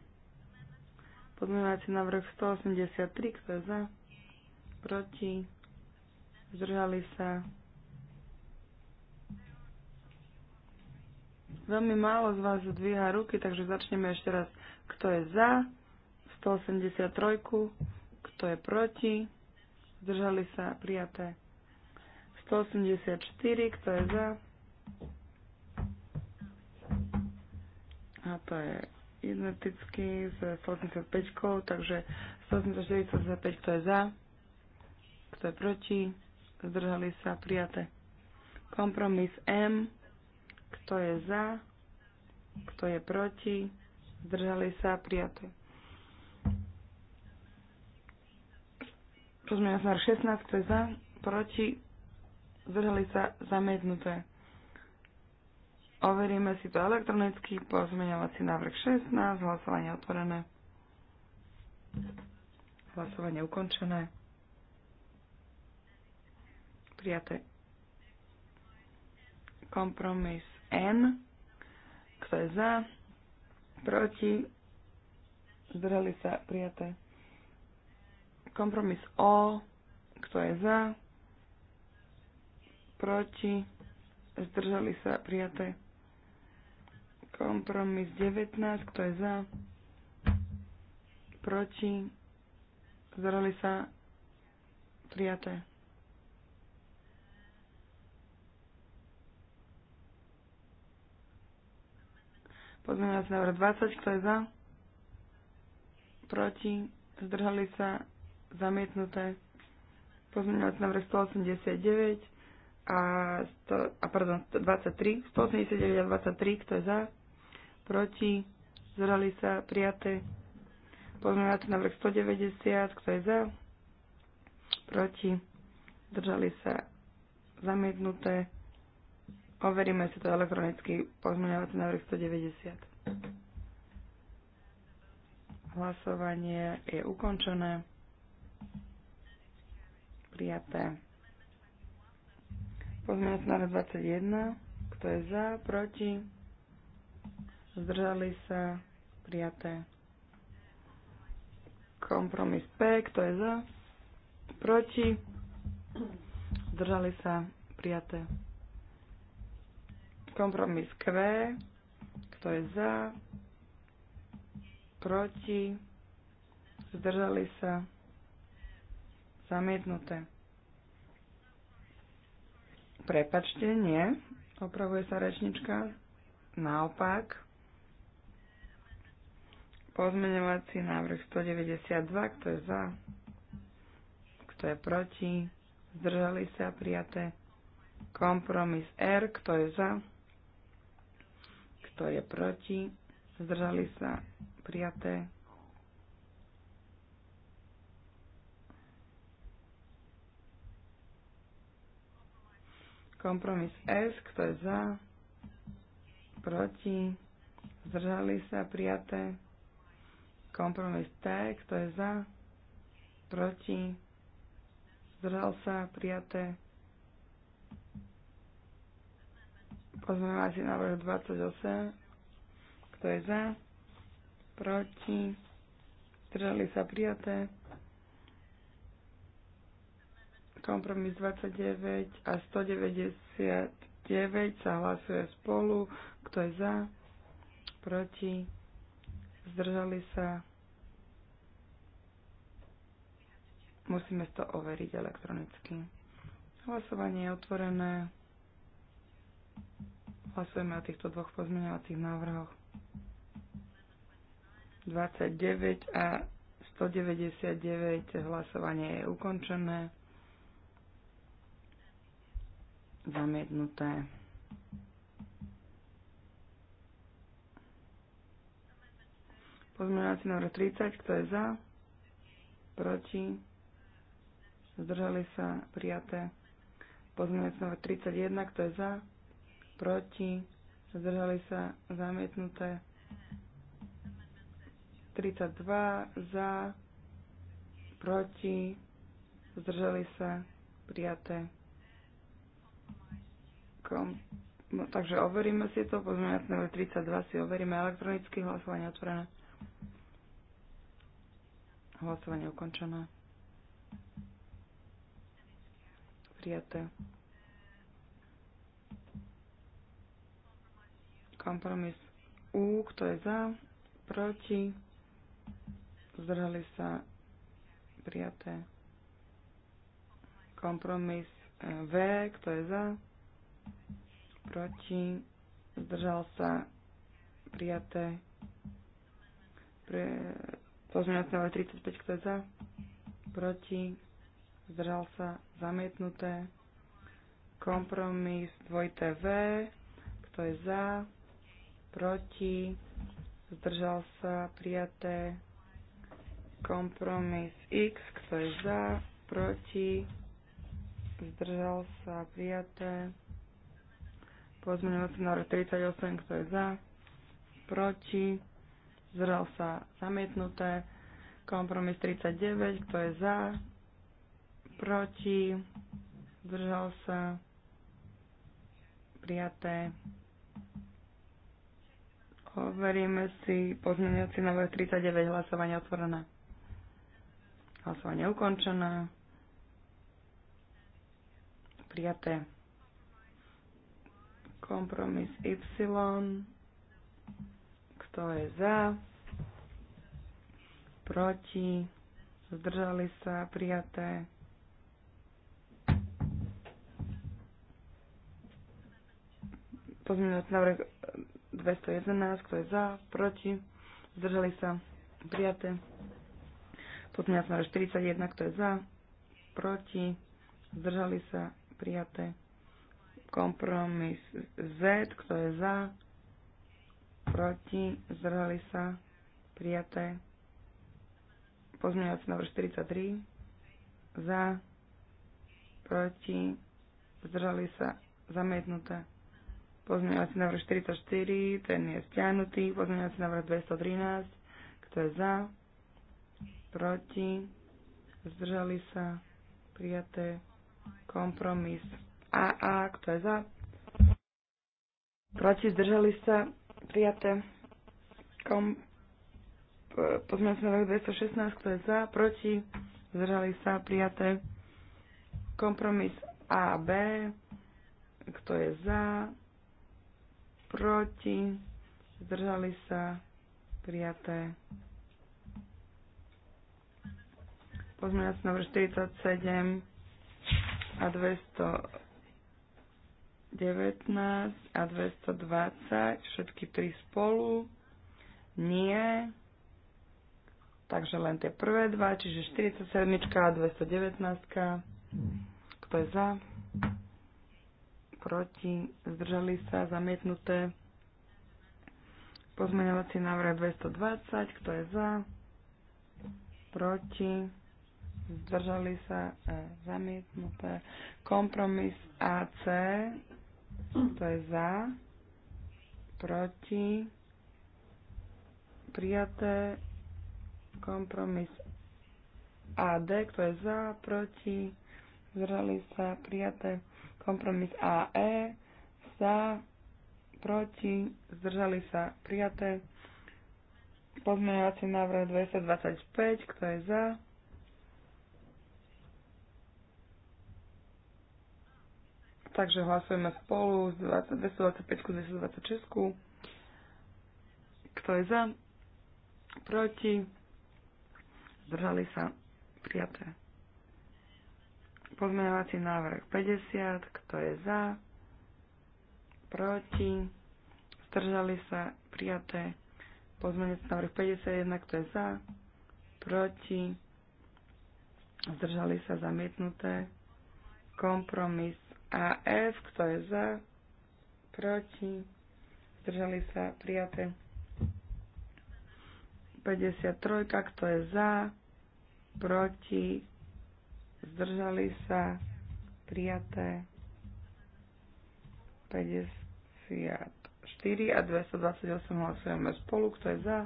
Pozmeňovací návrh 183, kto je za? Proti? zdržali sa. Veľmi málo z vás zdvíha ruky, takže začneme ešte raz. Kto je za? 183. Kto je proti? Zdržali sa prijaté. 184. Kto je za? A to je identický s 185, takže 184, 185, kto je za, kto je proti, zdržali sa prijaté. Kompromis M, kto je za, kto je proti, zdržali sa prijaté. Pozmeňa sa 16, kto je za, proti, zdržali sa zamietnuté. Overíme si to elektronicky, pozmeňovací návrh 16, hlasovanie otvorené. Hlasovanie ukončené. Prijaté. Kompromis N. Kto je za? Proti? Zdrhali sa? Prijaté. Kompromis O. Kto je za? Proti? Zdržali sa? Prijaté. Kompromis 19. Kto je za? Proti? Zdržali sa? Prijaté Pozmeňovací návrh 20, kto je za? Proti? Zdržali sa? Zamietnuté. Pozmeňovací návrh 189 a, 100, a pardon, 23, 189 a 23, kto je za? Proti? Zdržali sa? Prijaté. Pozmeňovací návrh 190, kto je za? Proti? Zdrhali sa? Zamietnuté. Overíme si to elektronicky pozmeňovací návrh 190. Hlasovanie je ukončené. Prijaté. Pozmeňovací návrh 21. Kto je za? Proti? Zdržali sa? Prijaté. Kompromis P. Kto je za? Proti? Zdržali sa? Prijaté. Kompromis Q. Kto je za? Proti? Zdržali sa? Zamietnuté. Prepačte, nie. Opravuje sa rečnička. Naopak. Pozmeňovací návrh 192. Kto je za? Kto je proti? Zdržali sa prijaté. Kompromis R. Kto je za? kto je proti, zdržali sa prijaté. Kompromis S, kto je za, proti, zdržali sa prijaté. Kompromis T, kto je za, proti, zdržal sa prijaté. Pozmeňovací návrh 28. Kto je za? Proti? Zdržali sa prijaté? Kompromis 29 a 199 sa hlasuje spolu. Kto je za? Proti? Zdržali sa? Musíme to overiť elektronicky. Hlasovanie je otvorené. Hlasujeme o týchto dvoch pozmeňovacích návrhoch. 29 a 199 hlasovanie je ukončené. Zamietnuté. Pozmeňovací návrh 30, kto je za? Proti? Zdržali sa? Prijaté. Pozmeňovací návrh 31, kto je za? proti, zdržali sa zamietnuté 32 za, proti, zdržali sa prijaté. Kom- no, takže overíme si to, na 32 si overíme elektronicky, hlasovanie otvorené. Hlasovanie ukončené. Prijaté. Kompromis U, kto je za, proti, zdrhali sa prijaté. Kompromis e, V, kto je za, proti, zdržal sa prijaté. Pre, pozmeňovací 35, kto je za, proti, zdržal sa zamietnuté. Kompromis 2 V, kto je za, proti, zdržal sa, prijaté. Kompromis X, kto je za, proti, zdržal sa, prijaté. Pozmeňovací návrh 38, kto je za, proti, zdržal sa, zamietnuté. Kompromis 39, kto je za, proti, zdržal sa, prijaté. Overíme si pozmeňujúci návrh 39, hlasovanie otvorené. Hlasovanie ukončené. Prijaté. Kompromis Y. Kto je za? Proti? Zdržali sa? Prijaté. Pozmeňujúci návrh 211, kto je za, proti, zdržali sa, prijaté. Pozmeňovací návrh 41, kto je za, proti, zdržali sa, prijaté. Kompromis Z, kto je za, proti, zdržali sa, prijaté. Pozmeňovací návrh 43, za, proti, zdržali sa, zamietnuté. Pozmeňovací návrh 44, ten je stiahnutý. Pozmeňovací návrh 213, kto je za, proti, zdržali sa, prijaté, kompromis AA, kto je za, proti, zdržali sa, prijaté, kom, pozmeňovací návrh 216, kto je za, proti, zdržali sa, prijaté, kompromis AB, kto je za, proti, zdržali sa, prijaté. Pozmeňací návrh 47 a 219 a 220, všetky tri spolu. Nie. Takže len tie prvé dva, čiže 47 a 219. Kto je za? proti, zdržali sa, zamietnuté. Pozmeňovací návrh 220, kto je za, proti, zdržali sa, e, zamietnuté. Kompromis AC, kto je za, proti, prijaté. Kompromis AD, kto je za, proti, zdržali sa, prijaté Kompromis AE za, proti, zdržali sa prijaté. Pozmeňovací návrh 225, kto je za? Takže hlasujeme spolu z 225 ku 226. Kto je za? Proti? Zdržali sa? Prijaté. Pozmeňovací návrh 50, kto je za, proti, zdržali sa, prijaté. Pozmeňovací návrh 51, kto je za, proti, zdržali sa, zamietnuté. Kompromis AF, kto je za, proti, zdržali sa, prijaté. 53, kto je za, proti, zdržali sa, prijaté 54 a 228 hlasujeme spolu, kto je za,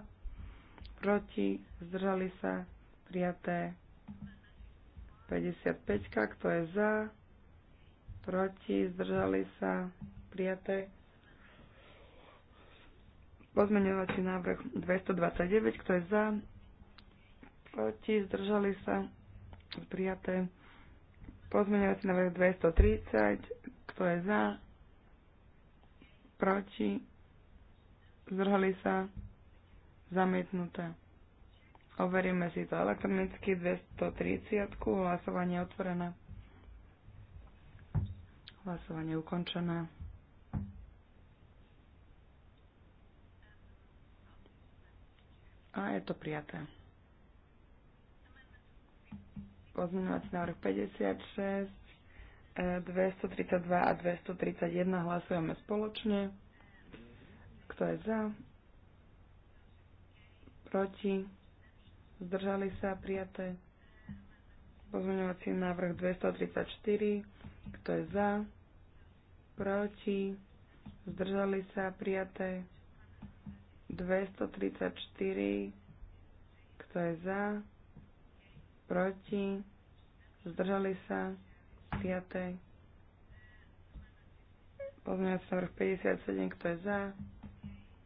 proti, zdržali sa, prijaté 55, kto je za, proti, zdržali sa, prijaté Pozmeňovací návrh 229, kto je za, proti, zdržali sa, prijaté. Pozmeňovací návrh 230, kto je za, proti, zdrhali sa, zamietnuté. Overíme si to elektronicky, 230, hlasovanie otvorené. Hlasovanie ukončené. A je to prijaté. Pozmeňovací návrh 56, 232 a 231 hlasujeme spoločne. Kto je za? Proti? Zdržali sa prijaté? Pozmeňovací návrh 234. Kto je za? Proti? Zdržali sa prijaté? 234. Kto je za? proti, zdržali sa, prijaté. Pozmeňovací návrh 57, kto je za,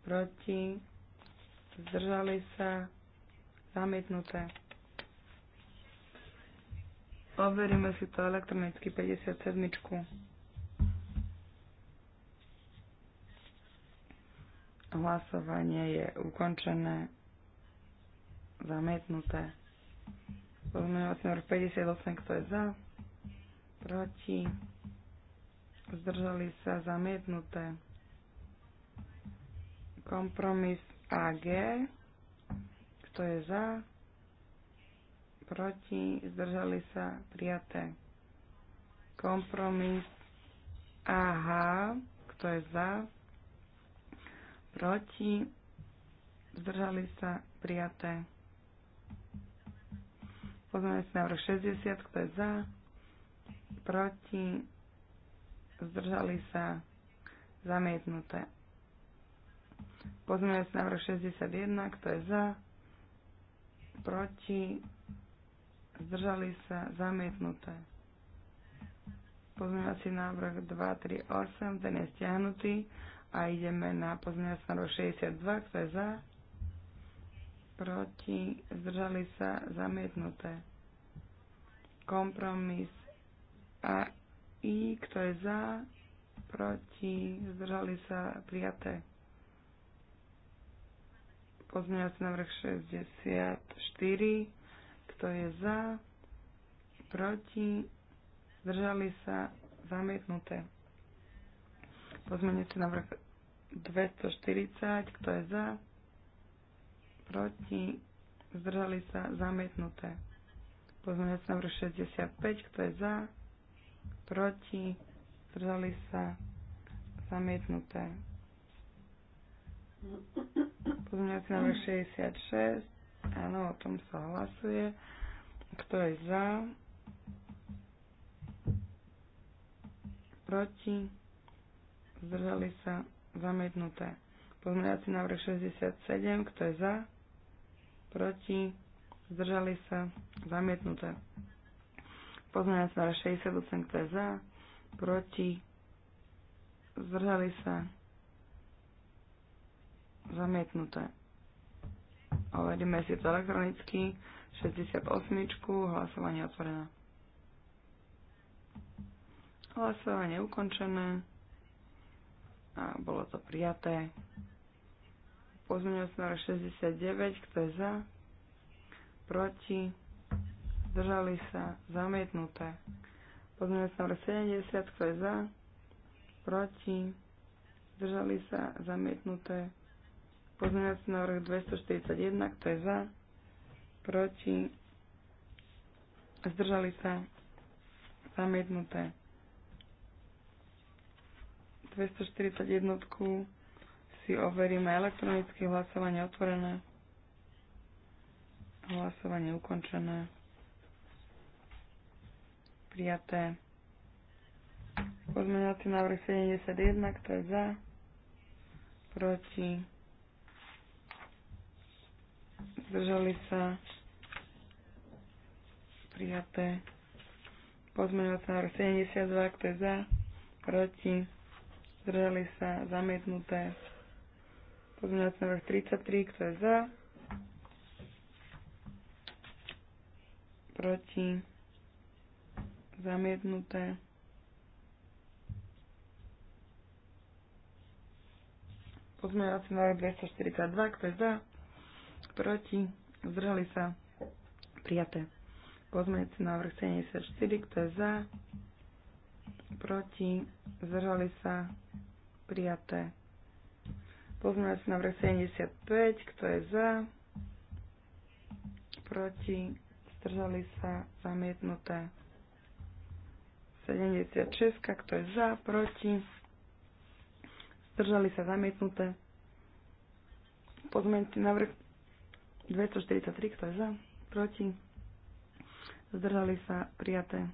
proti, zdržali sa, zamietnuté. Overíme si to elektronicky 57. Hlasovanie je ukončené, zamietnuté. Pozmeňovací návrh 58, kto je za? Proti? Zdržali sa zamietnuté. Kompromis AG. Kto je za? Proti? Zdržali sa prijaté. Kompromis AH. Kto je za? Proti? Zdržali sa prijaté si návrh 60, kto je za, proti, zdržali sa, zamietnuté. si návrh 61, kto je za, proti, zdržali sa, zamietnuté. si návrh 2, 8, ten je stiahnutý a ideme na si návrh 62, kto je za, proti, zdržali sa, zamietnuté. Kompromis a I, kto je za, proti, zdržali sa, prijaté. Pozmeňovací návrh 64, kto je za, proti, zdržali sa, zamietnuté. Pozmeňujúci návrh 240, kto je za, proti, zdržali sa, zamietnuté. Pozmeňujúci návrh 65, kto je za, proti, zdržali sa, zamietnuté. Pozmeňujúci návrh 66, áno, o tom sa hlasuje. Kto je za, proti, zdržali sa, zamietnuté. Pozmeňovací návrh 67, kto je za, proti, zdržali sa, zamietnuté. Pozmeňujem sa 68, kto je za, proti, zdržali sa, zamietnuté. Overíme si to elektronicky. 68. Hlasovanie otvorené. Hlasovanie ukončené. A bolo to prijaté. Pozmeňovací návrh 69, kto je za? Proti? Zdržali sa? Zamietnuté. Pozmeňovací návrh 70, kto je za? Proti? Zdržali sa? Zamietnuté. Pozmeňovací návrh 241, kto je za? Proti? Zdržali sa? Zamietnuté. 241 si overíme elektronické hlasovanie otvorené. Hlasovanie ukončené. Prijaté. Pozmeňovací návrh 71, kto je za? Proti? Zdržali sa? Prijaté. Pozmeňovací návrh 72, kto je za? Proti? Zdržali sa? Zamietnuté. Pozmeňovací návrh 33, kto je za? Proti? Zamietnuté. Pozmeňovací návrh 242, kto je za? Proti? Zdrhali sa? Prijaté. Pozmeňovací návrh 74, kto je za? Proti? Zdrhali sa? Prijaté. Pozmeňovací návrh 75, kto je za? Proti? Zdržali sa? Zamietnuté. 76, kto je za? Proti? Zdržali sa? Zamietnuté. Pozmeňovací návrh 243, kto je za? Proti? Zdržali sa? Prijaté.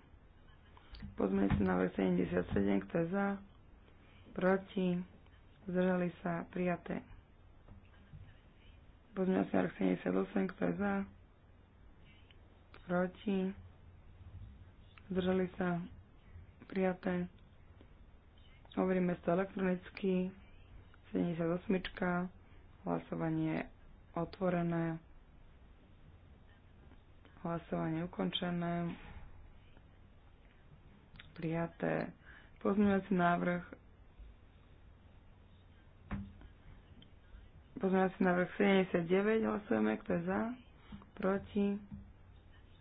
Pozmeňovací návrh 77, kto je za? Proti? zdržali sa prijaté. sa návrh 78, kto je za, proti, zdržali sa prijaté. Overíme to elektronicky. 78. Hlasovanie otvorené. Hlasovanie ukončené. Prijaté. Pozmeňovací návrh Pozmeňovací návrh 79, hlasujeme, kto je za, proti,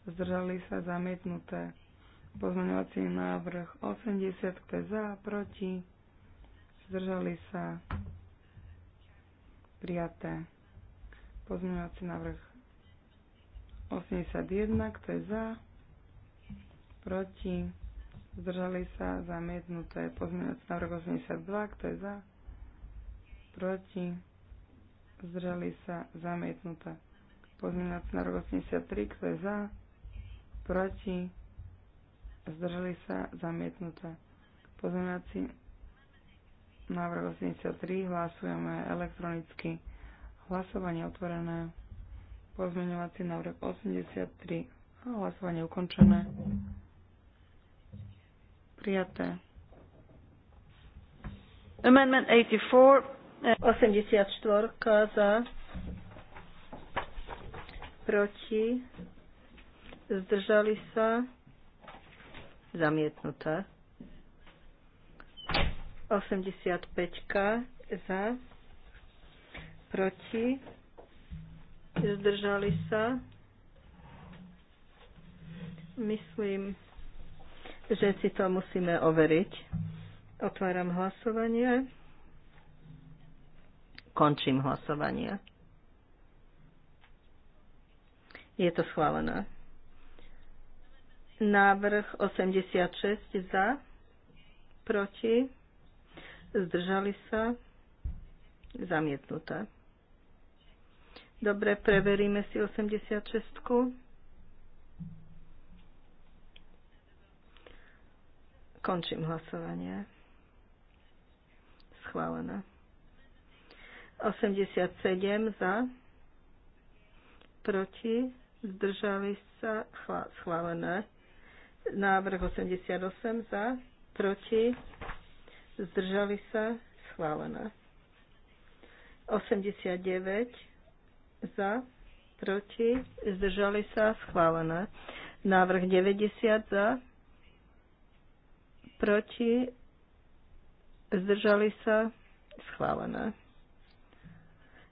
zdržali sa, zamietnuté. Pozmeňovací návrh 80, kto je za, proti, zdržali sa, prijaté. Pozmeňovací návrh 81, kto je za, proti, zdržali sa, zamietnuté. Pozmeňovací návrh 82, kto je za, proti, zdržali sa zamietnuté. na rok 83, kto je za, proti, zdržali sa zamietnuté. Pozmeňovací návrh 83, hlasujeme elektronicky. Hlasovanie otvorené. Pozmeňovací návrh 83, hlasovanie ukončené. Prijaté. Amendment 84 84 za, proti, zdržali sa, zamietnuté. 85 za, proti, zdržali sa. Myslím, že si to musíme overiť. Otváram hlasovanie. Končím hlasovanie. Je to schválené. Návrh 86 za, proti, zdržali sa, zamietnuté. Dobre, preveríme si 86. Končím hlasovanie. Schválené. 87 za, proti, zdržali sa, schválené. Návrh 88 za, proti, zdržali sa, schválené. 89 za, proti, zdržali sa, schválené. Návrh 90 za, proti, zdržali sa, schválené.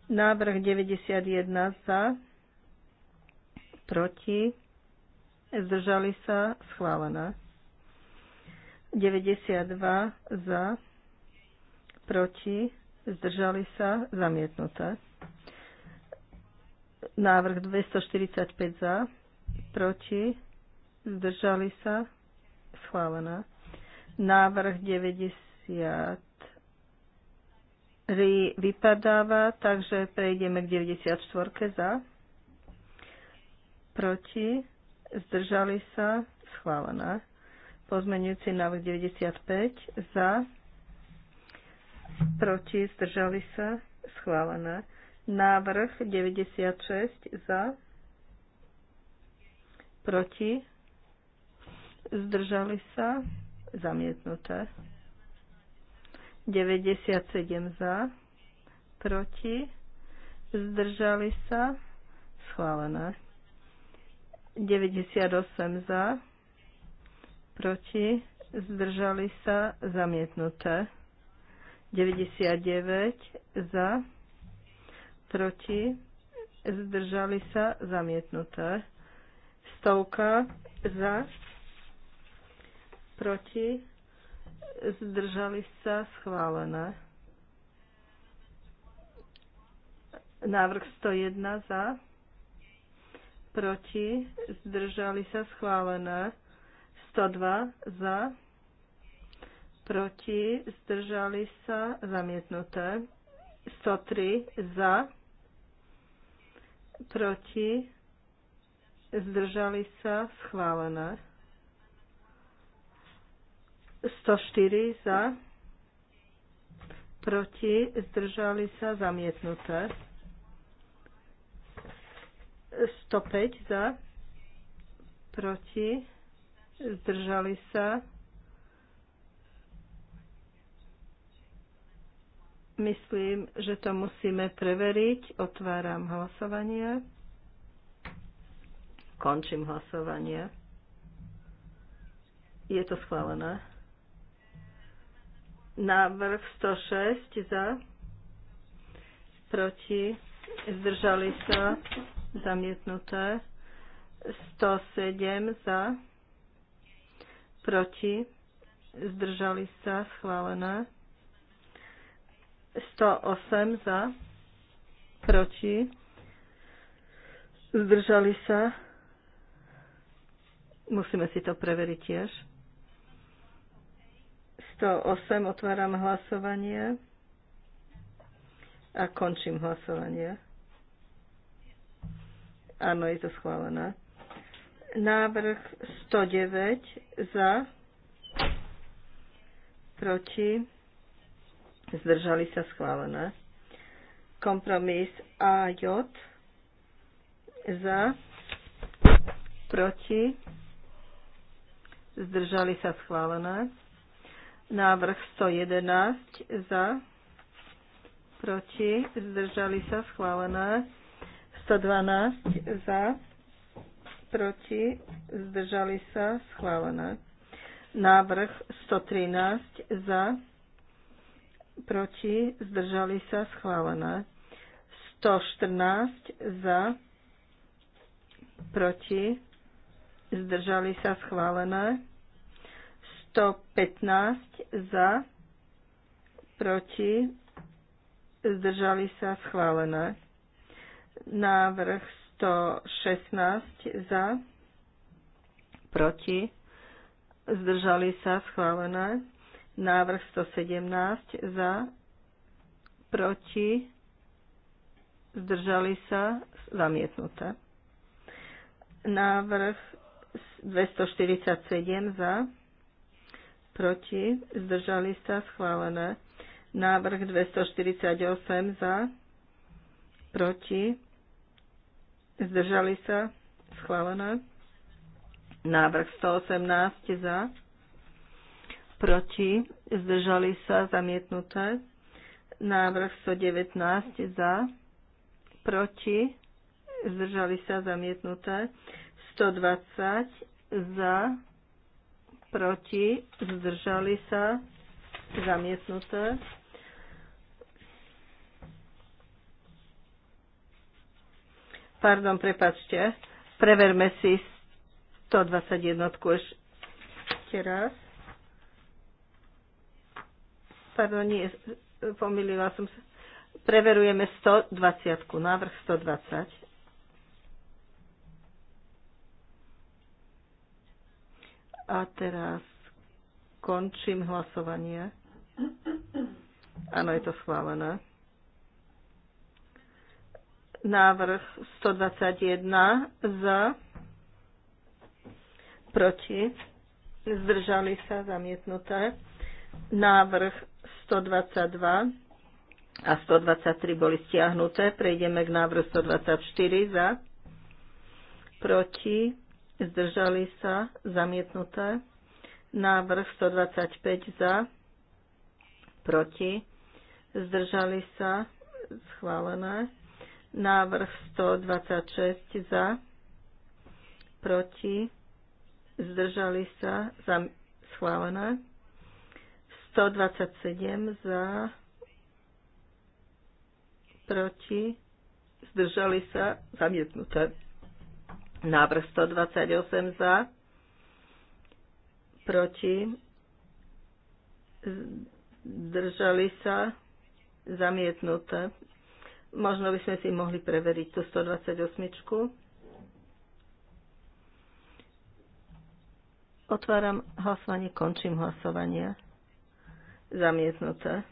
Návrh 91 za, proti, zdržali sa, schválená 92 za, proti, zdržali sa, zamietnuté. Návrh 245 za, proti, zdržali sa, schválená. Návrh 90 vypadáva, takže prejdeme k 94 za. Proti. Zdržali sa. Schválená. Pozmenujúci návrh 95 za. Proti. Zdržali sa. Schválená. Návrh 96 za. Proti. Zdržali sa. Zamietnuté. 97 za, proti, zdržali sa, schválené. 98 za, proti, zdržali sa, zamietnuté. 99 za, proti, zdržali sa, zamietnuté. Stovka za, proti, zdržali sa, schválené. Návrh 101 za, proti, zdržali sa, schválené. 102 za, proti, zdržali sa, zamietnuté. 103 za, proti, zdržali sa, schválené. 104 za, proti, zdržali sa, zamietnuté. 105 za, proti, zdržali sa. Myslím, že to musíme preveriť. Otváram hlasovanie. Končím hlasovanie. Je to schválené. Návrh 106 za, proti, zdržali sa, zamietnuté. 107 za, proti, zdržali sa, schválené. 108 za, proti, zdržali sa. Musíme si to preveriť tiež. 108 otváram hlasovanie a končím hlasovanie. Áno, je to schválené. Návrh 109 za, proti, zdržali sa schválené. Kompromis AJ za, proti, zdržali sa schválené. Návrh 111 za, proti, zdržali sa schválené. 112 za, proti, zdržali sa schválené. Návrh 113 za, proti, zdržali sa schválené. 114 za, proti, zdržali sa schválené. 115 za, proti, zdržali sa schválené. Návrh 116 za, proti, zdržali sa schválené. Návrh 117 za, proti, zdržali sa zamietnuté. Návrh 247 za, proti, zdržali sa, schválené. Návrh 248 za, proti, zdržali sa, schválené. Návrh 118 za, proti, zdržali sa, zamietnuté. Návrh 119 za, proti, zdržali sa, zamietnuté. 120 za, proti, zdržali sa, zamietnuté. Pardon, prepačte, preverme si 121 ešte raz. Pardon, nie, pomýlila som sa. Preverujeme 120, návrh 120. A teraz končím hlasovanie. Áno, je to schválené. Návrh 121 za, proti, zdržali sa, zamietnuté. Návrh 122 a 123 boli stiahnuté. Prejdeme k návrhu 124 za, proti, zdržali sa, zamietnuté. Návrh 125 za, proti, zdržali sa, schválené. Návrh 126 za, proti, zdržali sa, zam, schválené. 127 za, proti, zdržali sa, zamietnuté. Návrh 128 za, proti, zdržali sa, zamietnuté. Možno by sme si mohli preveriť tú 128. Otváram hlasovanie, končím hlasovanie. Zamietnuté.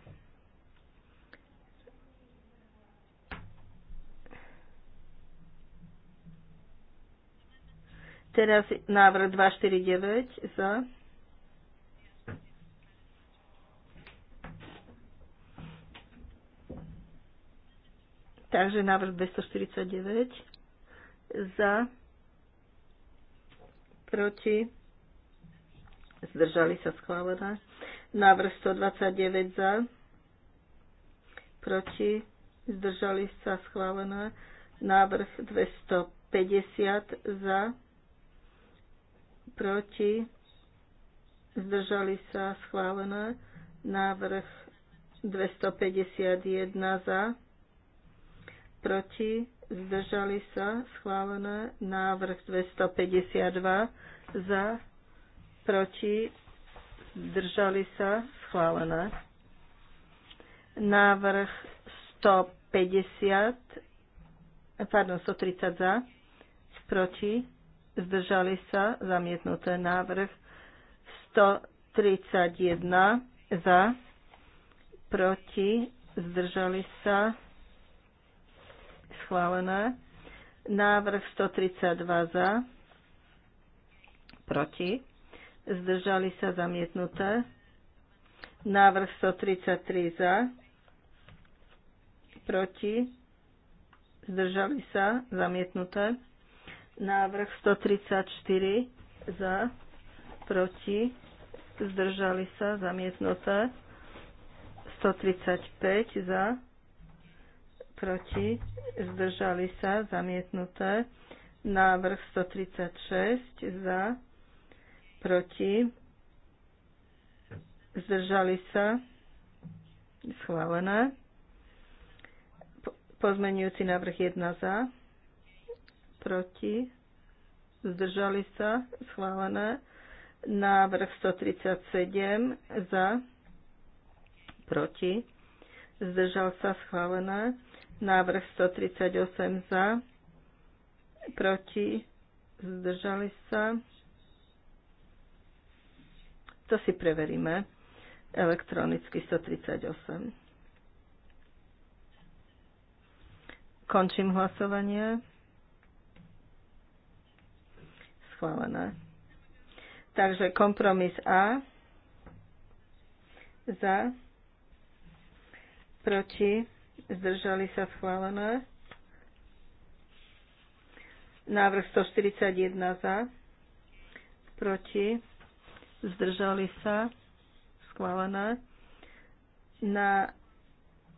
Teraz návrh 249 za. Takže návrh 249 za, proti, zdržali sa schválené. Návrh 129 za, proti, zdržali sa schválené. Návrh 250 za, proti, zdržali sa schválené, návrh 251 za, proti, zdržali sa schválené, návrh 252 za, proti, zdržali sa schválené. Návrh 150, pardon, 130 za, proti, zdržali sa, zamietnuté návrh 131 za, proti, zdržali sa, schválené. Návrh 132 za, proti, zdržali sa, zamietnuté. Návrh 133 za, proti, zdržali sa, zamietnuté. Návrh 134 za, proti, zdržali sa, zamietnuté. 135 za, proti, zdržali sa, zamietnuté. Návrh 136 za, proti, zdržali sa, schválené. Pozmenujúci návrh 1 za, proti, zdržali sa, schválené. Návrh 137 za, proti, zdržal sa, schválené. Návrh 138 za, proti, zdržali sa. To si preveríme. Elektronicky 138. Končím hlasovanie. schválená. Takže kompromis A za, proti, zdržali sa schválené. Návrh 141 za, proti, zdržali sa schválené. Na,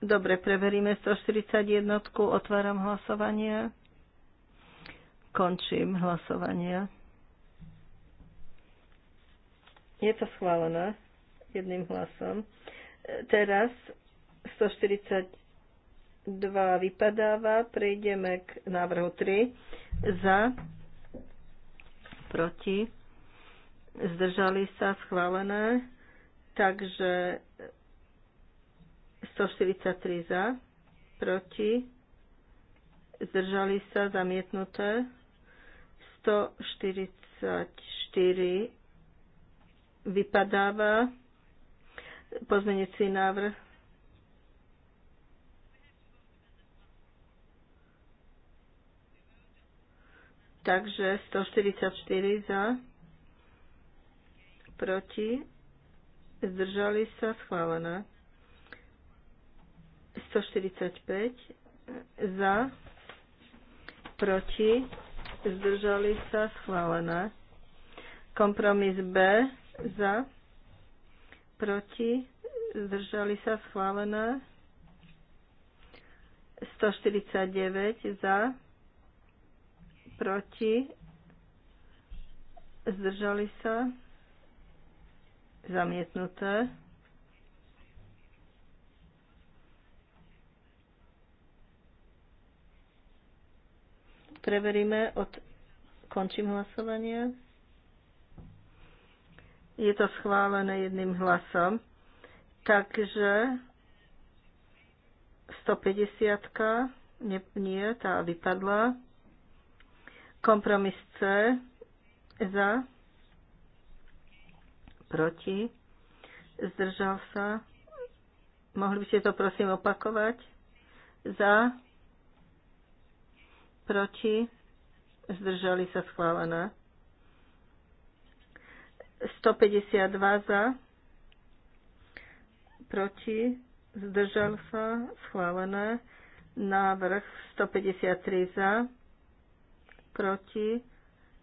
dobre, preveríme 141, otváram hlasovanie, končím hlasovanie. Je to schválené jedným hlasom. Teraz 142 vypadáva. Prejdeme k návrhu 3. Za, proti, zdržali sa, schválené. Takže 143 za, proti, zdržali sa, zamietnuté. 144 vypadáva pozmenici návrh. Takže 144 za, proti, zdržali sa, schválené. 145 za, proti, zdržali sa, schválené. Kompromis B za, proti, zdržali sa schválené. 149 za, proti, zdržali sa, zamietnuté. Preveríme od... Končím hlasovanie. Je to schválené jedným hlasom. Takže 150 nie, nie, tá vypadla. Kompromis C za, proti, zdržal sa. Mohli by ste to prosím opakovať? Za, proti, zdržali sa schválené. 152 za, proti, zdržal sa, schválené. Návrh 153 za, proti,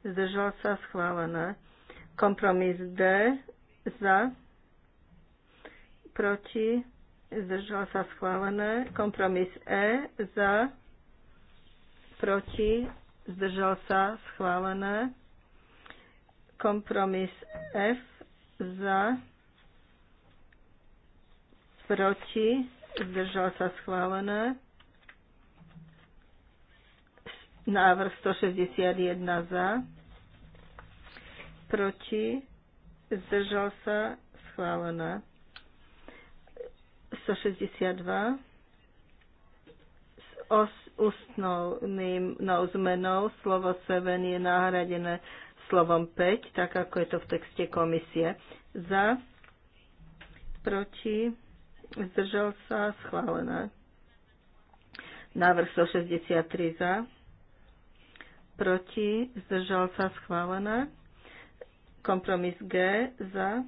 zdržal sa, schválené. Kompromis D za, proti, zdržal sa, schválené. Kompromis E za, proti, zdržal sa, schválené. Kompromis F za, proti, zdržal sa schválené. Návrh 161 za, proti, zdržal sa schválené. 162 s ústnou nou zmenou slovo seven je nahradené slovom 5, tak ako je to v texte komisie. Za, proti, zdržal sa, schválené. Návrh 163 za, proti, zdržal sa, schválené. Kompromis G za,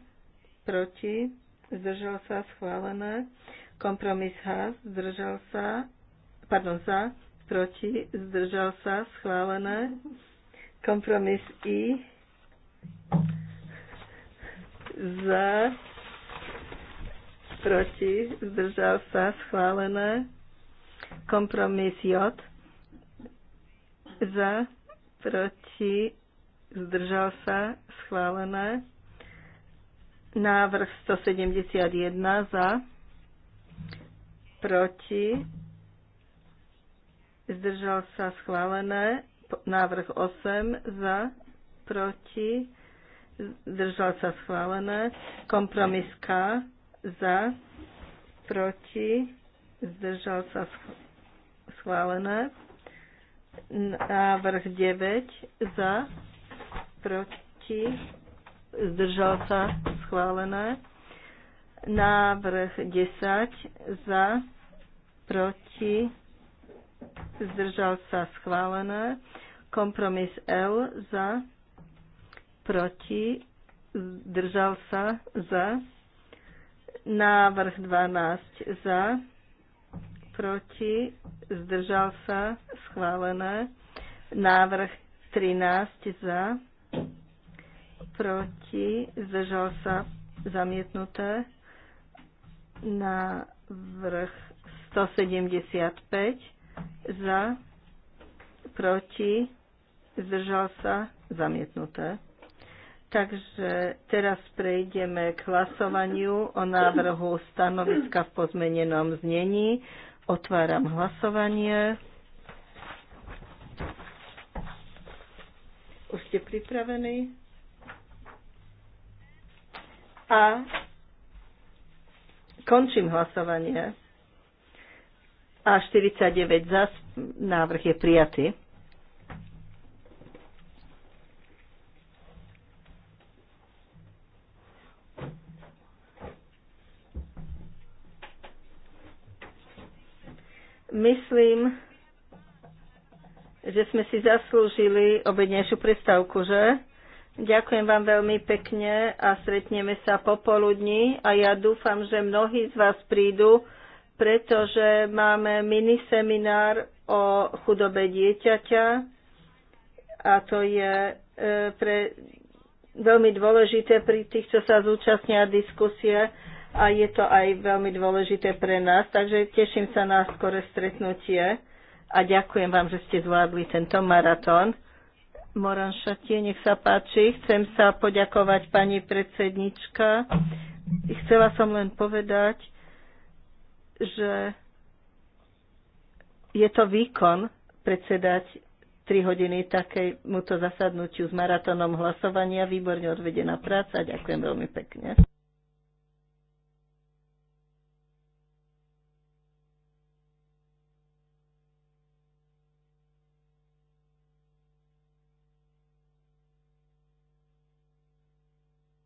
proti, zdržal sa, schválené. Kompromis H, zdržal sa, pardon, za, proti, zdržal sa, schválené. Kompromis I za, proti, zdržal sa, schválené. Kompromis J za, proti, zdržal sa, schválené. Návrh 171 za, proti, zdržal sa schválené návrh 8 za, proti, zdržal sa schválené. Kompromis K za, proti, zdržal sa schválené. Návrh 9 za, proti, zdržal sa schválené. Návrh 10 za, proti, zdržal sa schválené. Kompromis L za, proti, držal sa, za. Návrh 12 za, proti, zdržal sa, schválené. Návrh 13 za, proti, zdržal sa, zamietnuté. Návrh 175 za, proti, zdržal sa, zamietnuté. Takže teraz prejdeme k hlasovaniu o návrhu stanoviska v pozmenenom znení. Otváram hlasovanie. Už ste pripravení? A končím hlasovanie. A 49 za, návrh je prijatý. Myslím, že sme si zaslúžili obednejšiu prestávku, že? Ďakujem vám veľmi pekne a stretneme sa popoludní a ja dúfam, že mnohí z vás prídu, pretože máme miniseminár o chudobe dieťaťa a to je e, pre veľmi dôležité pri tých, čo sa zúčastnia diskusie, a je to aj veľmi dôležité pre nás, takže teším sa na skore stretnutie a ďakujem vám, že ste zvládli tento maratón. Moran Šatie, nech sa páči. Chcem sa poďakovať pani predsednička. Chcela som len povedať, že je to výkon predsedať 3 hodiny takémuto zasadnutiu s maratónom hlasovania. Výborne odvedená práca. Ďakujem veľmi pekne.